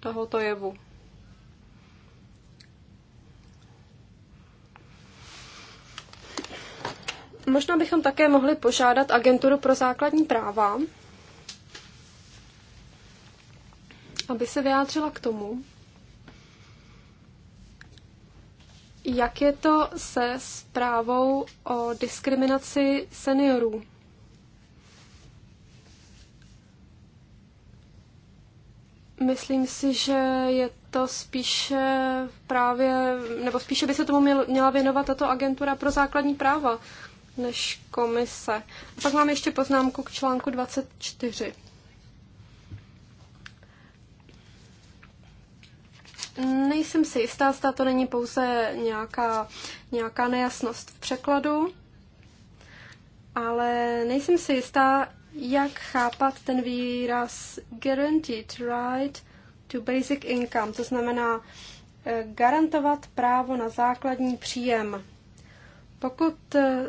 tohoto jevu. Možná bychom také mohli požádat agenturu pro základní práva, aby se vyjádřila k tomu, jak je to se zprávou o diskriminaci seniorů. Myslím si, že je to spíše právě, nebo spíše by se tomu měla věnovat tato agentura pro základní práva, než komise. A pak mám ještě poznámku k článku 24. Nejsem si jistá, zda to není pouze nějaká, nějaká nejasnost v překladu, ale nejsem si jistá, jak chápat ten výraz guaranteed right to basic income, to znamená eh, garantovat právo na základní příjem. Pokud eh,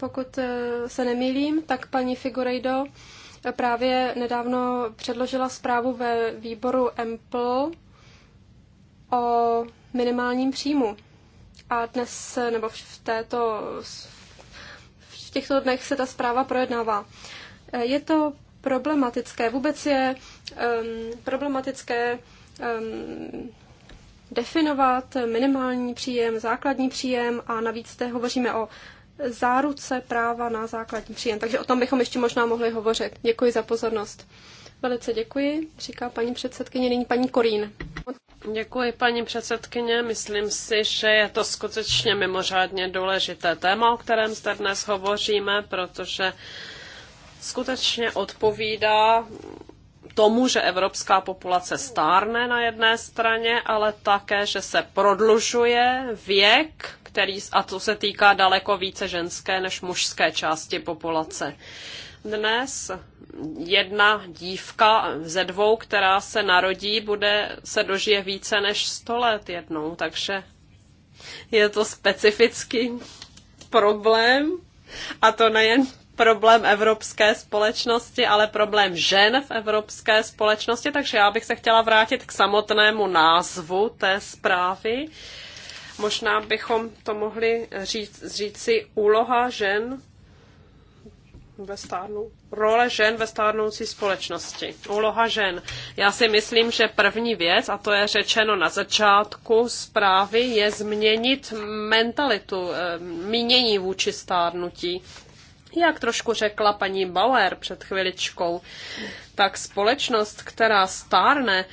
pokud eh, se nemýlím, tak paní Figurejdo eh, právě nedávno předložila zprávu ve výboru EMPL o minimálním příjmu. A dnes, eh, nebo v této, v těchto dnech se ta zpráva projednává. Je to problematické, vůbec je um, problematické um, definovat minimální příjem, základní příjem a navíc zde hovoříme o záruce práva na základní příjem. Takže o tom bychom ještě možná mohli hovořit. Děkuji za pozornost. Velice děkuji, říká paní předsedkyně, nyní paní Korín. Děkuji, paní předsedkyně. Myslím si, že je to skutečně mimořádně důležité téma, o kterém zde dnes hovoříme, protože skutečně odpovídá tomu, že evropská populace stárne na jedné straně, ale také, že se prodlužuje věk, který, a to se týká daleko více ženské než mužské části populace. Dnes jedna dívka ze dvou, která se narodí, bude, se dožije více než 100 let jednou, takže je to specifický problém. A to nejen problém evropské společnosti, ale problém žen v evropské společnosti, takže já bych se chtěla vrátit k samotnému názvu té zprávy. Možná bychom to mohli říct, říct si úloha žen ve stárnu, role žen ve stárnoucí společnosti, úloha žen. Já si myslím, že první věc, a to je řečeno na začátku zprávy, je změnit mentalitu, eh, mínění vůči stárnutí. Jak trošku řekla paní Bauer před chviličkou, tak společnost, která stárne,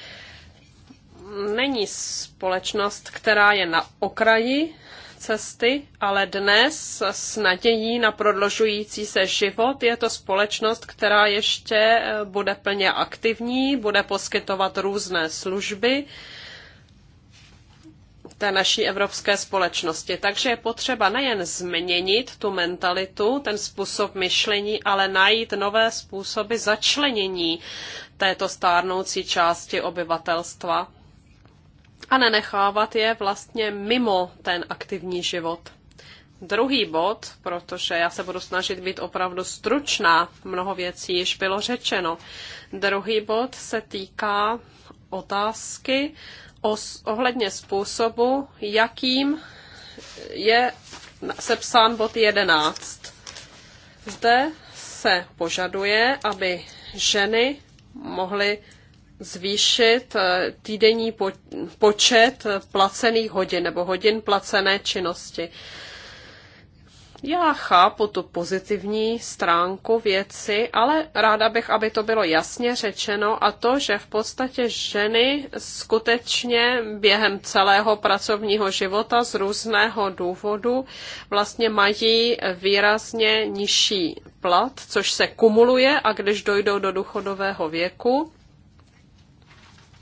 není společnost, která je na okraji cesty, ale dnes s nadějí na prodlužující se život je to společnost, která ještě eh, bude plně aktivní, bude poskytovat různé služby, té naší evropské společnosti. Takže je potřeba nejen změnit tu mentalitu, ten způsob myšlení, ale najít nové způsoby začlenění této stárnoucí části obyvatelstva a nenechávat je vlastně mimo ten aktivní život. Druhý bod, protože já se budu snažit být opravdu stručná, mnoho věcí již bylo řečeno. Druhý bod se týká otázky ohledně způsobu, jakým je sepsán bod 11. Zde se požaduje, aby ženy mohly zvýšit eh, týdenní počet placených hodin nebo hodin placené činnosti. Já chápu tu pozitivní stránku věci, ale ráda bych, aby to bylo jasně řečeno a to, že v podstatě ženy skutečně během celého pracovního života z různého důvodu vlastně mají výrazně nižší plat, což se kumuluje a když dojdou do důchodového věku,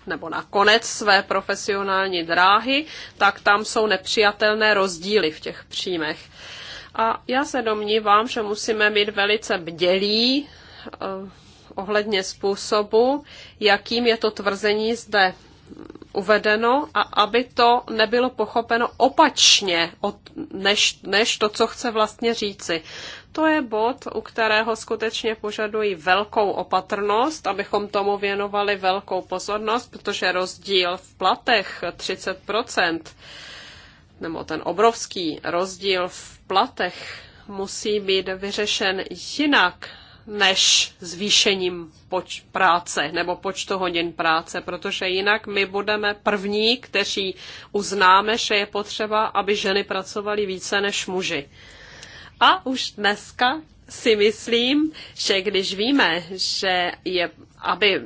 nebo na konec své profesionální dráhy, tak tam jsou nepřijatelné rozdíly v těch příjmech. A já se domnívám, že musíme být velice bdělí eh, ohledně způsobu, jakým je to tvrzení zde uvedeno a aby to nebylo pochopeno opačně, od, než, než to, co chce vlastně říci. To je bod, u kterého skutečně požadují velkou opatrnost, abychom tomu věnovali velkou pozornost, protože rozdíl v platech 30 nebo ten obrovský rozdíl v platech musí být vyřešen jinak než zvýšením poč- práce nebo počtu hodin práce, protože jinak my budeme první, kteří uznáme, že je potřeba, aby ženy pracovaly více než muži. A už dneska si myslím, že když víme, že je, aby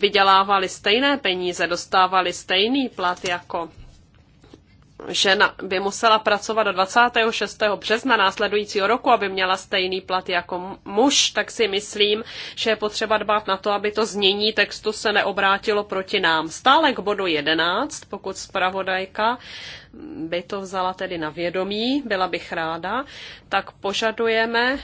vydělávali stejné peníze, dostávali stejný plat jako žena by musela pracovat do 26. března následujícího roku, aby měla stejný plat jako muž, tak si myslím, že je potřeba dbát na to, aby to znění textu se neobrátilo proti nám. Stále k bodu 11, pokud zpravodajka by to vzala tedy na vědomí, byla bych ráda, tak požadujeme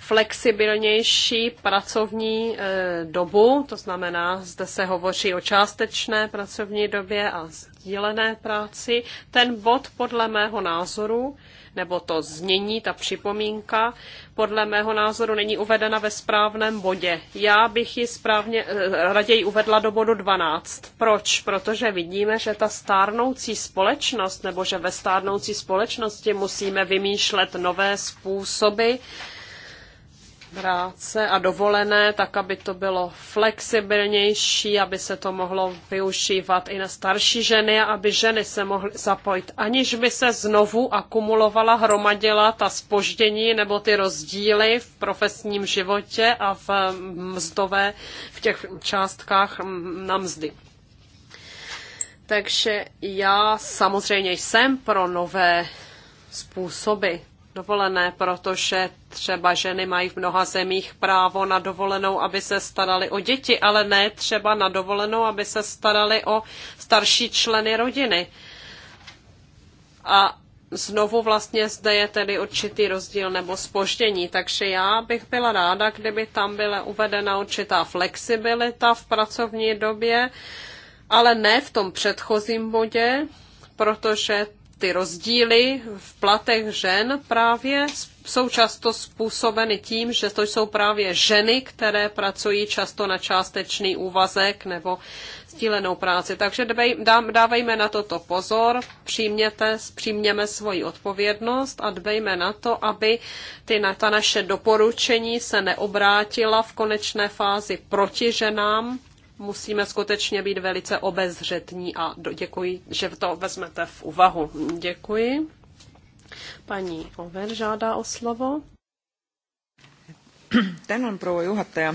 flexibilnější pracovní e, dobu, to znamená, zde se hovoří o částečné pracovní době a sdílené práci. Ten bod podle mého názoru, nebo to znění, ta připomínka, podle mého názoru není uvedena ve správném bodě. Já bych ji správně, e, raději uvedla do bodu 12. Proč? Protože vidíme, že ta stárnoucí společnost, nebo že ve stárnoucí společnosti musíme vymýšlet nové způsoby, práce a dovolené, tak aby to bylo flexibilnější, aby se to mohlo využívat i na starší ženy a aby ženy se mohly zapojit, aniž by se znovu akumulovala, hromadila ta spoždění nebo ty rozdíly v profesním životě a v mm, mzdové, v těch částkách mm, na mzdy. Takže já samozřejmě jsem pro nové způsoby dovolené, protože třeba ženy mají v mnoha zemích právo na dovolenou, aby se starali o děti, ale ne třeba na dovolenou, aby se starali o starší členy rodiny. A znovu vlastně zde je tedy určitý rozdíl nebo spoždění, takže já bych byla ráda, kdyby tam byla uvedena určitá flexibilita v pracovní době, ale ne v tom předchozím bodě, protože ty rozdíly v platech žen právě jsou často způsobeny tím, že to jsou právě ženy, které pracují často na částečný úvazek nebo stílenou práci. Takže dávejme na toto pozor, přijměte, přijměme svoji odpovědnost a dbejme na to, aby ty, na ta naše doporučení se neobrátila v konečné fázi proti ženám, musíme skutečně být velice obezřetní a děkuji, že to vezmete v úvahu. Děkuji. Paní Over žádá o slovo. Tänan, pro juhataja.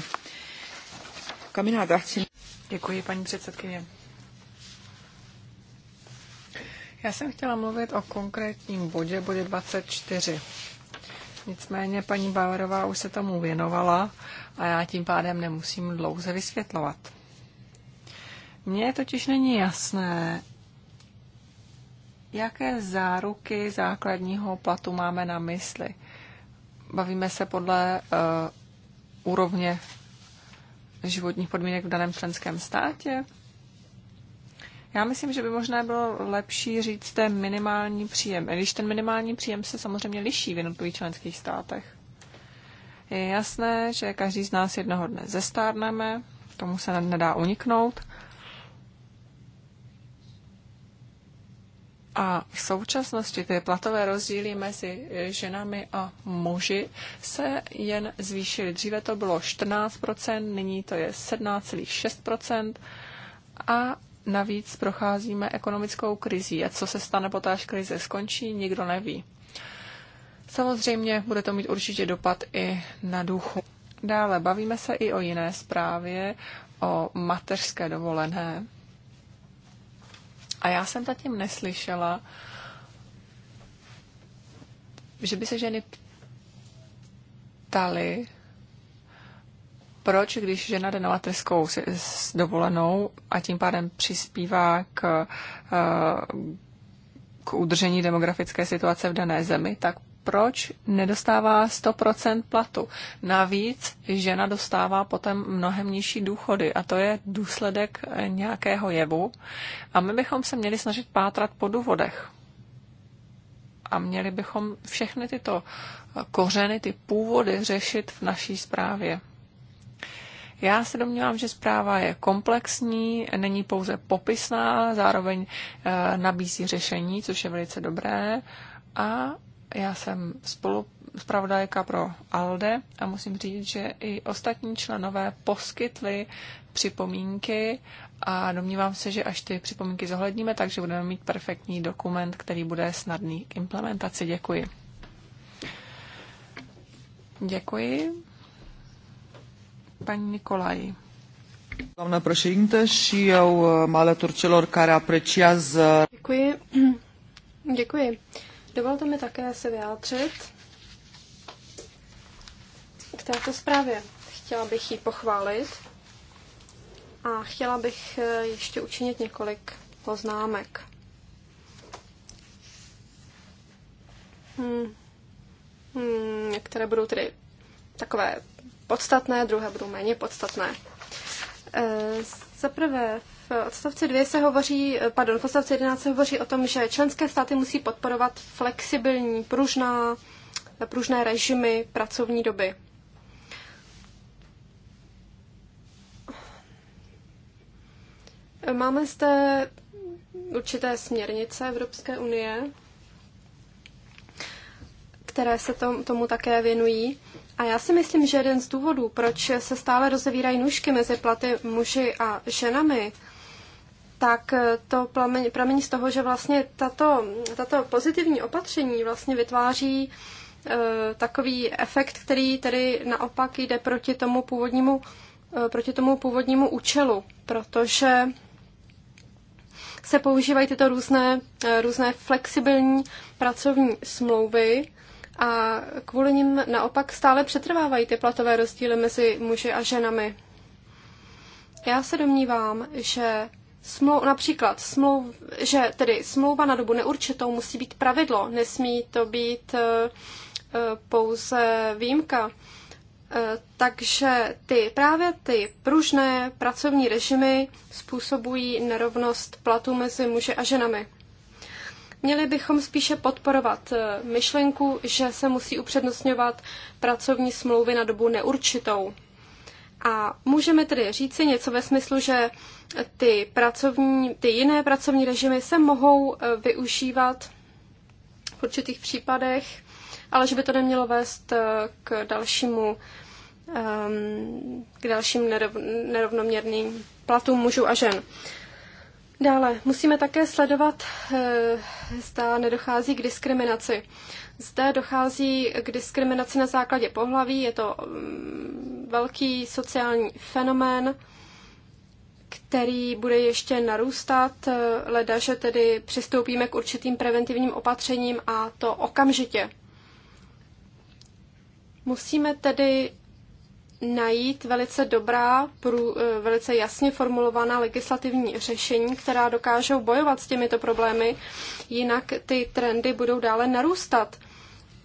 Děkuji, paní předsedkyně. Já jsem chtěla mluvit o konkrétním bodě, bodě 24. Nicméně paní Bauerová už se tomu věnovala a já tím pádem nemusím dlouze vysvětlovat. Mně totiž není jasné, jaké záruky základního platu máme na mysli. Bavíme se podle uh, úrovně životních podmínek v daném členském státě. Já myslím, že by možná bylo lepší říct ten minimální příjem, když ten minimální příjem se samozřejmě liší v jednotlivých členských státech. Je jasné, že každý z nás jednoho dne zestárneme, tomu se nedá uniknout – A v současnosti ty platové rozdíly mezi ženami a muži se jen zvýšily. Dříve to bylo 14%, nyní to je 17,6% a navíc procházíme ekonomickou krizí. A co se stane poté, až krize skončí, nikdo neví. Samozřejmě bude to mít určitě dopad i na duchu. Dále bavíme se i o jiné zprávě, o mateřské dovolené. A já jsem zatím neslyšela, že by se ženy ptaly, proč, když žena jde na mateřskou s dovolenou a tím pádem přispívá k, eh, k udržení demografické situace v dané zemi, tak proč nedostává 100% platu. Navíc žena dostává potom mnohem nižší důchody a to je důsledek eh, nějakého jevu. A my bychom se měli snažit pátrat po důvodech. A měli bychom všechny tyto eh, kořeny, ty původy řešit v naší zprávě. Já se domnívám, že zpráva je komplexní, není pouze popisná, zároveň eh, nabízí řešení, což je velice dobré. A já jsem spolu zpravodajka pro ALDE a musím říct, že i ostatní členové poskytli připomínky a domnívám se, že až ty připomínky zohledníme, takže budeme mít perfektní dokument, který bude snadný k implementaci. Děkuji. Děkuji. Paní Nikolaj. Doamna președintă și eu mă alătur celor care apreciază. Děkuji. Děkuji. Dovolte mi také se vyjádřit k této zprávě. Chtěla bych ji pochválit a chtěla bych eh, ještě učinit několik poznámek. Hmm. Hmm, některé budou tedy takové podstatné, druhé budou méně podstatné. E, Za prvé, v odstavci 2 se hovoří, pardon, v odstavci 11 se hovoří o tom, že členské státy musí podporovat flexibilní, pružná, pružné režimy pracovní doby. Máme zde určité směrnice Evropské unie, které se tom, tomu také věnují. A já si myslím, že jeden z důvodů, proč se stále rozevírají nůžky mezi platy muži a ženami, tak to plamení, pramení z toho, že vlastně tato, tato pozitivní opatření vlastně vytváří e, takový efekt, který tedy naopak jde proti tomu původnímu, e, proti tomu původnímu účelu, protože se používají tyto různé, e, různé flexibilní pracovní smlouvy a kvůli nim naopak stále přetrvávají ty platové rozdíly mezi muži a ženami. Já se domnívám, že Smlou, například, smlouv, že tedy smlouva na dobu neurčitou musí být pravidlo, nesmí to být eh, eh, pouze výjimka. Eh, takže ty, právě ty pružné pracovní režimy způsobují nerovnost platů mezi muži a ženami. Měli bychom spíše podporovat myšlenku, že se musí upřednostňovat pracovní smlouvy na dobu neurčitou. A můžeme tedy říci něco ve smyslu, že ty, pracovní, ty jiné pracovní režimy se mohou eh, využívat v určitých případech, ale že by to nemělo vést eh, k dalšímu ehm, k dalším nerovnoměrným platům mužů a žen. Dále musíme také sledovat, eh, zda nedochází k diskriminaci. Zde dochází k diskriminaci na základě pohlaví, je to mm, velký sociální fenomén, který bude ještě narůstat, leda, že tedy přistoupíme k určitým preventivním opatřením a to okamžitě. Musíme tedy najít velice dobrá, prů, eh, velice jasně formulovaná legislativní řešení, která dokážou bojovat s těmito problémy, jinak ty trendy budou dále narůstat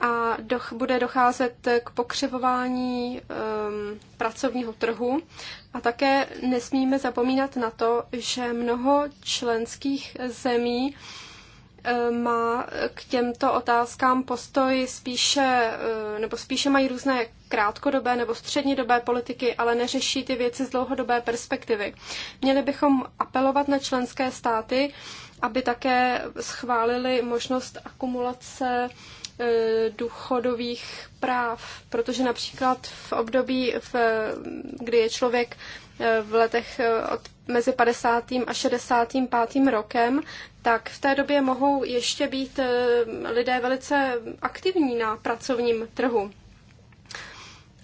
a doch, bude docházet k pokřivování um, pracovního trhu. A také nesmíme zapomínat na to, že mnoho členských zemí ehm, má k těmto otázkám postoj spíše, eh, nebo spíše mají různé krátkodobé nebo střednědobé politiky, ale neřeší ty věci z dlouhodobé perspektivy. Měli bychom apelovat na členské státy, aby také schválili možnost akumulace E, důchodových práv, protože například v období, v, kdy je člověk e, v letech e, od mezi 50. a 65. rokem, tak v té době mohou ještě být lidé velice aktivní na pracovním trhu.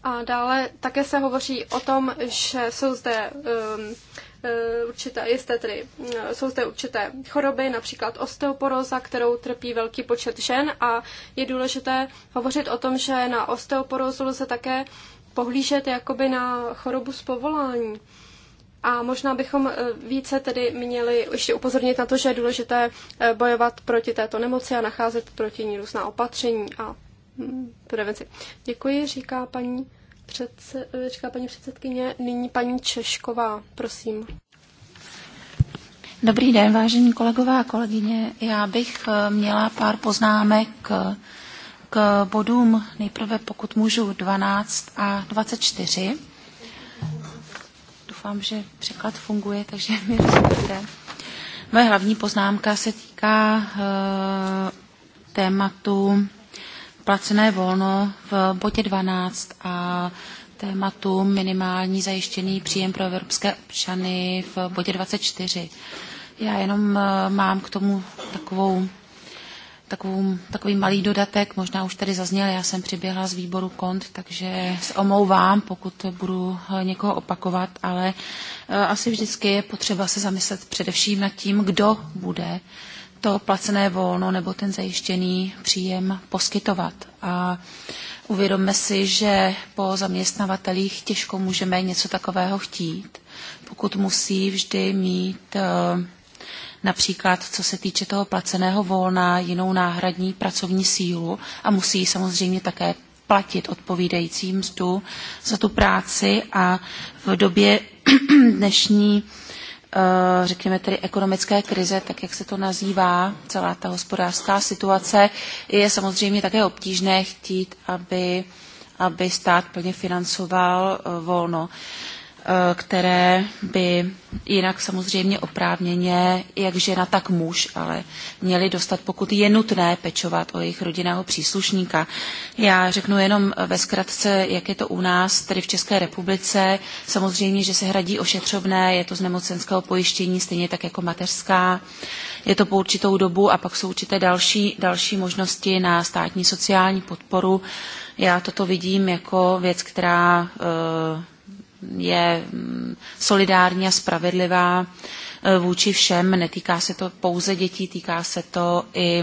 A dále také se hovoří o tom, že jsou zde um, Eh, určité, jisté tedy, eh, jsou zde určité choroby, například osteoporóza, kterou trpí velký počet žen a je důležité hovořit o tom, že na osteoporózu lze také pohlížet jakoby na chorobu z povolání. A možná bychom eh, více tedy měli ještě upozornit na to, že je důležité bojovat proti této nemoci a nacházet proti ní různá opatření a hm, prevenci. Děkuji, říká paní Předsedka, paní předsedkyně. Nyní paní Češková, prosím. Dobrý den, vážení kolegové a kolegyně. Já bych eh, měla pár poznámek k, bodům nejprve, pokud můžu, 12 a 24. Doufám, že překlad funguje, takže mi rozumíte. Moje hlavní poznámka se týká eh, tématu placené volno v bodě 12 a tématu minimální zajištěný příjem pro evropské občany v bodě 24. Já jenom eh, mám k tomu takovou, takovou, takový malý dodatek, možná už tady zazněl, já jsem přiběhla z výboru KONT, takže se omlouvám, pokud budu eh, někoho opakovat, ale eh, asi vždycky je potřeba se zamyslet především nad tím, kdo bude uh, to placené volno nebo ten zajištěný příjem poskytovat. A uvědomme si, že po zaměstnavatelích těžko můžeme něco takového chtít, pokud musí vždy mít eh, například co se týče toho placeného volna jinou náhradní pracovní sílu a musí samozřejmě také platit odpovídající mzdu za tu práci a v době dnešní Eh, řekněme tedy ekonomické krize, tak jak se to nazývá, celá ta hospodářská situace, je samozřejmě také obtížné chtít, aby, aby stát plně financoval eh, volno. Eh, které by jinak samozřejmě oprávněně, jak žena, tak muž, ale měli dostat, pokud je nutné pečovat o jejich rodinného příslušníka. Já řeknu jenom eh, ve zkratce, jak je to u nás, tedy v České republice. Samozřejmě, že se hradí ošetřovné, je to z nemocenského pojištění, stejně tak jako mateřská. Je to po určitou dobu a pak jsou určité další, další možnosti na státní sociální podporu. Já toto vidím jako věc, která e, je mm, solidární a spravedlivá e, vůči všem. Netýká se to pouze dětí, týká se to i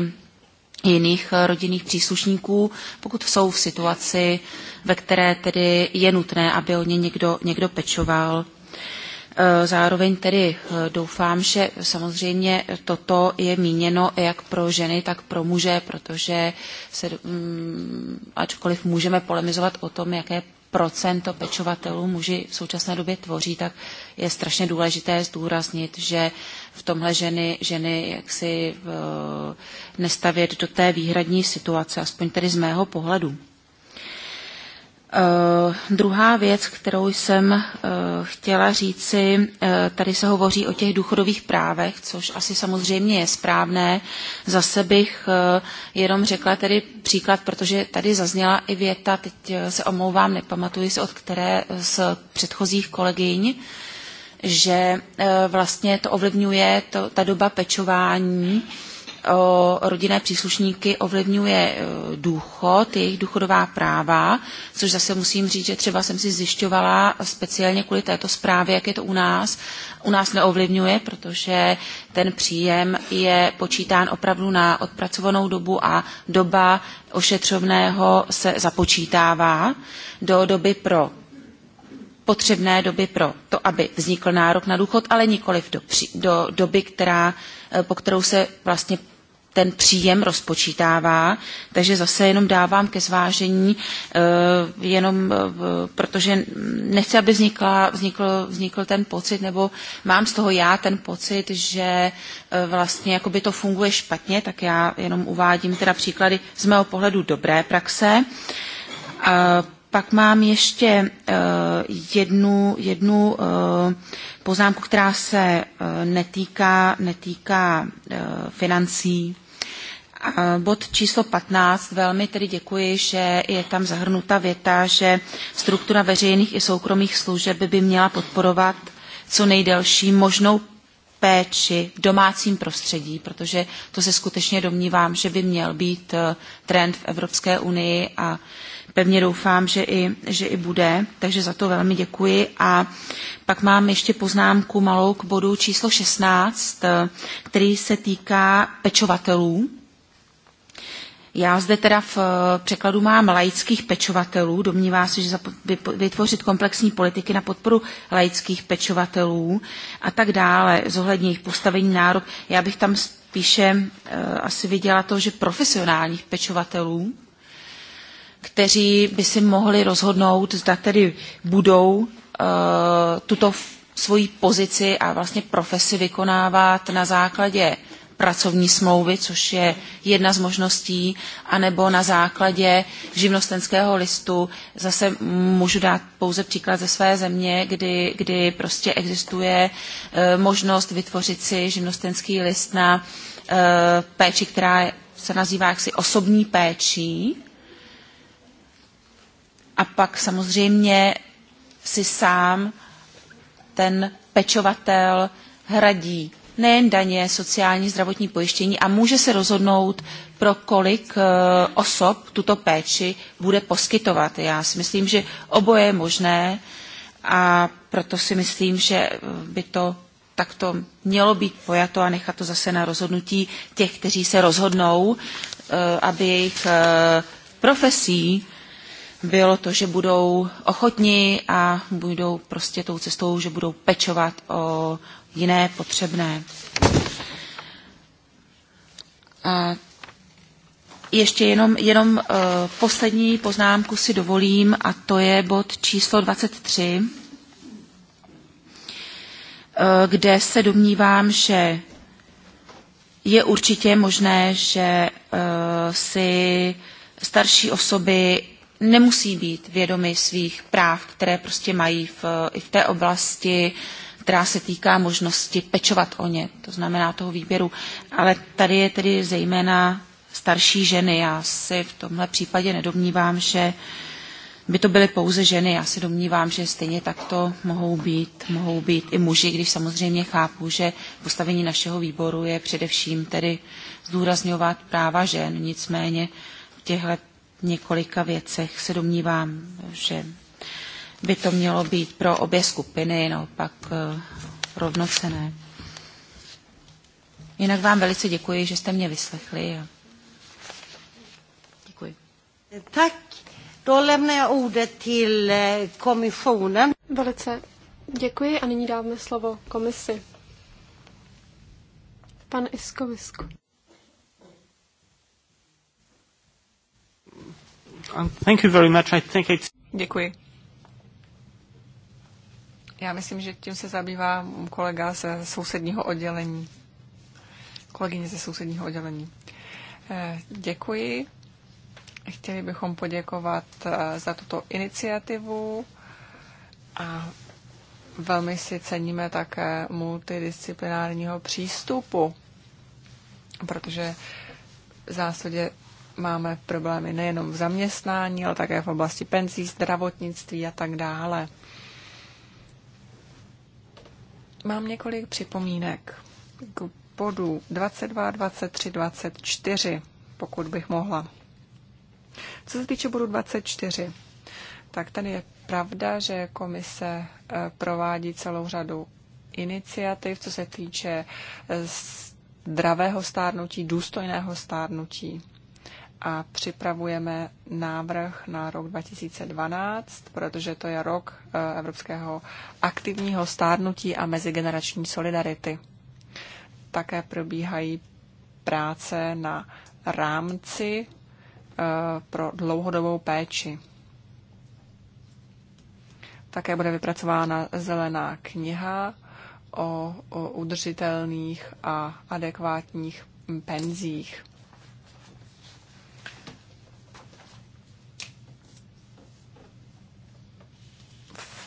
jiných e, rodinných příslušníků, pokud jsou v situaci, ve které tedy je nutné, aby o ně někdo, někdo pečoval. E, zároveň tedy doufám, že samozřejmě toto je míněno jak pro ženy, tak pro muže, protože se, mm, ačkoliv můžeme polemizovat o tom, jaké procento pečovatelů muži v současné době tvoří, tak je strašně důležité zdůraznit, že v tomhle ženy, ženy jaksi nestavět do té výhradní situace, aspoň tedy z mého pohledu. Eh, druhá věc, kterou jsem uh, chtěla říci, uh, tady se hovoří o těch důchodových právech, což asi samozřejmě je správné. Zase bych jenom řekla tedy příklad, protože tady zazněla i věta, teď se omlouvám, nepamatuji se od které z předchozích kolegyň, že vlastně to ovlivňuje to, ta doba pečování, o rodinné příslušníky ovlivňuje e, důchod, jejich důchodová práva, což zase musím říct, že třeba jsem si zjišťovala speciálně kvůli této zprávě, jak je to u nás. U nás neovlivňuje, protože ten příjem je počítán opravdu na odpracovanou dobu a doba ošetřovného se započítává do doby pro potřebné doby pro to, aby vznikl nárok na důchod, ale nikoli do, do doby, která, e, po kterou se vlastně ten příjem rozpočítává, takže zase jenom dávám ke zvážení, eh, jenom eh, protože nechci, aby vznikla, vznikl, vznikl ten pocit, nebo mám z toho já ten pocit, že eh, vlastně jakoby to funguje špatně, tak já jenom uvádím teda příklady z mého pohledu dobré praxe. A pak mám ještě jednu, jednu poznámku, která se netýká, netýká financí, bod číslo 15. Velmi tedy děkuji, že je tam zahrnuta věta, že struktura veřejných i soukromých služeb by měla podporovat co nejdelší možnou péči v domácím prostředí, protože to se skutečně domnívám, že by měl být eh, trend v Evropské unii a pevně doufám, že i, že i bude, takže za to velmi děkuji. A pak mám ještě poznámku malou k bodu číslo 16, eh, který se týká pečovatelů já zde teda v eh, překladu mám laických pečovatelů. Domnívá se, že vytvořit komplexní politiky na podporu laických pečovatelů a tak dále, zohledně jejich postavení nárok. Já bych tam spíše eh, asi viděla to, že profesionálních pečovatelů, kteří by si mohli rozhodnout, zda tedy budou eh, tuto svoji pozici a vlastně profesi vykonávat na základě pracovní smlouvy, což je jedna z možností, anebo na základě živnostenského listu. Zase můžu dát pouze příklad ze své země, kdy, kdy prostě existuje e, možnost vytvořit si živnostenský list na e, péči, která se nazývá jaksi osobní péčí. A pak samozřejmě si sám ten pečovatel hradí nejen daně, sociální, zdravotní pojištění a může se rozhodnout, pro kolik eh, osob tuto péči bude poskytovat. Já si myslím, že oboje je možné a proto si myslím, že eh, by to takto mělo být pojato a nechat to zase na rozhodnutí těch, kteří se rozhodnou, eh, aby jejich profesí bylo to, že budou ochotní a budou prostě tou cestou, že budou pečovat o, jiné potřebné. A ještě jenom, jenom uh, poslední poznámku si dovolím a to je bod číslo 23, uh, eh, kde se domnívám, že je určitě možné, že uh, si starší osoby nemusí být vědomy svých práv, které prostě mají v, i v té oblasti která se týká možnosti pečovat o ně, to znamená toho výběru. Ale tady je tedy zejména starší ženy. Já si v tomhle případě nedomnívám, že by to byly pouze ženy. Já si domnívám, že stejně takto mohou být, mohou být i muži, když samozřejmě chápu, že postavení našeho výboru je především tedy zdůrazňovat práva žen. Nicméně v těchto několika věcech se domnívám, že by to mělo být pro obě skupiny naopak eh, rovnocené. Jinak vám velice děkuji, že jste mě vyslechli. A... Děkuji. Tak, då lämnar jag ordet eh, Velice děkuji a nyní dáme slovo komisi. Pan Iskovisko. Um, thank you very much. I think Děkuji. Já myslím, že tím se zabývá kolega ze sousedního oddělení. Kolegyně ze sousedního oddělení. Eh, děkuji. Chtěli bychom poděkovat eh, za tuto iniciativu a velmi si ceníme také multidisciplinárního přístupu, protože v zásadě máme problémy nejenom v zaměstnání, ale také v oblasti penzí, zdravotnictví a tak dále. Mám několik připomínek k bodu 22, 23, 24, pokud bych mohla. Co se týče bodu 24, tak tady je pravda, že komise eh, provádí celou řadu iniciativ, co se týče eh, zdravého stárnutí, důstojného stárnutí a připravujeme návrh na rok 2012, protože to je rok eh, evropského aktivního stárnutí a mezigenerační solidarity. Také probíhají práce na rámci eh, pro dlouhodobou péči. Také bude vypracována zelená kniha o, o udržitelných a adekvátních penzích.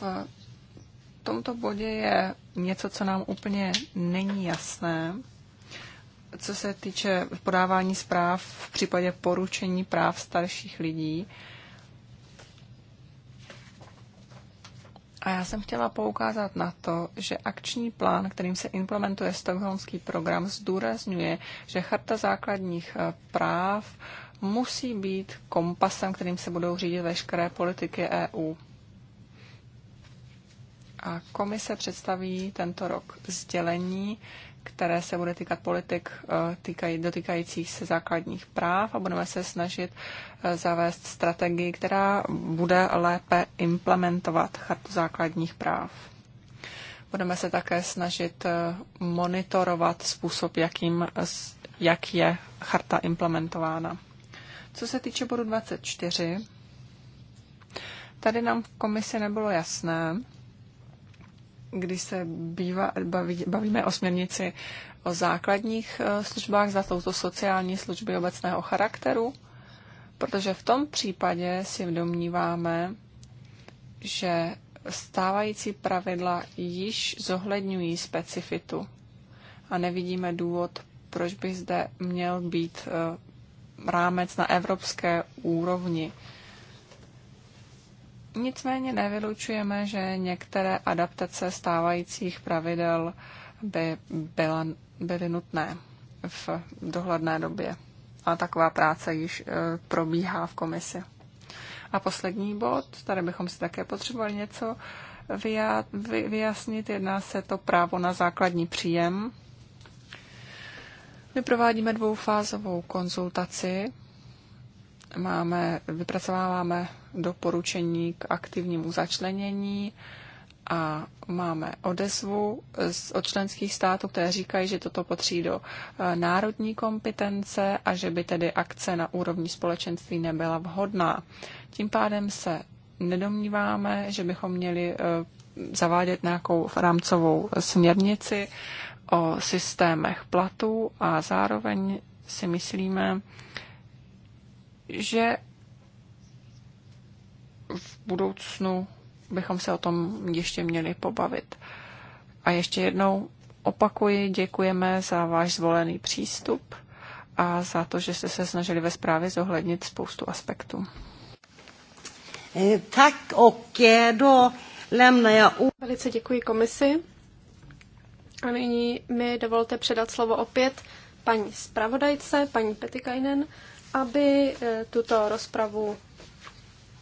v tomto bodě je něco, co nám úplně není jasné, co se týče podávání zpráv v případě poručení práv starších lidí. A já jsem chtěla poukázat na to, že akční plán, kterým se implementuje stokholmský program, zdůrazňuje, že Charta základních eh, práv musí být kompasem, kterým se budou řídit veškeré politiky EU a komise představí tento rok sdělení, které se bude týkat politik eh, týkaj, dotýkajících se základních práv a budeme se snažit eh, zavést strategii, která bude lépe implementovat chartu základních práv. Budeme se také snažit eh, monitorovat způsob, jakým, jak je charta implementována. Co se týče bodu 24, tady nám v komisi nebylo jasné, když se bývá, baví, bavíme o směrnici o základních e, službách, za touto sociální služby obecného charakteru, protože v tom případě si domníváme, že stávající pravidla již zohledňují specifitu a nevidíme důvod, proč by zde měl být e, rámec na evropské úrovni Nicméně nevylučujeme, že některé adaptace stávajících pravidel by byla, byly nutné v dohledné době. A taková práce již e, probíhá v komisi. A poslední bod, tady bychom si také potřebovali něco vyjasnit. Jedná se to právo na základní příjem. My provádíme dvoufázovou konzultaci. Máme, vypracováváme doporučení k aktivnímu začlenění a máme odezvu z, od členských států, které říkají, že toto potří do eh, národní kompetence a že by tedy akce na úrovni společenství nebyla vhodná. Tím pádem se nedomníváme, že bychom měli eh, zavádět nějakou rámcovou směrnici o systémech platů a zároveň si myslíme, že v budoucnu bychom se o tom ještě měli pobavit. A ještě jednou opakuji, děkujeme za váš zvolený přístup a za to, že jste se snažili ve zprávě zohlednit spoustu aspektů. E, tak ok, do já u... Velice děkuji komisi. A nyní mi dovolte předat slovo opět paní zpravodajce, paní Petikainen, aby e, tuto rozpravu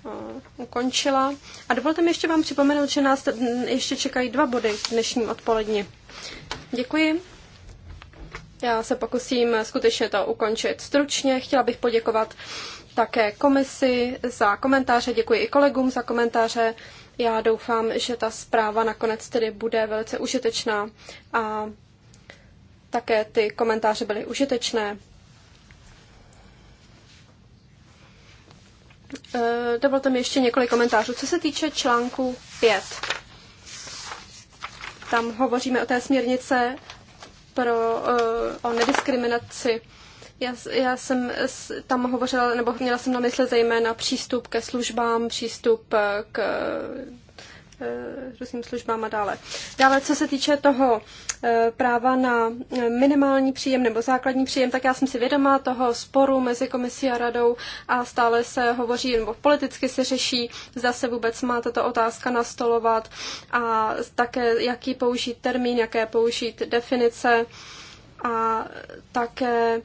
Eh, ukončila. A dovolte mi ještě vám připomenout, že nás ještě čekají dva body v dnešním odpoledni. Děkuji. Já se pokusím skutečně to ukončit stručně. Chtěla bych poděkovat také komisi za komentáře, děkuji i kolegům za komentáře. Já doufám, že ta zpráva nakonec tedy bude velice užitečná a také ty komentáře byly užitečné. Eh, dovolte mi ještě několik komentářů. Co se týče článku 5, tam hovoříme o té směrnice pro, eh, o nediskriminaci. Já, já jsem tam hovořila, nebo měla jsem na mysli zejména přístup ke službám, přístup eh, k Eh, různým službám a dále. Dále, co se týče toho eh, práva na eh, minimální příjem nebo základní příjem, tak já jsem si vědomá toho sporu mezi komisí a radou a stále se hovoří, nebo politicky se řeší, zda se vůbec má tato otázka nastolovat a také jaký použít termín, jaké použít definice a také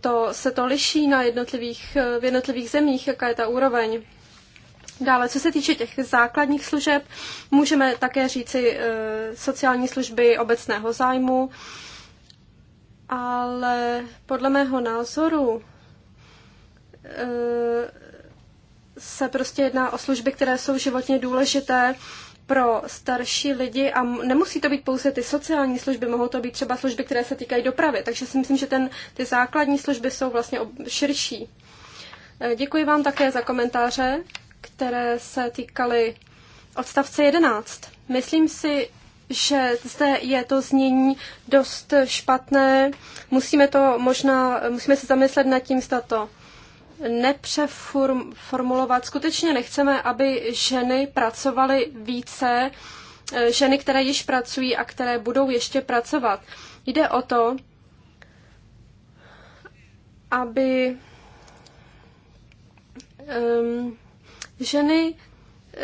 to, se to liší na jednotlivých, v jednotlivých zemích, jaká je ta úroveň. Dále, co se týče těch základních služeb, můžeme také říci eh, sociální služby obecného zájmu, ale podle mého názoru eh, se prostě jedná o služby, které jsou životně důležité pro starší lidi a nemusí to být pouze ty sociální služby, mohou to být třeba služby, které se týkají dopravy. Takže si myslím, že ten, ty základní služby jsou vlastně širší. Eh, děkuji vám také za komentáře které se týkaly odstavce 11. Myslím si, že zde je to znění dost špatné. Musíme to možná, musíme se zamyslet nad tím, zda to nepřeformulovat. Skutečně nechceme, aby ženy pracovaly více, ženy, které již pracují a které budou ještě pracovat. Jde o to, aby um, ženy, eh,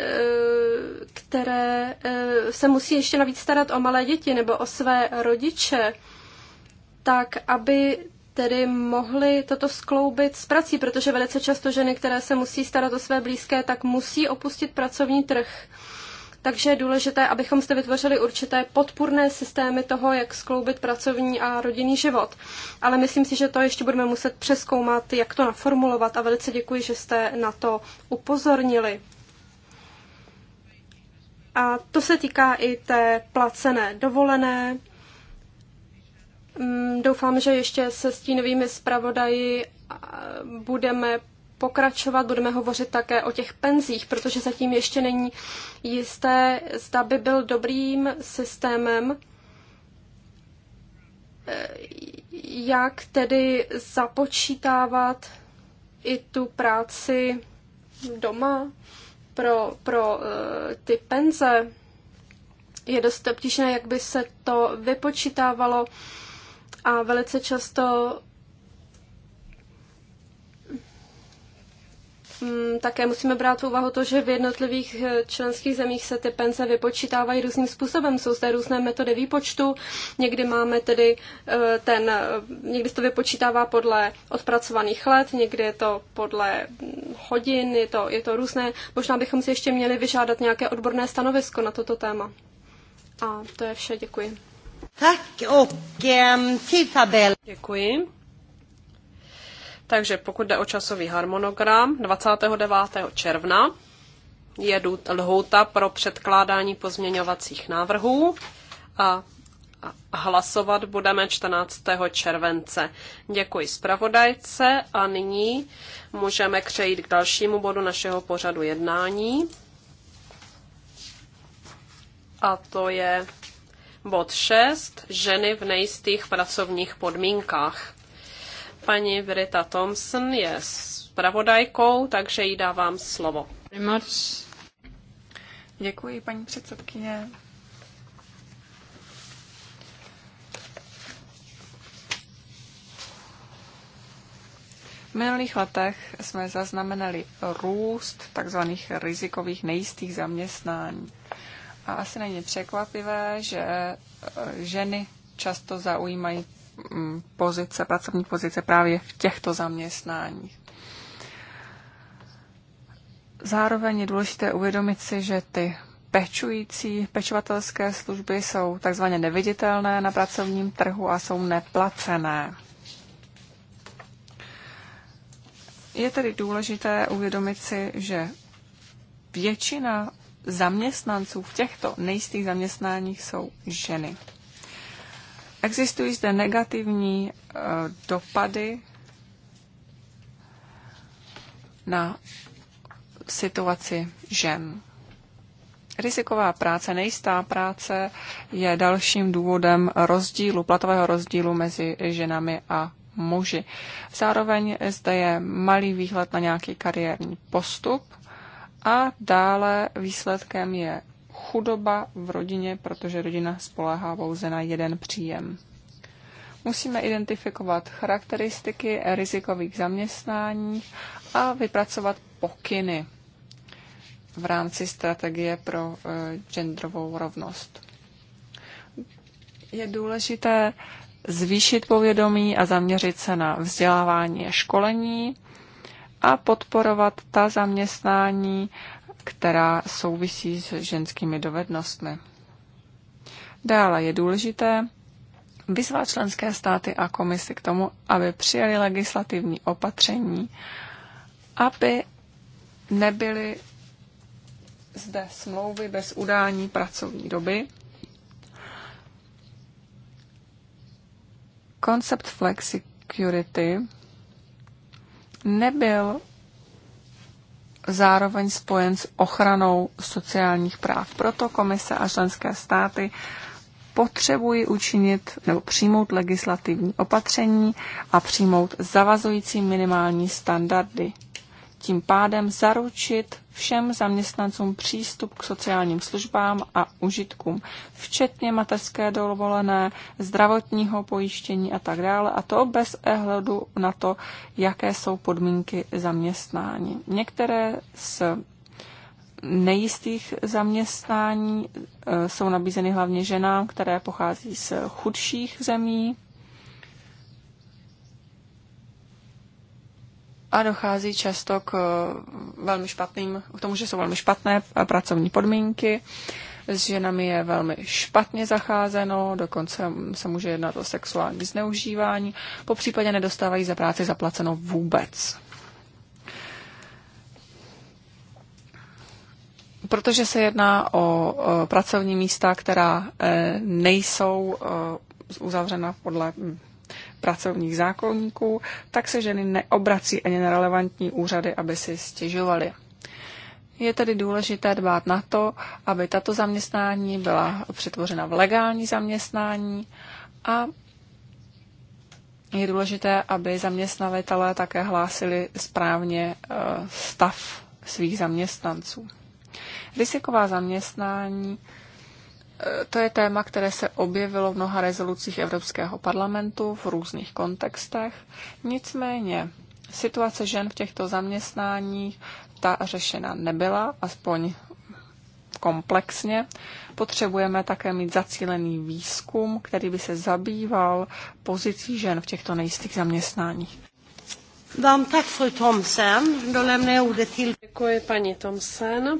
které eh, se musí ještě navíc starat o malé děti nebo o své rodiče, tak aby tedy mohly toto skloubit s prací, protože velice často ženy, které se musí starat o své blízké, tak musí opustit pracovní trh takže je důležité, abychom zde vytvořili určité podpůrné systémy toho, jak skloubit pracovní a rodinný život. Ale myslím si, že to ještě budeme muset přeskoumat, jak to naformulovat a velice děkuji, že jste na to upozornili. A to se týká i té placené dovolené. Mm, doufám, že ještě se stínovými zpravodaji budeme pokračovat. Budeme hovořit také o těch penzích, protože zatím ještě není jisté, zda by byl dobrým systémem, eh, jak tedy započítávat i tu práci doma pro, pro eh, ty penze. Je dost obtížné, jak by se to vypočítávalo a velice často Mm, také musíme brát v úvahu to, že v jednotlivých eh, členských zemích se ty penze vypočítávají různým způsobem. Jsou zde různé metody výpočtu. Někdy máme tedy eh, ten, eh, někdy se to vypočítává podle odpracovaných let, někdy je to podle mm, hodin, je to, je to různé. Možná bychom si ještě měli vyžádat nějaké odborné stanovisko na toto téma. A to je vše, děkuji. Tak, ok, um, Děkuji. Takže pokud jde o časový harmonogram, 29. června je lhouta pro předkládání pozměňovacích návrhů a hlasovat budeme 14. července. Děkuji zpravodajce a nyní můžeme přejít k dalšímu bodu našeho pořadu jednání. A to je bod 6. Ženy v nejistých pracovních podmínkách. Paní Verita Thompson je zpravodajkou, takže jí dávám slovo. Děkuji, paní předsedkyně. V minulých letech jsme zaznamenali růst tzv. rizikových nejistých zaměstnání. A asi není překvapivé, že eh, ženy často zaujímají Mm, pozice, pracovní pozice právě v těchto zaměstnáních. Zároveň je důležité uvědomit si, že ty pečující, pečovatelské služby jsou takzvaně neviditelné na pracovním trhu a jsou neplacené. Je tedy důležité uvědomit si, že většina zaměstnanců v těchto nejistých zaměstnáních jsou ženy. Existují zde negativní eh, dopady na situaci žen. Riziková práce, nejistá práce je dalším důvodem rozdílu, platového rozdílu mezi ženami a muži. Zároveň zde je malý výhled na nějaký kariérní postup a dále výsledkem je chudoba v rodině, protože rodina spoléhá pouze na jeden příjem. Musíme identifikovat charakteristiky rizikových zaměstnání a vypracovat pokyny v rámci strategie pro eh, genderovou rovnost. Je důležité zvýšit povědomí a zaměřit se na vzdělávání a školení a podporovat ta zaměstnání, která souvisí s ženskými dovednostmi. Dále je důležité vyzvat členské státy a komisy k tomu, aby přijali legislativní opatření, aby nebyly zde smlouvy bez udání pracovní doby. Koncept flexicurity nebyl zároveň spojen s ochranou sociálních práv. Proto komise a členské státy potřebují učinit nebo přijmout legislativní opatření a přijmout zavazující minimální standardy tím pádem zaručit všem zaměstnancům přístup k sociálním službám a užitkům, včetně mateřské dovolené, zdravotního pojištění a tak dále, a to bez ehledu na to, jaké jsou podmínky zaměstnání. Některé z nejistých zaměstnání eh, jsou nabízeny hlavně ženám, které pochází z chudších zemí, a dochází často k eh, velmi špatným, k tomu, že jsou velmi špatné eh, pracovní podmínky. S ženami je velmi špatně zacházeno, dokonce se může jednat o sexuální zneužívání, po případě nedostávají za práci zaplaceno vůbec. Protože se jedná o pracovní místa, která eh, nejsou uzavřena podle hm, pracovních zákonníků, tak se ženy neobrací ani na relevantní úřady, aby si stěžovaly. Je tedy důležité dbát na to, aby tato zaměstnání byla přetvořena v legální zaměstnání a je důležité, aby zaměstnavitelé také hlásili správně eh, stav svých zaměstnanců. Riziková zaměstnání Eh, to je téma, které se objevilo v mnoha rezolucích Evropského parlamentu v různých kontextech. Nicméně situace žen v těchto zaměstnáních ta řešena nebyla, aspoň komplexně. Potřebujeme také mít zacílený výzkum, který by se zabýval pozicí žen v těchto nejistých zaměstnáních. Dám tak, fru Thomsen. Dolemne ordet till... Děkuji, paní Thomsen.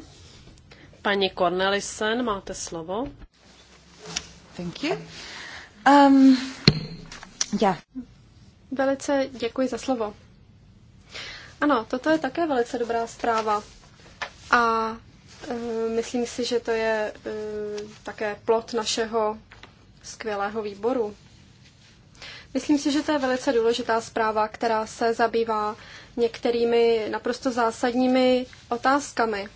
Paní Cornelisen, máte slovo. Thank you. Um, yeah. Velice děkuji za slovo. Ano, toto je také velice dobrá zpráva. A e, myslím si, že to je e, také plot našeho skvělého výboru. Myslím si, že to je velice důležitá zpráva, která se zabývá některými naprosto zásadními otázkami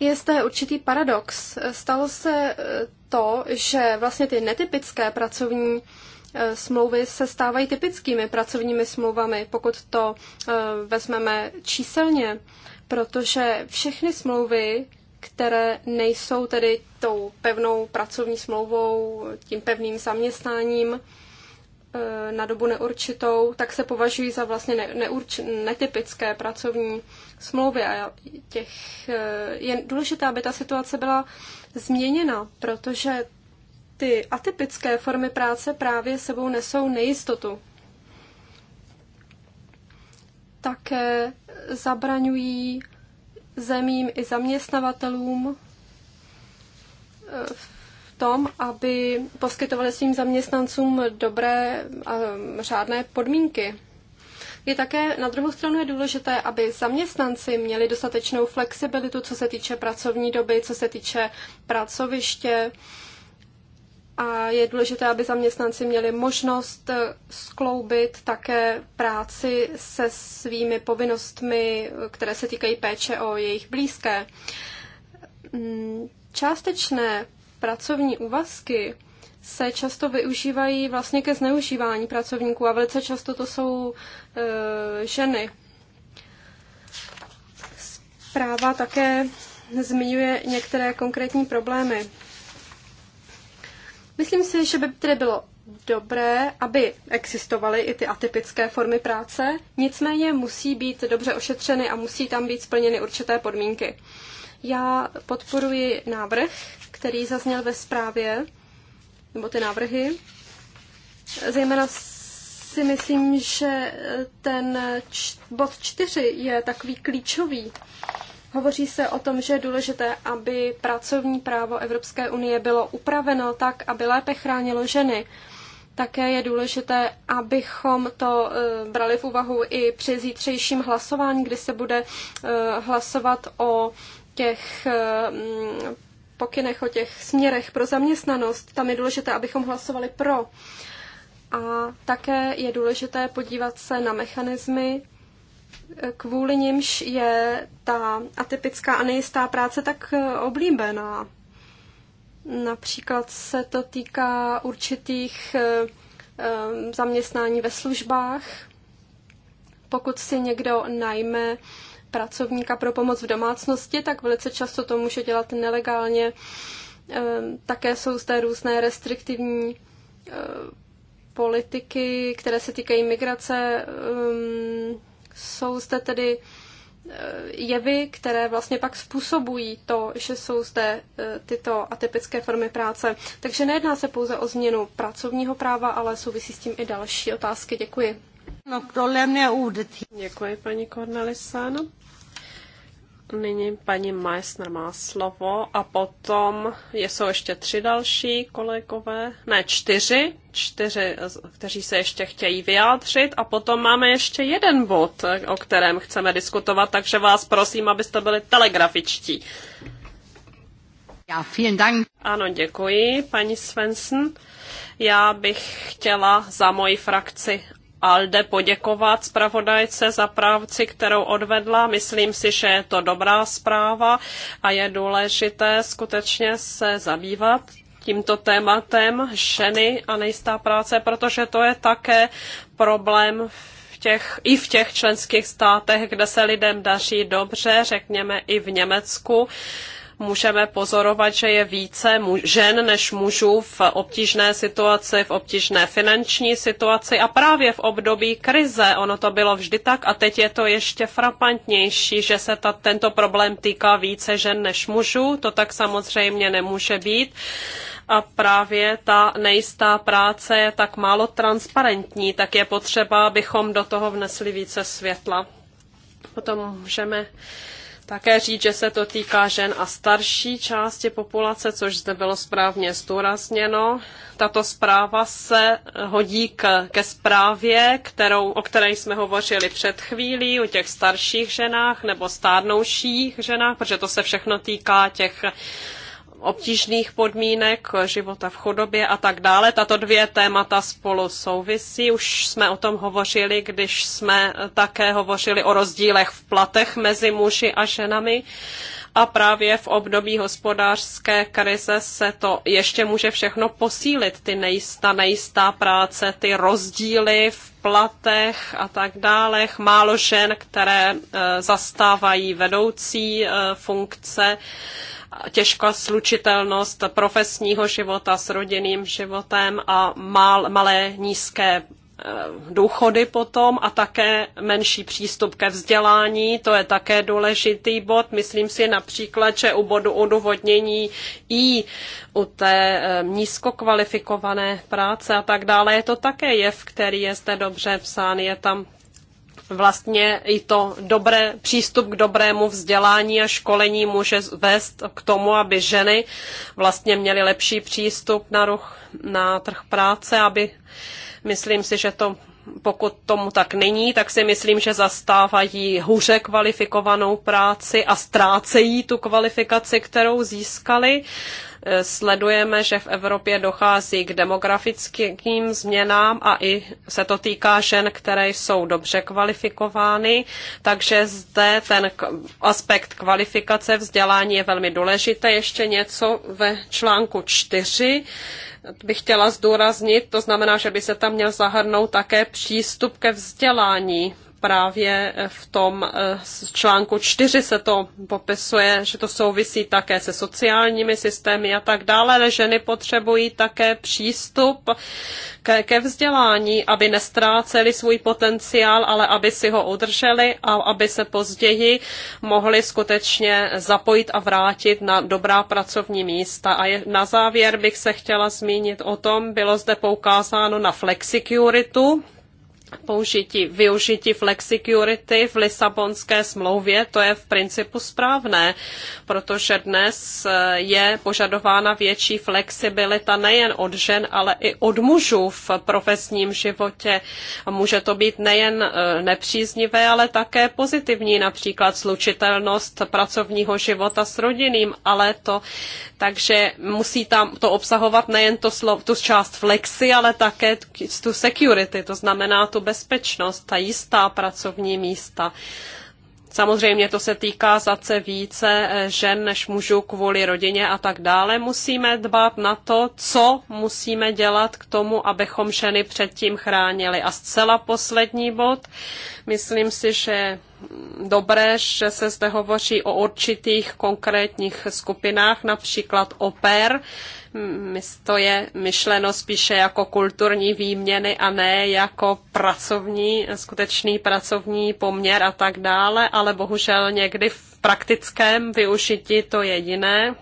je zde určitý paradox. Stalo se eh, to, že vlastně ty netypické pracovní eh, smlouvy se stávají typickými pracovními smlouvami, pokud to eh, vezmeme číselně, protože všechny smlouvy, které nejsou tedy tou pevnou pracovní smlouvou, tím pevným zaměstnáním, Eh, na dobu neurčitou, tak se považují za vlastně ne, neurč, netypické pracovní smlouvy. A těch, eh, je důležité, aby ta situace byla změněna, protože ty atypické formy práce právě sebou nesou nejistotu. Také zabraňují zemím i zaměstnavatelům eh, v tom, aby poskytovali svým zaměstnancům dobré a řádné podmínky. Je také na druhou stranu je důležité, aby zaměstnanci měli dostatečnou flexibilitu, co se týče pracovní doby, co se týče pracoviště. A je důležité, aby zaměstnanci měli možnost skloubit také práci se svými povinnostmi, které se týkají péče o jejich blízké. Hmm, částečné pracovní úvazky se často využívají vlastně ke zneužívání pracovníků a velice často to jsou e, ženy. Zpráva také zmiňuje některé konkrétní problémy. Myslím si, že by tedy bylo dobré, aby existovaly i ty atypické formy práce, nicméně musí být dobře ošetřeny a musí tam být splněny určité podmínky. Já podporuji návrh, který zazněl ve zprávě, nebo ty návrhy. Zejména si myslím, že ten bod čtyři je takový klíčový. Hovoří se o tom, že je důležité, aby pracovní právo Evropské unie bylo upraveno tak, aby lépe chránilo ženy. Také je důležité, abychom to eh, brali v úvahu i při zítřejším hlasování, kdy se bude eh, hlasovat o těch eh, pokynech, o těch směrech pro zaměstnanost, tam je důležité, abychom hlasovali pro. A také je důležité podívat se na mechanismy, kvůli nimž je ta atypická a nejistá práce tak eh, oblíbená. Například se to týká určitých eh, eh, zaměstnání ve službách. Pokud si někdo najme pracovníka pro pomoc v domácnosti, tak velice často to může dělat nelegálně. Také jsou zde různé restriktivní eh, politiky, které se týkají migrace. Jsou zde tedy eh, jevy, které vlastně pak způsobují to, že jsou zde eh, tyto atypické formy práce. Takže nejedná se pouze o změnu pracovního práva, ale souvisí s tím i další otázky. Děkuji. No, problém je Děkuji, paní Cornelisano. Nyní paní Meissner má slovo a potom jsou ještě tři další kolegové, ne čtyři, čtyři, kteří se ještě chtějí vyjádřit a potom máme ještě jeden bod, o kterém chceme diskutovat, takže vás prosím, abyste byli telegrafičtí. Já, vielen Dank. Ano, děkuji, paní Svensson. Já bych chtěla za moji frakci ALDE poděkovat zpravodajce za práci, kterou odvedla. Myslím si, že je to dobrá zpráva a je důležité skutečně se zabývat tímto tématem ženy a nejistá práce, protože to je také problém v těch, i v těch členských státech, kde se lidem daří dobře, řekněme i v Německu můžeme pozorovat, že je více žen než mužů v obtížné situaci, v obtížné finanční situaci a právě v období krize. Ono to bylo vždy tak a teď je to ještě frapantnější, že se ta, tento problém týká více žen než mužů. To tak samozřejmě nemůže být a právě ta nejistá práce je tak málo transparentní, tak je potřeba, abychom do toho vnesli více světla. Potom můžeme také říct, že se to týká žen a starší části populace, což zde bylo správně zdůrazněno. Tato zpráva se hodí k, ke zprávě, kterou, o které jsme hovořili před chvílí, o těch starších ženách nebo stárnouších ženách, protože to se všechno týká těch obtížných podmínek života v chudobě a tak dále. Tato dvě témata spolu souvisí. Už jsme o tom hovořili, když jsme také hovořili o rozdílech v platech mezi muži a ženami. A právě v období hospodářské krize se to ještě může všechno posílit, ty nejistá, nejistá práce, ty rozdíly v platech a tak dále. Málo žen, které eh, zastávají vedoucí eh, funkce těžká slučitelnost profesního života s rodinným životem a mal, malé nízké eh, důchody potom a také menší přístup ke vzdělání, to je také důležitý bod. Myslím si například, že u bodu odůvodnění i u té eh, nízkokvalifikované práce a tak dále je to také jev, který je zde dobře psán. Je tam vlastně i to dobré, přístup k dobrému vzdělání a školení může vést k tomu, aby ženy vlastně měly lepší přístup na, ruch, na trh práce, aby myslím si, že to pokud tomu tak není, tak si myslím, že zastávají hůře kvalifikovanou práci a ztrácejí tu kvalifikaci, kterou získali. Uh, sledujeme, že v Evropě dochází k demografickým změnám a i se to týká žen, které jsou dobře kvalifikovány, takže zde ten aspekt kvalifikace vzdělání je velmi důležitý. Ještě něco ve článku 4 bych chtěla zdůraznit, to znamená, že by se tam měl zahrnout také přístup ke vzdělání, právě v tom eh, článku 4 se to popisuje, že to souvisí také se sociálními systémy a tak dále, ale ženy potřebují také přístup ke, ke vzdělání, aby nestráceli svůj potenciál, ale aby si ho udrželi a aby se později mohli skutečně zapojit a vrátit na dobrá pracovní místa. A je, na závěr bych se chtěla zmínit o tom, bylo zde poukázáno na flexikuritu, použití, využití flexicurity v Lisabonské smlouvě, to je v principu správné, protože dnes eh, je požadována větší flexibilita nejen od žen, ale i od mužů v profesním životě. Může to být nejen eh, nepříznivé, ale také pozitivní, například slučitelnost pracovního života s rodinným, ale to, takže musí tam to obsahovat nejen to slov, tu část flexi, ale také tu security, to znamená tu bezpečnost a jistá pracovní místa. Samozřejmě to se týká zase více eh, žen než mužů kvůli rodině a tak dále. Musíme dbát na to, co musíme dělat k tomu, abychom ženy předtím chránili. A zcela poslední bod, myslím si, že dobré, že se zde hovoří o určitých konkrétních skupinách, například oper. To je myšleno spíše jako kulturní výměny a ne jako pracovní, skutečný pracovní poměr a tak dále, ale bohužel někdy v praktickém využití to je jiné,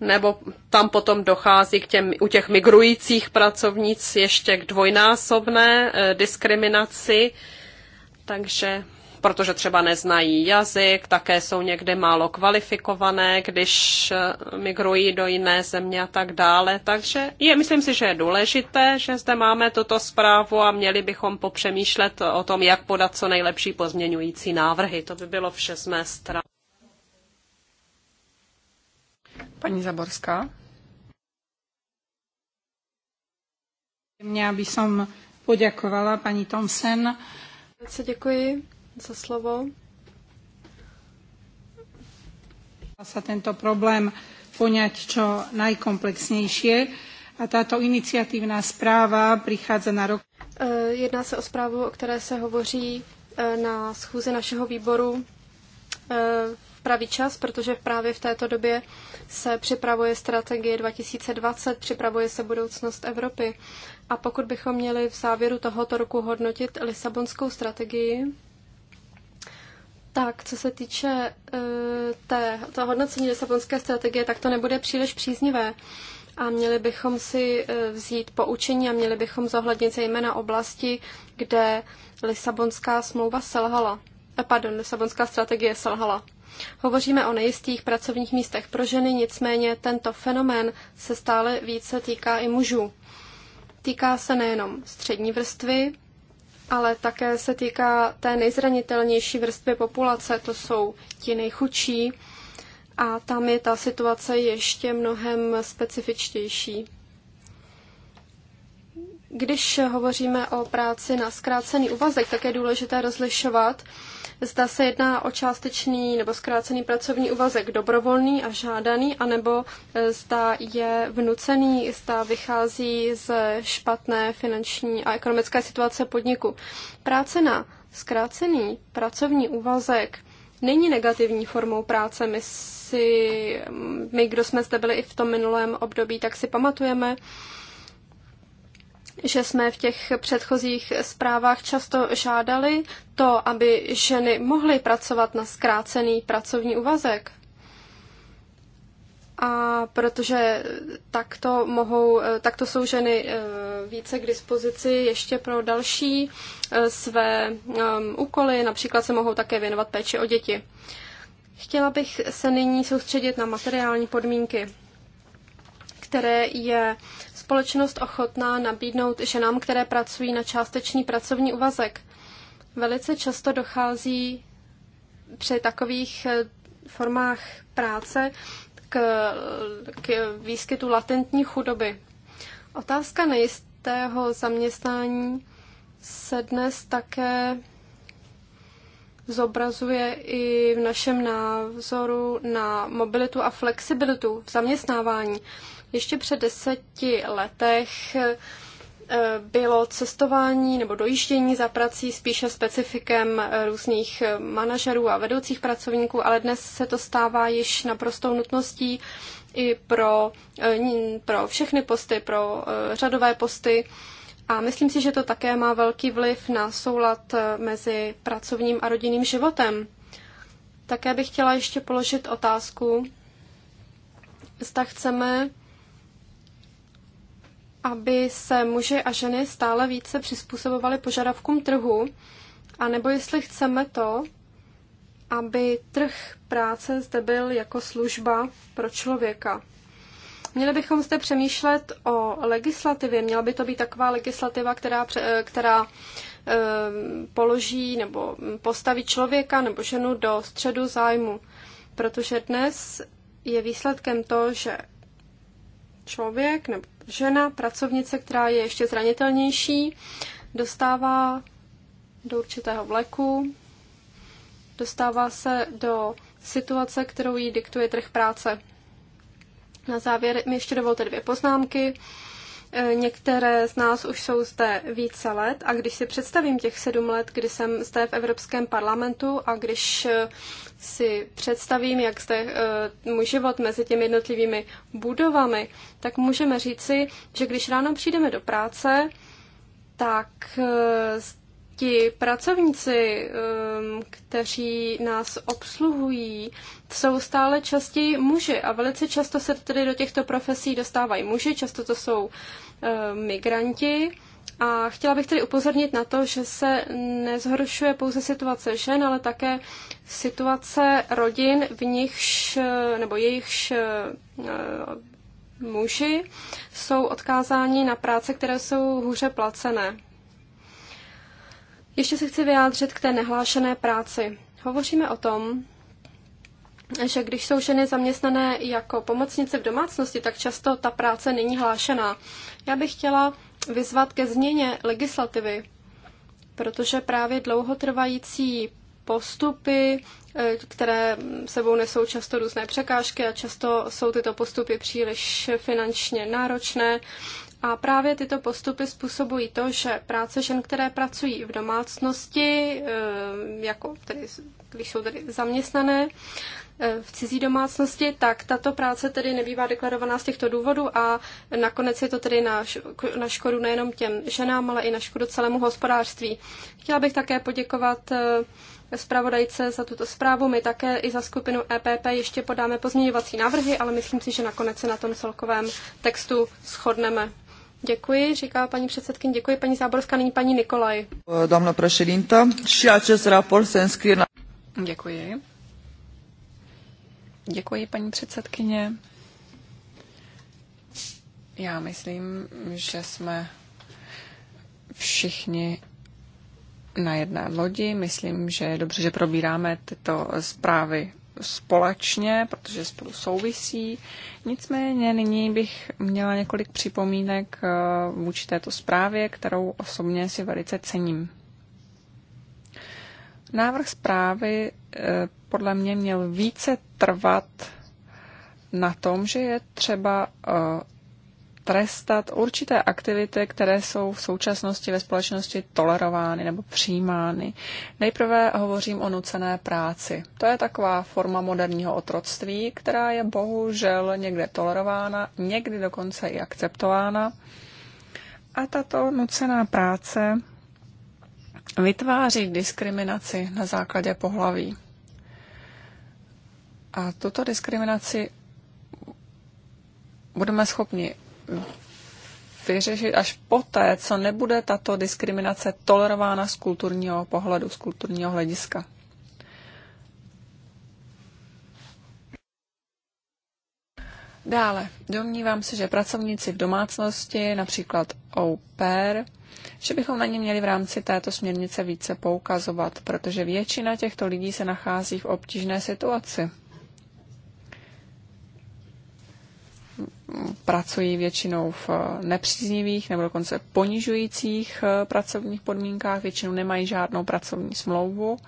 nebo tam potom dochází k těm, u těch migrujících pracovnic ještě k dvojnásobné eh, diskriminaci takže protože třeba neznají jazyk, také jsou někde málo kvalifikované, když eh, migrují do jiné země a tak dále. Takže je, myslím si, že je důležité, že zde máme tuto zprávu a měli bychom popřemýšlet o tom, jak podat co nejlepší pozměňující návrhy. To by bylo vše z mé strany. Paní Zaborská. Já bych poděkovala paní Thompson Velice děkuji za slovo. sa tento problém poňať čo najkomplexnejšie a táto iniciatívna správa prichádza na rok. E, jedná se o zprávu, o které se hovoří e, na schůzi našeho výboru e, v pravý čas, protože právě v této době se připravuje strategie 2020, připravuje se budoucnost Evropy. A pokud bychom měli v závěru tohoto roku hodnotit Lisabonskou strategii, tak, co se týče uh, té, to hodnocení Lisabonské strategie, tak to nebude příliš příznivé. A měli bychom si eh, vzít poučení a měli bychom zohlednit zejména oblasti, kde Lisabonská smlouva selhala. Eh, pardon, Lisabonská strategie selhala. Hovoříme o nejistých pracovních místech pro ženy, nicméně tento fenomén se stále více týká i mužů. Týká se nejenom střední vrstvy, ale také se týká té nejzranitelnější vrstvy populace, to jsou ti nejchudší a tam je ta situace ještě mnohem specifičtější. Když hovoříme o práci na zkrácený úvazek, tak je důležité rozlišovat Zda se jedná o částečný nebo zkrácený pracovní úvazek dobrovolný a žádaný, anebo eh, zda je vnucený, zda vychází z špatné finanční a ekonomické situace podniku. Práce na zkrácený pracovní úvazek není negativní formou práce. My si, mm, my, kdo jsme zde byli i v tom minulém období, tak si pamatujeme, že jsme v těch předchozích zprávách často žádali to, aby ženy mohly pracovat na zkrácený pracovní úvazek. A protože takto, mohou, takto jsou ženy eh, více k dispozici ještě pro další eh, své ehm, úkoly, například se mohou také věnovat péči o děti. Chtěla bych se nyní soustředit na materiální podmínky, které je společnost ochotná nabídnout ženám, které pracují na částečný pracovní uvazek. Velice často dochází při takových eh, formách práce k, k výskytu latentní chudoby. Otázka nejistého zaměstnání se dnes také zobrazuje i v našem názoru na mobilitu a flexibilitu v zaměstnávání. Ještě před deseti letech eh, bylo cestování nebo dojíždění za prací spíše specifikem eh, různých eh, manažerů a vedoucích pracovníků, ale dnes se to stává již naprostou nutností i pro, pro všechny posty, pro řadové posty. A myslím si, že to také má velký vliv na soulad mezi pracovním a rodinným životem. Také bych chtěla ještě položit otázku, zda chceme aby se muži a ženy stále více přizpůsobovali požadavkům trhu, anebo jestli chceme to, aby trh práce zde byl jako služba pro člověka. Měli bychom zde přemýšlet o legislativě. Měla by to být taková legislativa, která, eh, která eh, položí nebo postaví člověka nebo ženu do středu zájmu. Protože dnes je výsledkem to, že člověk nebo žena, pracovnice, která je ještě zranitelnější, dostává do určitého vleku, dostává se do situace, kterou jí diktuje trh práce. Na závěr mi ještě dovolte dvě poznámky. Eh, některé z nás už jsou zde více let a když si představím těch sedm let, kdy jsem zde v Evropském parlamentu a když eh, si představím, jak zde eh, můj život mezi těmi jednotlivými budovami, tak můžeme říci, že když ráno přijdeme do práce, tak ti pracovníci, um, kteří nás obsluhují, jsou stále častěji muži a velice často se tedy do těchto profesí dostávají muži, často to jsou um, migranti. A chtěla bych tedy upozornit na to, že se nezhoršuje pouze situace žen, ale také situace rodin, v nichž nebo jejichž uh, muži jsou odkázáni na práce, které jsou hůře placené. Ještě se chci vyjádřit k té nehlášené práci. Hovoříme o tom, že když jsou ženy zaměstnané jako pomocnice v domácnosti, tak často ta práce není hlášená. Já bych chtěla vyzvat ke změně legislativy, protože právě dlouhotrvající postupy, eh, které sebou nesou často různé překážky a často jsou tyto postupy příliš finančně náročné, a právě tyto postupy způsobují to, že práce žen, které pracují v domácnosti, eh, jako tedy, když jsou tedy zaměstnané eh, v cizí domácnosti, tak tato práce tedy nebývá deklarovaná z těchto důvodů a nakonec je to tedy na, na škodu nejenom těm ženám, ale i na škodu celému hospodářství. Chtěla bych také poděkovat eh, zpravodajce za tuto zprávu. My také i za skupinu EPP ještě podáme pozměňovací návrhy, ale myslím si, že nakonec se na tom celkovém textu shodneme. Děkuji, říká paní předsedkyně, děkuji paní Záborská, nyní paní Nikolaj. Dámna prešedinta, și acest raport se înscrie na... Děkuji. Děkuji, paní předsedkyně. Já myslím, že jsme všichni na jedné lodi. Myslím, že je dobře, že probíráme tyto zprávy společně, protože spolu souvisí. Nicméně nyní bych měla několik připomínek eh, vůči této zprávě, kterou osobně si velice cením. Návrh zprávy eh, podle mě měl více trvat na tom, že je třeba eh, trestat určité aktivity, které jsou v současnosti ve společnosti tolerovány nebo přijímány. Nejprve hovořím o nucené práci. To je taková forma moderního otroctví, která je bohužel někde tolerována, někdy dokonce i akceptována. A tato nucená práce vytváří diskriminaci na základě pohlaví. A tuto diskriminaci budeme schopni vyřešit až poté, co nebude tato diskriminace tolerována z kulturního pohledu, z kulturního hlediska. Dále, domnívám se, že pracovníci v domácnosti, například au pair, že bychom na ně měli v rámci této směrnice více poukazovat, protože většina těchto lidí se nachází v obtížné situaci. pracují většinou v eh, nepříznivých nebo dokonce ponižujících eh, pracovních podmínkách, většinou nemají žádnou pracovní smlouvu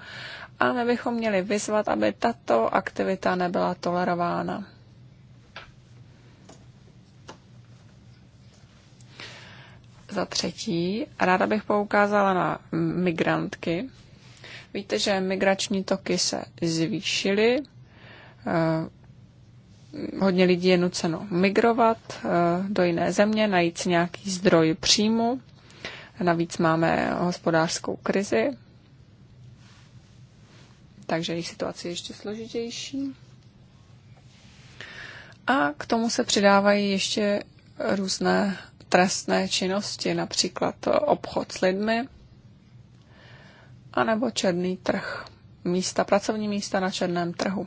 a my bychom měli vyzvat, aby tato aktivita nebyla tolerována. Za třetí, ráda bych poukázala na migrantky. Víte, že migrační toky se zvýšily eh, hodně lidí je nuceno migrovat eh, do jiné země, najít si nějaký zdroj příjmu. Navíc máme hospodářskou krizi, takže jejich situace je ještě složitější. A k tomu se přidávají ještě různé trestné činnosti, například obchod s lidmi, anebo černý trh, místa, pracovní místa na černém trhu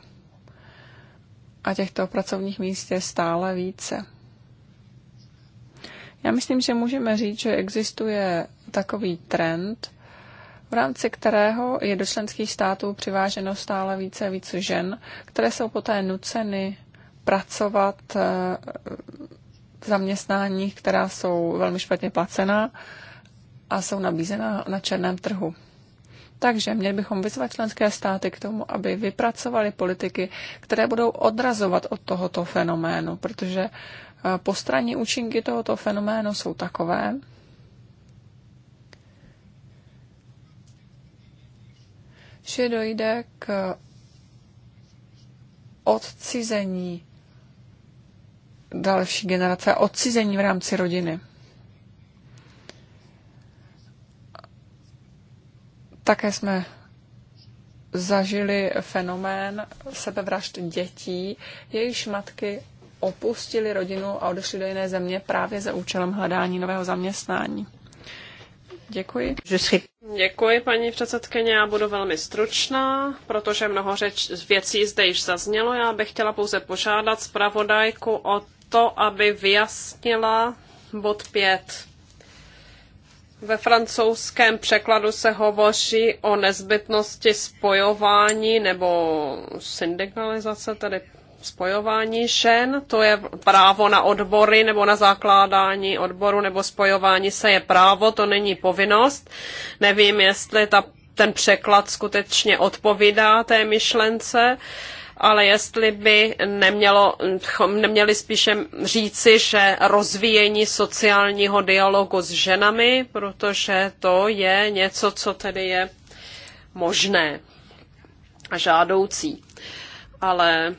a těchto pracovních míst je stále více. Já myslím, že můžeme říct, že existuje takový trend, v rámci kterého je do členských států přiváženo stále více a více žen, které jsou poté nuceny pracovat eh, v zaměstnáních, která jsou velmi špatně placená a jsou nabízena na černém trhu. Takže měli bychom vyzvat členské státy k tomu, aby vypracovali politiky, které budou odrazovat od tohoto fenoménu, protože eh, postranní účinky tohoto fenoménu jsou takové, že dojde k odcizení další generace, odcizení v rámci rodiny. Také jsme zažili fenomén sebevražd dětí, jejich matky opustili rodinu a odešli do jiné země právě za účelem hledání nového zaměstnání. Děkuji. Děkuji, paní předsedkyně. Já budu velmi stručná, protože mnoho řeč, věcí zde již zaznělo. Já bych chtěla pouze požádat zpravodajku o to, aby vyjasnila bod 5 ve francouzském překladu se hovoří o nezbytnosti spojování nebo syndikalizace, tedy spojování žen, to je právo na odbory nebo na zakládání odboru nebo spojování se je právo, to není povinnost. Nevím, jestli ta, ten překlad skutečně odpovídá té myšlence. Uh, ale jestli by nemělo, neměli spíše říci, že rozvíjení sociálního dialogu s ženami, protože to je něco, co tedy je možné a žádoucí. Ale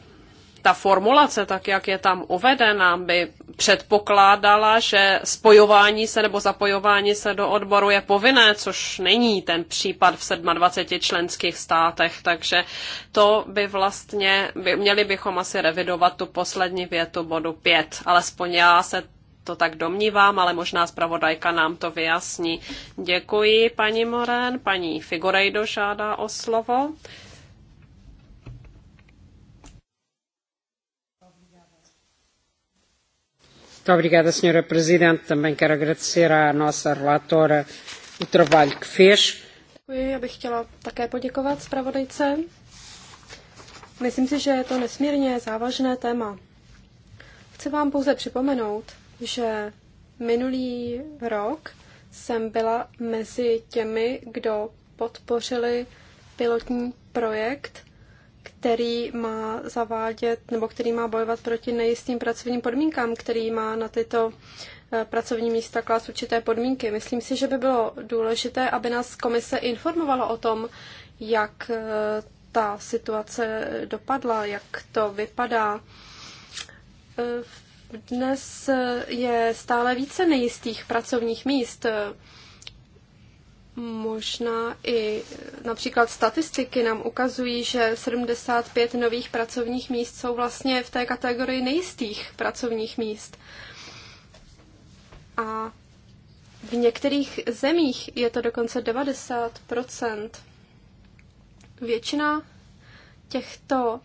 ta formulace, tak jak je tam uvedena, by předpokládala, že spojování se nebo zapojování se do odboru je povinné, což není ten případ v 27 členských státech, takže to by vlastně, by, měli bychom asi revidovat tu poslední větu bodu 5, alespoň já se to tak domnívám, ale možná zpravodajka nám to vyjasní. Děkuji, paní Moren. Paní Figurejdo žádá o slovo. obrigada, Senhora Presidente. Também quero agradecer à nossa relatora o trabalho que fez. Děkuji, já bych chtěla také poděkovat zpravodajce. Myslím si, že je to nesmírně závažné téma. Chci vám pouze připomenout, že minulý rok jsem byla mezi těmi, kdo podpořili pilotní projekt který má zavádět nebo který má bojovat proti nejistým pracovním podmínkám, který má na tyto eh, pracovní místa klás určité podmínky. Myslím si, že by bylo důležité, aby nás komise informovala o tom, jak eh, ta situace dopadla, jak to vypadá. Eh, dnes je stále více nejistých pracovních míst. Možná i e, například statistiky nám ukazují, že 75 nových pracovních míst jsou vlastně v té kategorii nejistých pracovních míst. A v některých zemích je to dokonce 90 Většina těchto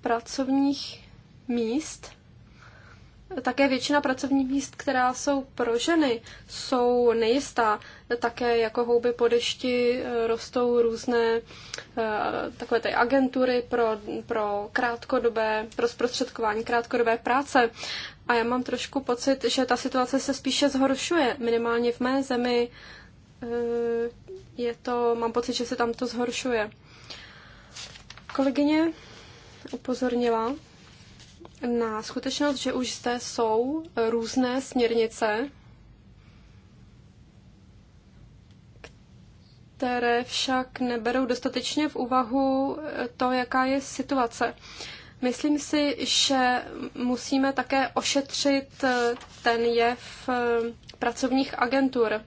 pracovních míst také většina pracovních míst, která jsou pro ženy, jsou nejistá. Také jako houby po dešti eh, rostou různé eh, takové ty agentury pro, pro krátkodobé, pro zprostředkování krátkodobé práce. A já mám trošku pocit, že ta situace se spíše zhoršuje. Minimálně v mé zemi eh, je to, mám pocit, že se tam to zhoršuje. Kolegyně upozornila na skutečnost, že už zde jsou různé směrnice, které však neberou dostatečně v úvahu to, jaká je situace. Myslím si, že musíme také ošetřit ten jev eh, pracovních agentur.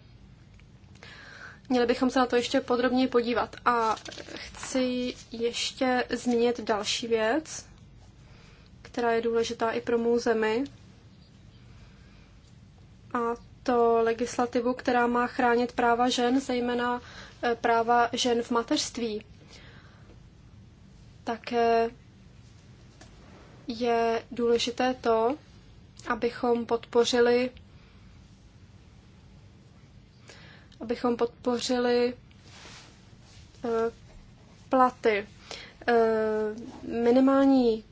Měli bychom se na to ještě podrobněji podívat. A chci ještě zmínit další věc která je důležitá i pro mou zemi. A to legislativu, která má chránit práva žen, zejména e, práva žen v mateřství. Také je důležité to, abychom podpořili abychom podpořili e, platy. E, minimální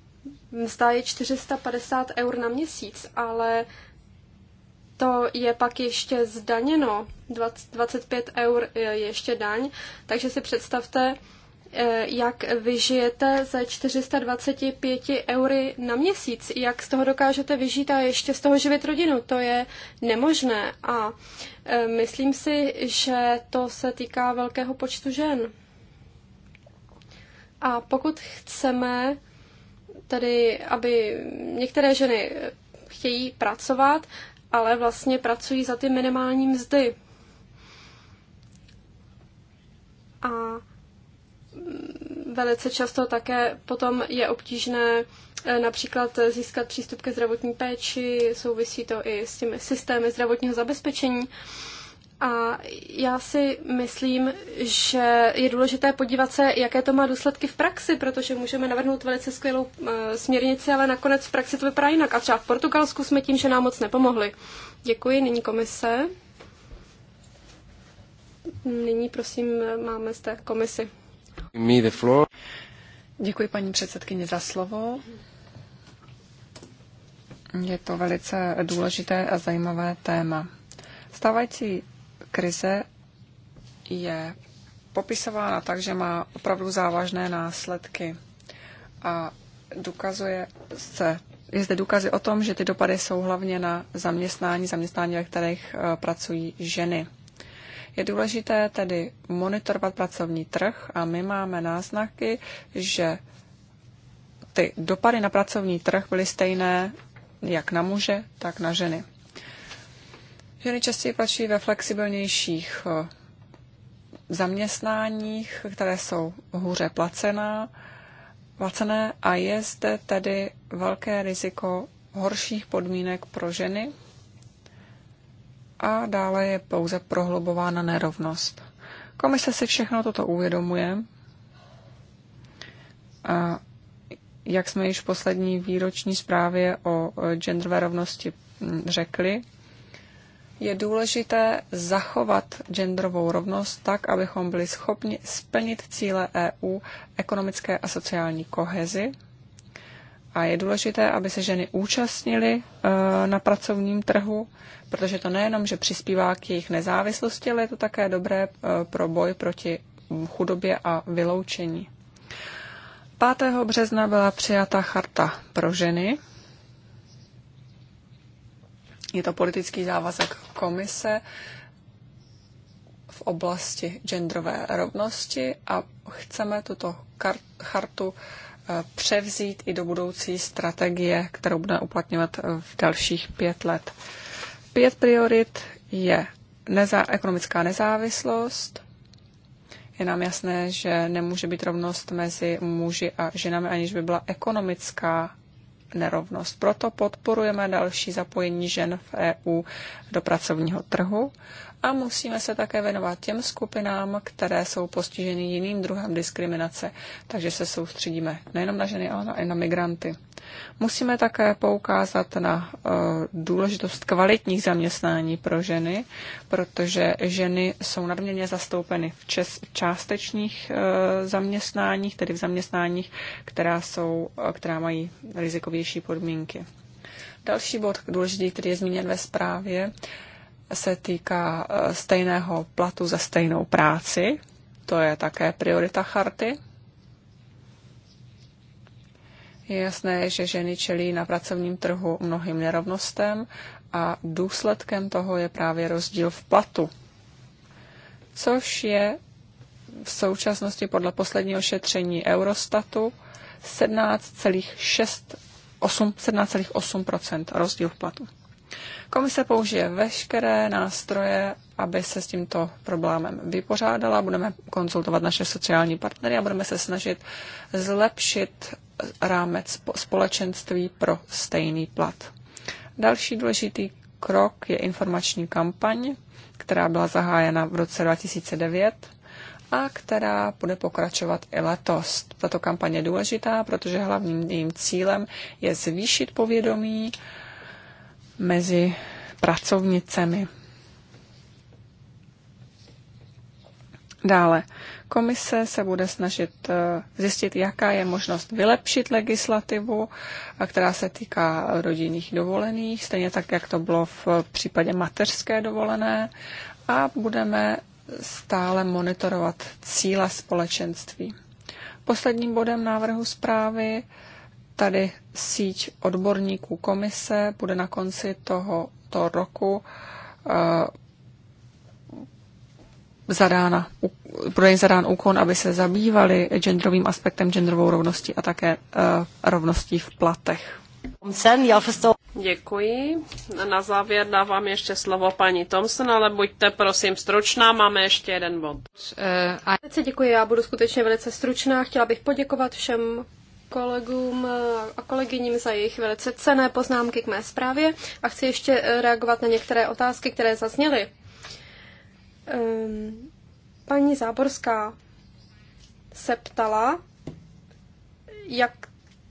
mzda je 450 eur na měsíc, ale to je pak ještě zdaněno, 20, 25 eur je ještě daň, takže si představte, eh, jak vyžijete ze 425 eury na měsíc, jak z toho dokážete vyžít a ještě z toho živit rodinu. To je nemožné a eh, myslím si, že to se týká velkého počtu žen. A pokud chceme tedy aby některé ženy chtějí pracovat, ale vlastně pracují za ty minimální mzdy. A velice často také potom je obtížné eh, například získat přístup ke zdravotní péči, souvisí to i s těmi systémy zdravotního zabezpečení. A já si myslím, že je důležité podívat se, jaké to má důsledky v praxi, protože můžeme navrhnout velice skvělou e, směrnici, ale nakonec v praxi to vypadá jinak. A třeba v Portugalsku jsme tím, že nám moc nepomohli. Děkuji, nyní komise. Nyní, prosím, máme zde komisi. Me the floor. Děkuji paní předsedkyně za slovo. Je to velice důležité a zajímavé téma. Stávající krize je popisována tak, že má opravdu závažné následky a dukazuje se, je zde důkazy o tom, že ty dopady jsou hlavně na zaměstnání, zaměstnání, ve kterých eh, pracují ženy. Je důležité tedy monitorovat pracovní trh a my máme náznaky, že ty dopady na pracovní trh byly stejné jak na muže, tak na ženy. Ženy častěji pracují ve flexibilnějších eh, zaměstnáních, které jsou hůře placená, placené a je zde tedy velké riziko horších podmínek pro ženy a dále je pouze prohlubována nerovnost. Komise si všechno toto uvědomuje a jak jsme již v poslední výroční zprávě o eh, genderové rovnosti hm, řekli, je důležité zachovat genderovou rovnost tak, abychom byli schopni splnit cíle EU ekonomické a sociální kohezi. A je důležité, aby se ženy účastnily eh, na pracovním trhu, protože to nejenom, že přispívá k jejich nezávislosti, ale je to také dobré eh, pro boj proti mm, chudobě a vyloučení. 5. března byla přijata charta pro ženy, je to politický závazek komise v oblasti genderové rovnosti a chceme tuto chartu eh, převzít i do budoucí strategie, kterou budeme uplatňovat eh, v dalších pět let. Pět priorit je neza- ekonomická nezávislost. Je nám jasné, že nemůže být rovnost mezi muži a ženami, aniž by byla ekonomická nerovnost. Proto podporujeme další zapojení žen v EU do pracovního trhu a musíme se také věnovat těm skupinám, které jsou postiženy jiným druhem diskriminace, takže se soustředíme nejenom na ženy, ale i na migranty. Musíme také poukázat na uh, důležitost kvalitních zaměstnání pro ženy, protože ženy jsou nadměrně zastoupeny v čes- částečných uh, zaměstnáních, tedy v zaměstnáních, která, jsou, uh, která mají rizikovější podmínky. Další bod důležitý, který je zmíněn ve zprávě, uh, se týká eh, stejného platu za stejnou práci. To je také priorita charty. Je jasné, že ženy čelí na pracovním trhu mnohým nerovnostem a důsledkem toho je právě rozdíl v platu, což je v současnosti podle posledního šetření Eurostatu 17,8 17 rozdíl v platu. Komise použije veškeré nástroje, aby se s tímto problémem vypořádala. Budeme konzultovat naše sociální partnery a budeme se snažit zlepšit rámec společenství pro stejný plat. Další důležitý krok je informační kampaň, která byla zahájena v roce 2009 a která bude pokračovat i letos. Tato kampaně je důležitá, protože hlavním jejím cílem je zvýšit povědomí mezi pracovnicemi. Dále, komise se bude snažit eh, zjistit, jaká je možnost vylepšit legislativu, která se týká rodinných dovolených, stejně tak, jak to bylo v případě mateřské dovolené a budeme stále monitorovat cíle společenství. Posledním bodem návrhu zprávy tady síť odborníků komise bude na konci tohoto roku eh, zadána, bude jim zadán úkon, aby se zabývali genderovým aspektem, genderovou rovností a také eh, rovností v platech. Děkuji. Na závěr dávám ještě slovo paní Thompson, ale buďte prosím stručná, máme ještě jeden bod. Eh, velice děkuji, já budu skutečně velice stručná. Chtěla bych poděkovat všem kolegům eh, a kolegyním za jejich velice cené poznámky k mé zprávě a chci ještě eh, reagovat na některé otázky, které zazněly. Ehm, paní Záborská se ptala, jak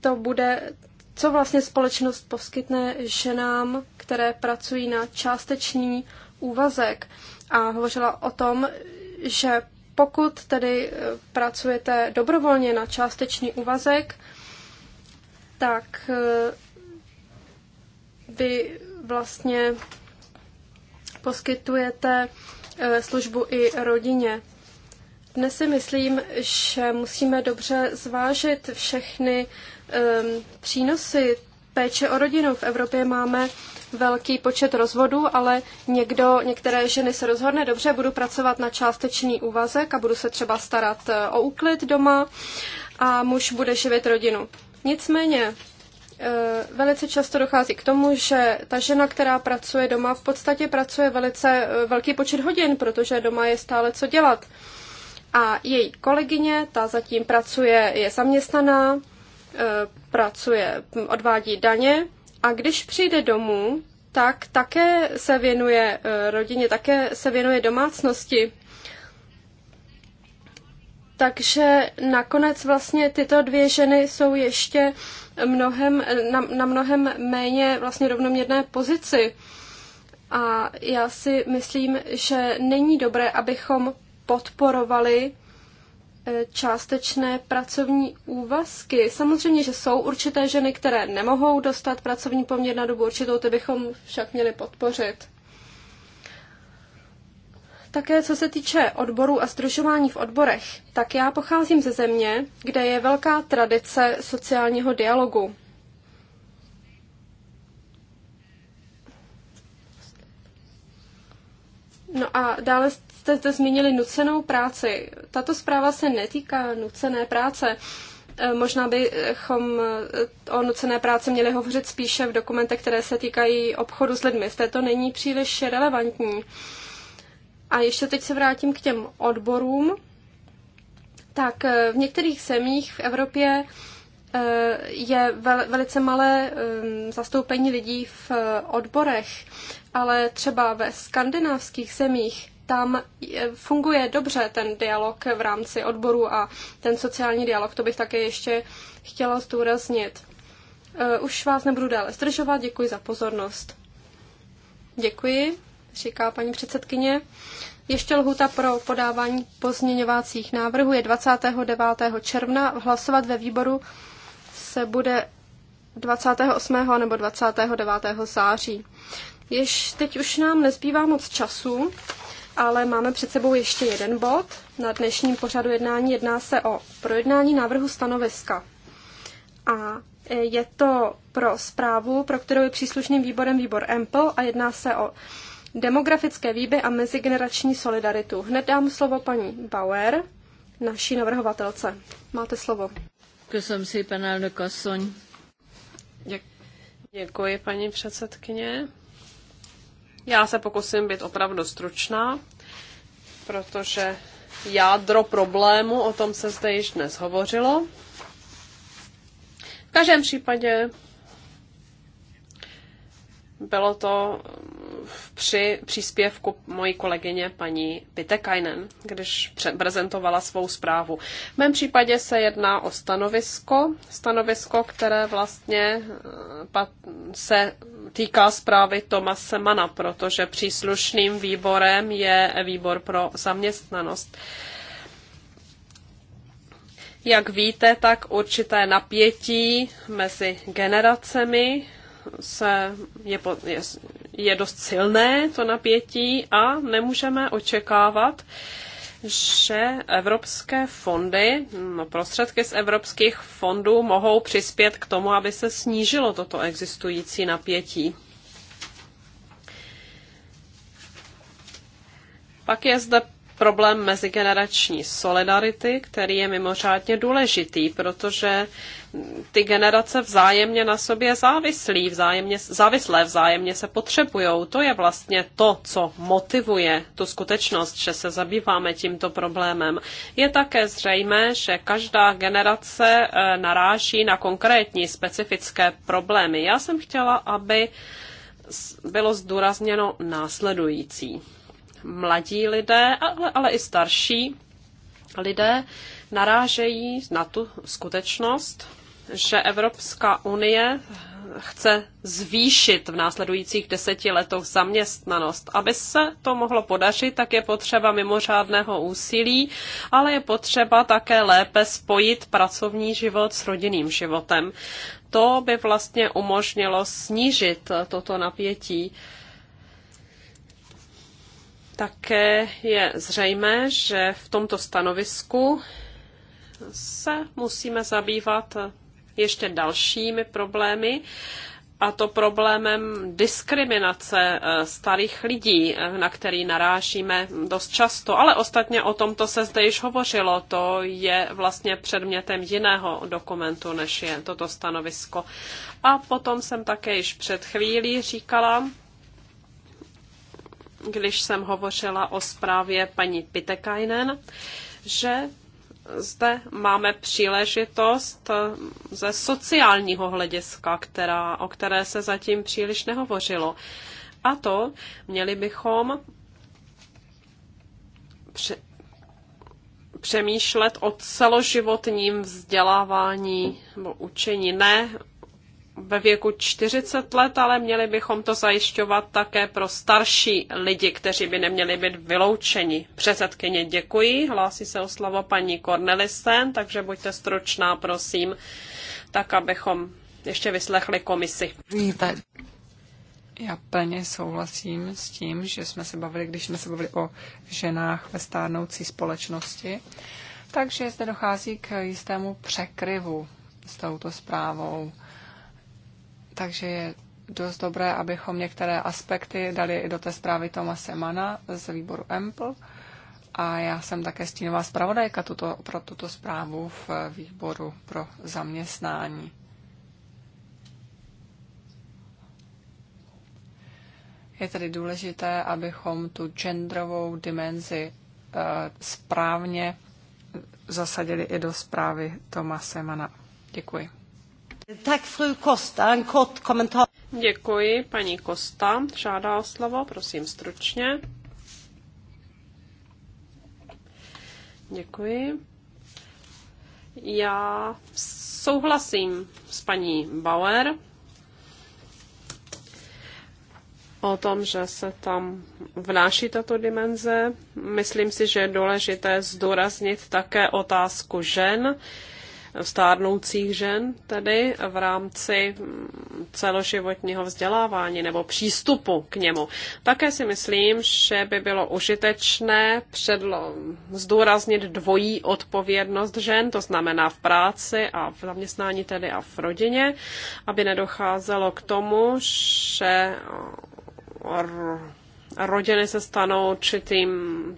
to bude, co vlastně společnost poskytne ženám, které pracují na částečný úvazek. A hovořila o tom, že pokud tedy eh, pracujete dobrovolně na částečný úvazek, tak eh, vy vlastně poskytujete eh, službu i rodině. Dnes si myslím, že musíme dobře zvážit všechny ehm, přínosy péče o rodinu. V Evropě máme velký počet rozvodů, ale někdo, některé ženy se rozhodne, dobře, budu pracovat na částečný úvazek a budu se třeba starat eh, o úklid doma a muž bude živit rodinu. Nicméně eh, velice často dochází k tomu, že ta žena, která pracuje doma, v podstatě pracuje velice eh, velký počet hodin, protože doma je stále co dělat. A její kolegyně, ta zatím pracuje, je zaměstnaná, pracuje, odvádí daně a když přijde domů, tak také se věnuje eh, rodině, také se věnuje domácnosti. Takže nakonec vlastně tyto dvě ženy jsou ještě mnohem, na, na mnohem méně vlastně rovnoměrné pozici. A já si myslím, že není dobré, abychom podporovali Eh, částečné pracovní úvazky. Samozřejmě, že jsou určité ženy, které nemohou dostat pracovní poměr na dobu určitou, ty bychom však měli podpořit. Také co se týče odborů a združování v odborech, tak já pocházím ze země, kde je velká tradice sociálního dialogu. No a dále jste zde zmínili nucenou práci. Tato zpráva se netýká nucené práce. E, možná bychom e, o nucené práci měli hovořit spíše v dokumentech, které se týkají obchodu s lidmi. Z této není příliš relevantní. A ještě teď se vrátím k těm odborům. Tak e, v některých zemích v Evropě je velice malé zastoupení lidí v odborech, ale třeba ve skandinávských zemích tam funguje dobře ten dialog v rámci odboru a ten sociální dialog. To bych také ještě chtěla zdůraznit. E, už vás nebudu dále zdržovat, děkuji za pozornost. Děkuji, říká paní předsedkyně. Ještě lhuta pro podávání pozměňovacích návrhů je 29. června. Hlasovat ve výboru se bude 28. nebo 29. září. Jež teď už nám nezbývá moc času, ale máme před sebou ještě jeden bod. Na dnešním pořadu jednání jedná se o projednání návrhu stanoviska. A e, je to pro zprávu, pro kterou je příslušným výborem výbor EMPL a jedná se o demografické výby a mezigenerační solidaritu. Hned dám slovo paní Bauer, naší navrhovatelce. Máte slovo. Děkuji si, elnök Děkuji, paní předsedkyně. Já se pokusím být opravdu stručná, protože jádro problému, o tom se zde již dnes hovořilo. V každém případě bylo to mm, při příspěvku mojí kolegyně paní Pitekainen, když prezentovala svou zprávu. V mém případě se jedná o stanovisko, stanovisko, které vlastně eh, se týká zprávy Tomase Mana, protože příslušným výborem je výbor pro zaměstnanost. Jak víte, tak určité napětí mezi generacemi se je, je, je dost silné, to napětí, a nemůžeme očekávat, uh, že evropské fondy, no prostředky z evropských fondů mohou přispět k tomu, aby se snížilo toto existující napětí. Pak je zde problém mezigenerační solidarity, který je mimořádně důležitý, protože uh, ty generace vzájemně na sobě závislí, vzájemně, závislé, vzájemně se potřebují. To je vlastně to, co motivuje tu skutečnost, že se zabýváme tímto problémem. Je také zřejmé, že každá generace eh, naráží na konkrétní specifické problémy. Já jsem chtěla, aby bylo zdůrazněno následující. Mladí lidé, ale, ale i starší lidé narážejí na tu skutečnost, že Evropská unie chce zvýšit v následujících deseti letech zaměstnanost. Aby se to mohlo podařit, tak je potřeba mimořádného úsilí, ale je potřeba také lépe spojit pracovní život s rodinným životem. To by vlastně umožnilo snížit toto napětí. Také je zřejmé, že v tomto stanovisku se musíme zabývat ještě dalšími problémy a to problémem diskriminace eh, starých lidí, eh, na který narážíme dost často, ale ostatně o tomto se zde již hovořilo. To je vlastně předmětem jiného dokumentu, než je toto stanovisko. A potom jsem také již před chvílí říkala, když jsem hovořila o zprávě paní Pitekainen, že zde máme příležitost ze sociálního hlediska, která, o které se zatím příliš nehovořilo. A to měli bychom pře- přemýšlet o celoživotním vzdělávání nebo učení, ne ve věku 40 let, ale měli bychom to zajišťovat také pro starší lidi, kteří by neměli být vyloučeni. Předsedkyně, děkuji. Hlásí se o slovo paní Cornelisen, takže buďte stručná, prosím, tak abychom ještě vyslechli komisi. Já plně souhlasím s tím, že jsme se bavili, když jsme se bavili o ženách ve stárnoucí společnosti, takže zde dochází k jistému překryvu s touto zprávou. Takže je dost dobré, abychom některé aspekty dali i do té zprávy Tomase Mana z výboru EMPL. A já jsem také stínová zpravodajka tuto, pro tuto zprávu v výboru pro zaměstnání. Je tedy důležité, abychom tu genderovou dimenzi eh, správně zasadili i do zprávy Tomase Mana. Děkuji. Tak fru Kosta, en kort Děkuji, paní Kosta. Žádá o slovo, prosím stručně. Děkuji. Já souhlasím s paní Bauer o tom, že se tam vnáší tato dimenze. Myslím si, že je důležité zdůraznit také otázku žen stárnoucích žen, tedy v rámci mm, celoživotního vzdělávání nebo přístupu k němu. Také si myslím, že by bylo užitečné předlo- zdůraznit dvojí odpovědnost žen, to znamená v práci a v zaměstnání tedy a v rodině, aby nedocházelo k tomu, že rodiny se stanou určitým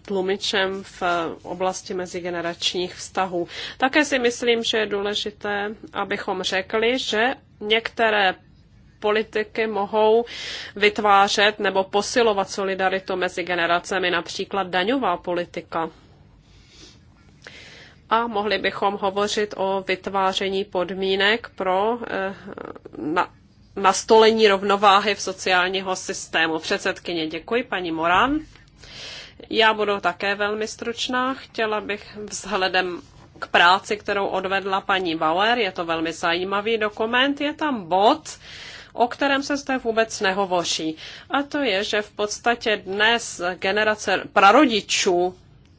tlumičem v oblasti mezigeneračních vztahů. Také si myslím, že je důležité, abychom řekli, že některé politiky mohou vytvářet nebo posilovat solidaritu mezi generacemi, například daňová politika. A mohli bychom hovořit o vytváření podmínek pro eh, na, nastolení rovnováhy v sociálního systému. Předsedkyně, děkuji, paní Moran. Já budu také velmi stručná. Chtěla bych vzhledem k práci, kterou odvedla paní Bauer, je to velmi zajímavý dokument, je tam bod, o kterém se zde vůbec nehovoří. A to je, že v podstatě dnes generace prarodičů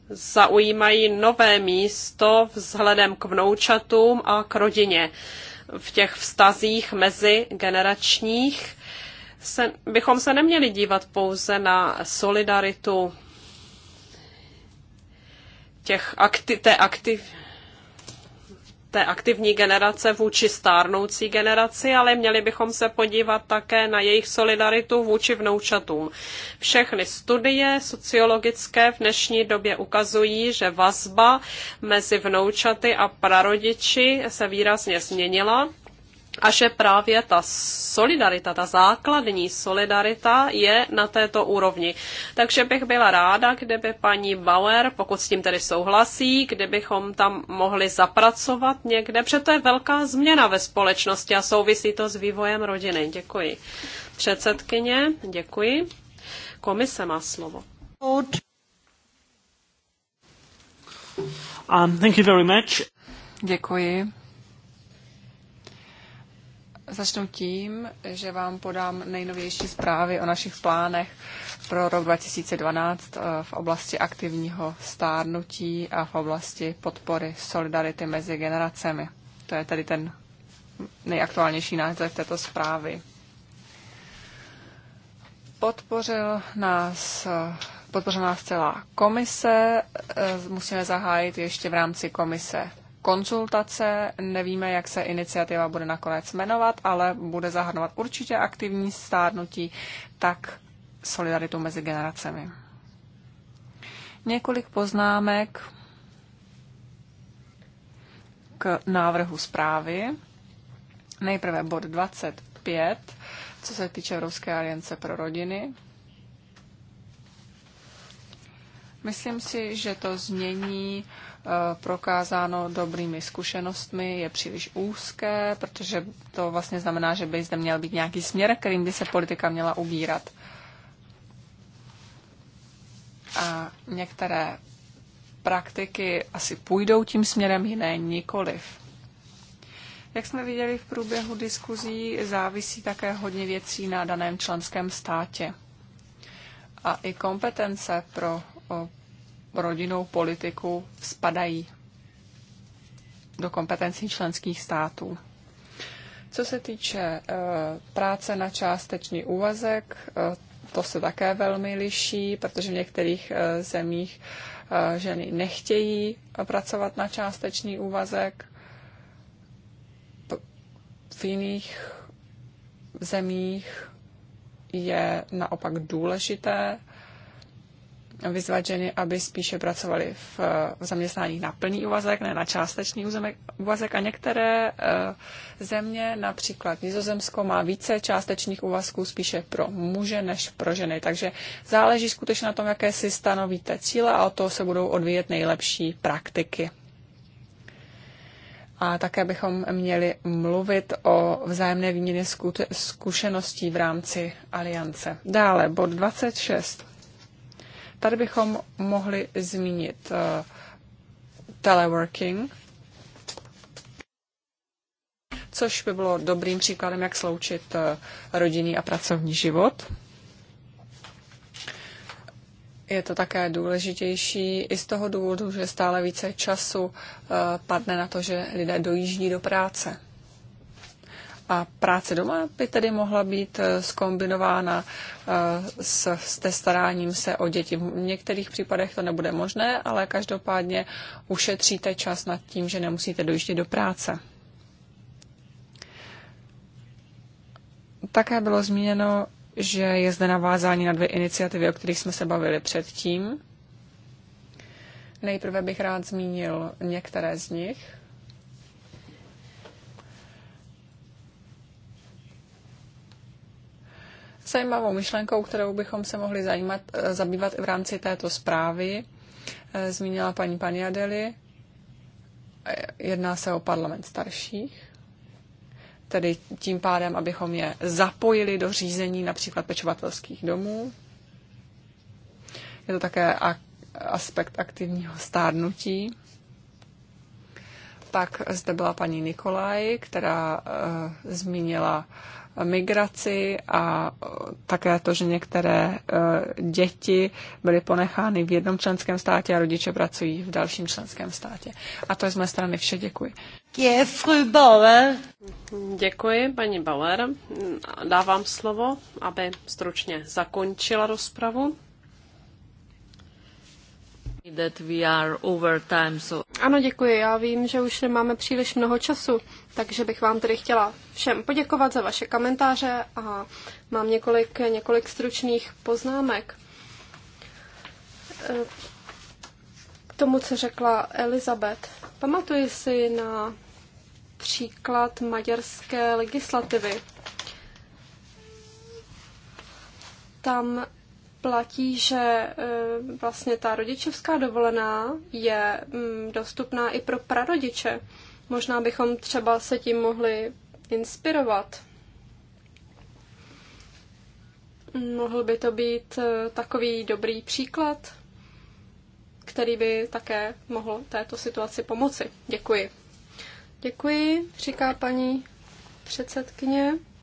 zaujímají nové místo vzhledem k vnoučatům a k rodině v těch vztazích mezi generačních se, bychom se neměli dívat pouze na solidaritu těch akti, té aktiv, té aktivní generace vůči stárnoucí generaci, ale měli bychom se podívat také na jejich solidaritu vůči vnoučatům. Všechny studie sociologické v dnešní době ukazují, že vazba mezi vnoučaty a prarodiči se výrazně změnila a že právě ta solidarita, ta základní solidarita je na této úrovni. Takže bych byla ráda, kdyby paní Bauer, pokud s tím tedy souhlasí, kdybychom tam mohli zapracovat někde, protože to je velká změna ve společnosti a souvisí to s vývojem rodiny. Děkuji. Předsedkyně, děkuji. Komise má slovo. Um, thank you very much. Děkuji. Začnu tím, že vám podám nejnovější zprávy o našich plánech pro rok 2012 eh, v oblasti aktivního stárnutí a v oblasti podpory solidarity mezi generacemi. To je tedy ten nejaktuálnější název této zprávy. Podpořil nás eh, podpořila nás celá komise. Eh, musíme zahájit ještě v rámci komise konzultace. Nevíme, jak se iniciativa bude nakonec jmenovat, ale bude zahrnovat určitě aktivní stárnutí, tak solidaritu mezi generacemi. Několik poznámek k návrhu zprávy. Nejprve bod 25, co se týče Evropské aliance pro rodiny. Myslím si, že to změní uh, Eh, prokázáno dobrými zkušenostmi, je příliš úzké, protože to vlastně znamená, že by zde měl být nějaký směr, kterým by se politika měla ubírat. A některé praktiky asi půjdou tím směrem, jiné nikoliv. Jak jsme viděli v průběhu diskuzí, závisí také hodně věcí na daném členském státě. A i kompetence pro rodinnou politiku spadají do kompetencí členských států. Co se týče eh, práce na částečný úvazek, eh, to se také velmi liší, protože v některých eh, zemích ženy nechtějí pracovat na částečný úvazek. V jiných zemích je naopak důležité vyzvat ženy, aby spíše pracovaly v, v zaměstnáních na plný úvazek, ne na částečný úvazek. A některé eh, země, například Nizozemsko, má více částečných úvazků spíše pro muže než pro ženy. Takže záleží skutečně na tom, jaké si stanovíte cíle a o to se budou odvíjet nejlepší praktiky. A také bychom měli mluvit o vzájemné výměně zkušeností v rámci aliance. Dále, bod 26. Tady bychom mohli zmínit eh, teleworking, což by bylo dobrým příkladem, jak sloučit eh, rodinný a pracovní život. Je to také důležitější i z toho důvodu, že stále více času eh, padne na to, že lidé dojíždí do práce. A práce doma by tedy mohla být skombinována eh, eh, s, s testaráním se o děti. V některých případech to nebude možné, ale každopádně ušetříte čas nad tím, že nemusíte dojíždět do práce. Také bylo zmíněno, že je zde navázání na dvě iniciativy, o kterých jsme se bavili předtím. Nejprve bych rád zmínil některé z nich. zajímavou myšlenkou, kterou bychom se mohli zajímat, eh, zabývat i v rámci této zprávy. Eh, zmínila paní Paniadeli. Eh, jedná se o parlament starších tedy tím pádem, abychom je zapojili do řízení například pečovatelských domů. Je to také aspekt aktivního stárnutí. Pak zde byla paní Nikolaj, která e, zmínila migraci a také to, že některé e, děti byly ponechány v jednom členském státě a rodiče pracují v dalším členském státě. A to je z mé strany vše. Děkuji. Děkuji, paní Bauer. Dávám slovo, aby stručně zakončila rozpravu. Ano, děkuji. Já vím, že už nemáme příliš mnoho času, takže bych vám tedy chtěla všem poděkovat za vaše komentáře a mám několik, několik stručných poznámek. Eh, k tomu, co řekla Elizabeth. Pamatuji si na příklad maďarské legislativy. Tam platí, že eh, vlastně ta rodičovská dovolená je mm, dostupná i pro prarodiče. Možná bychom třeba se tím mohli inspirovat. Mohl by to být eh, takový dobrý příklad, který by také mohl této situaci pomoci. Děkuji. Děkuji, říká paní předsedkyně.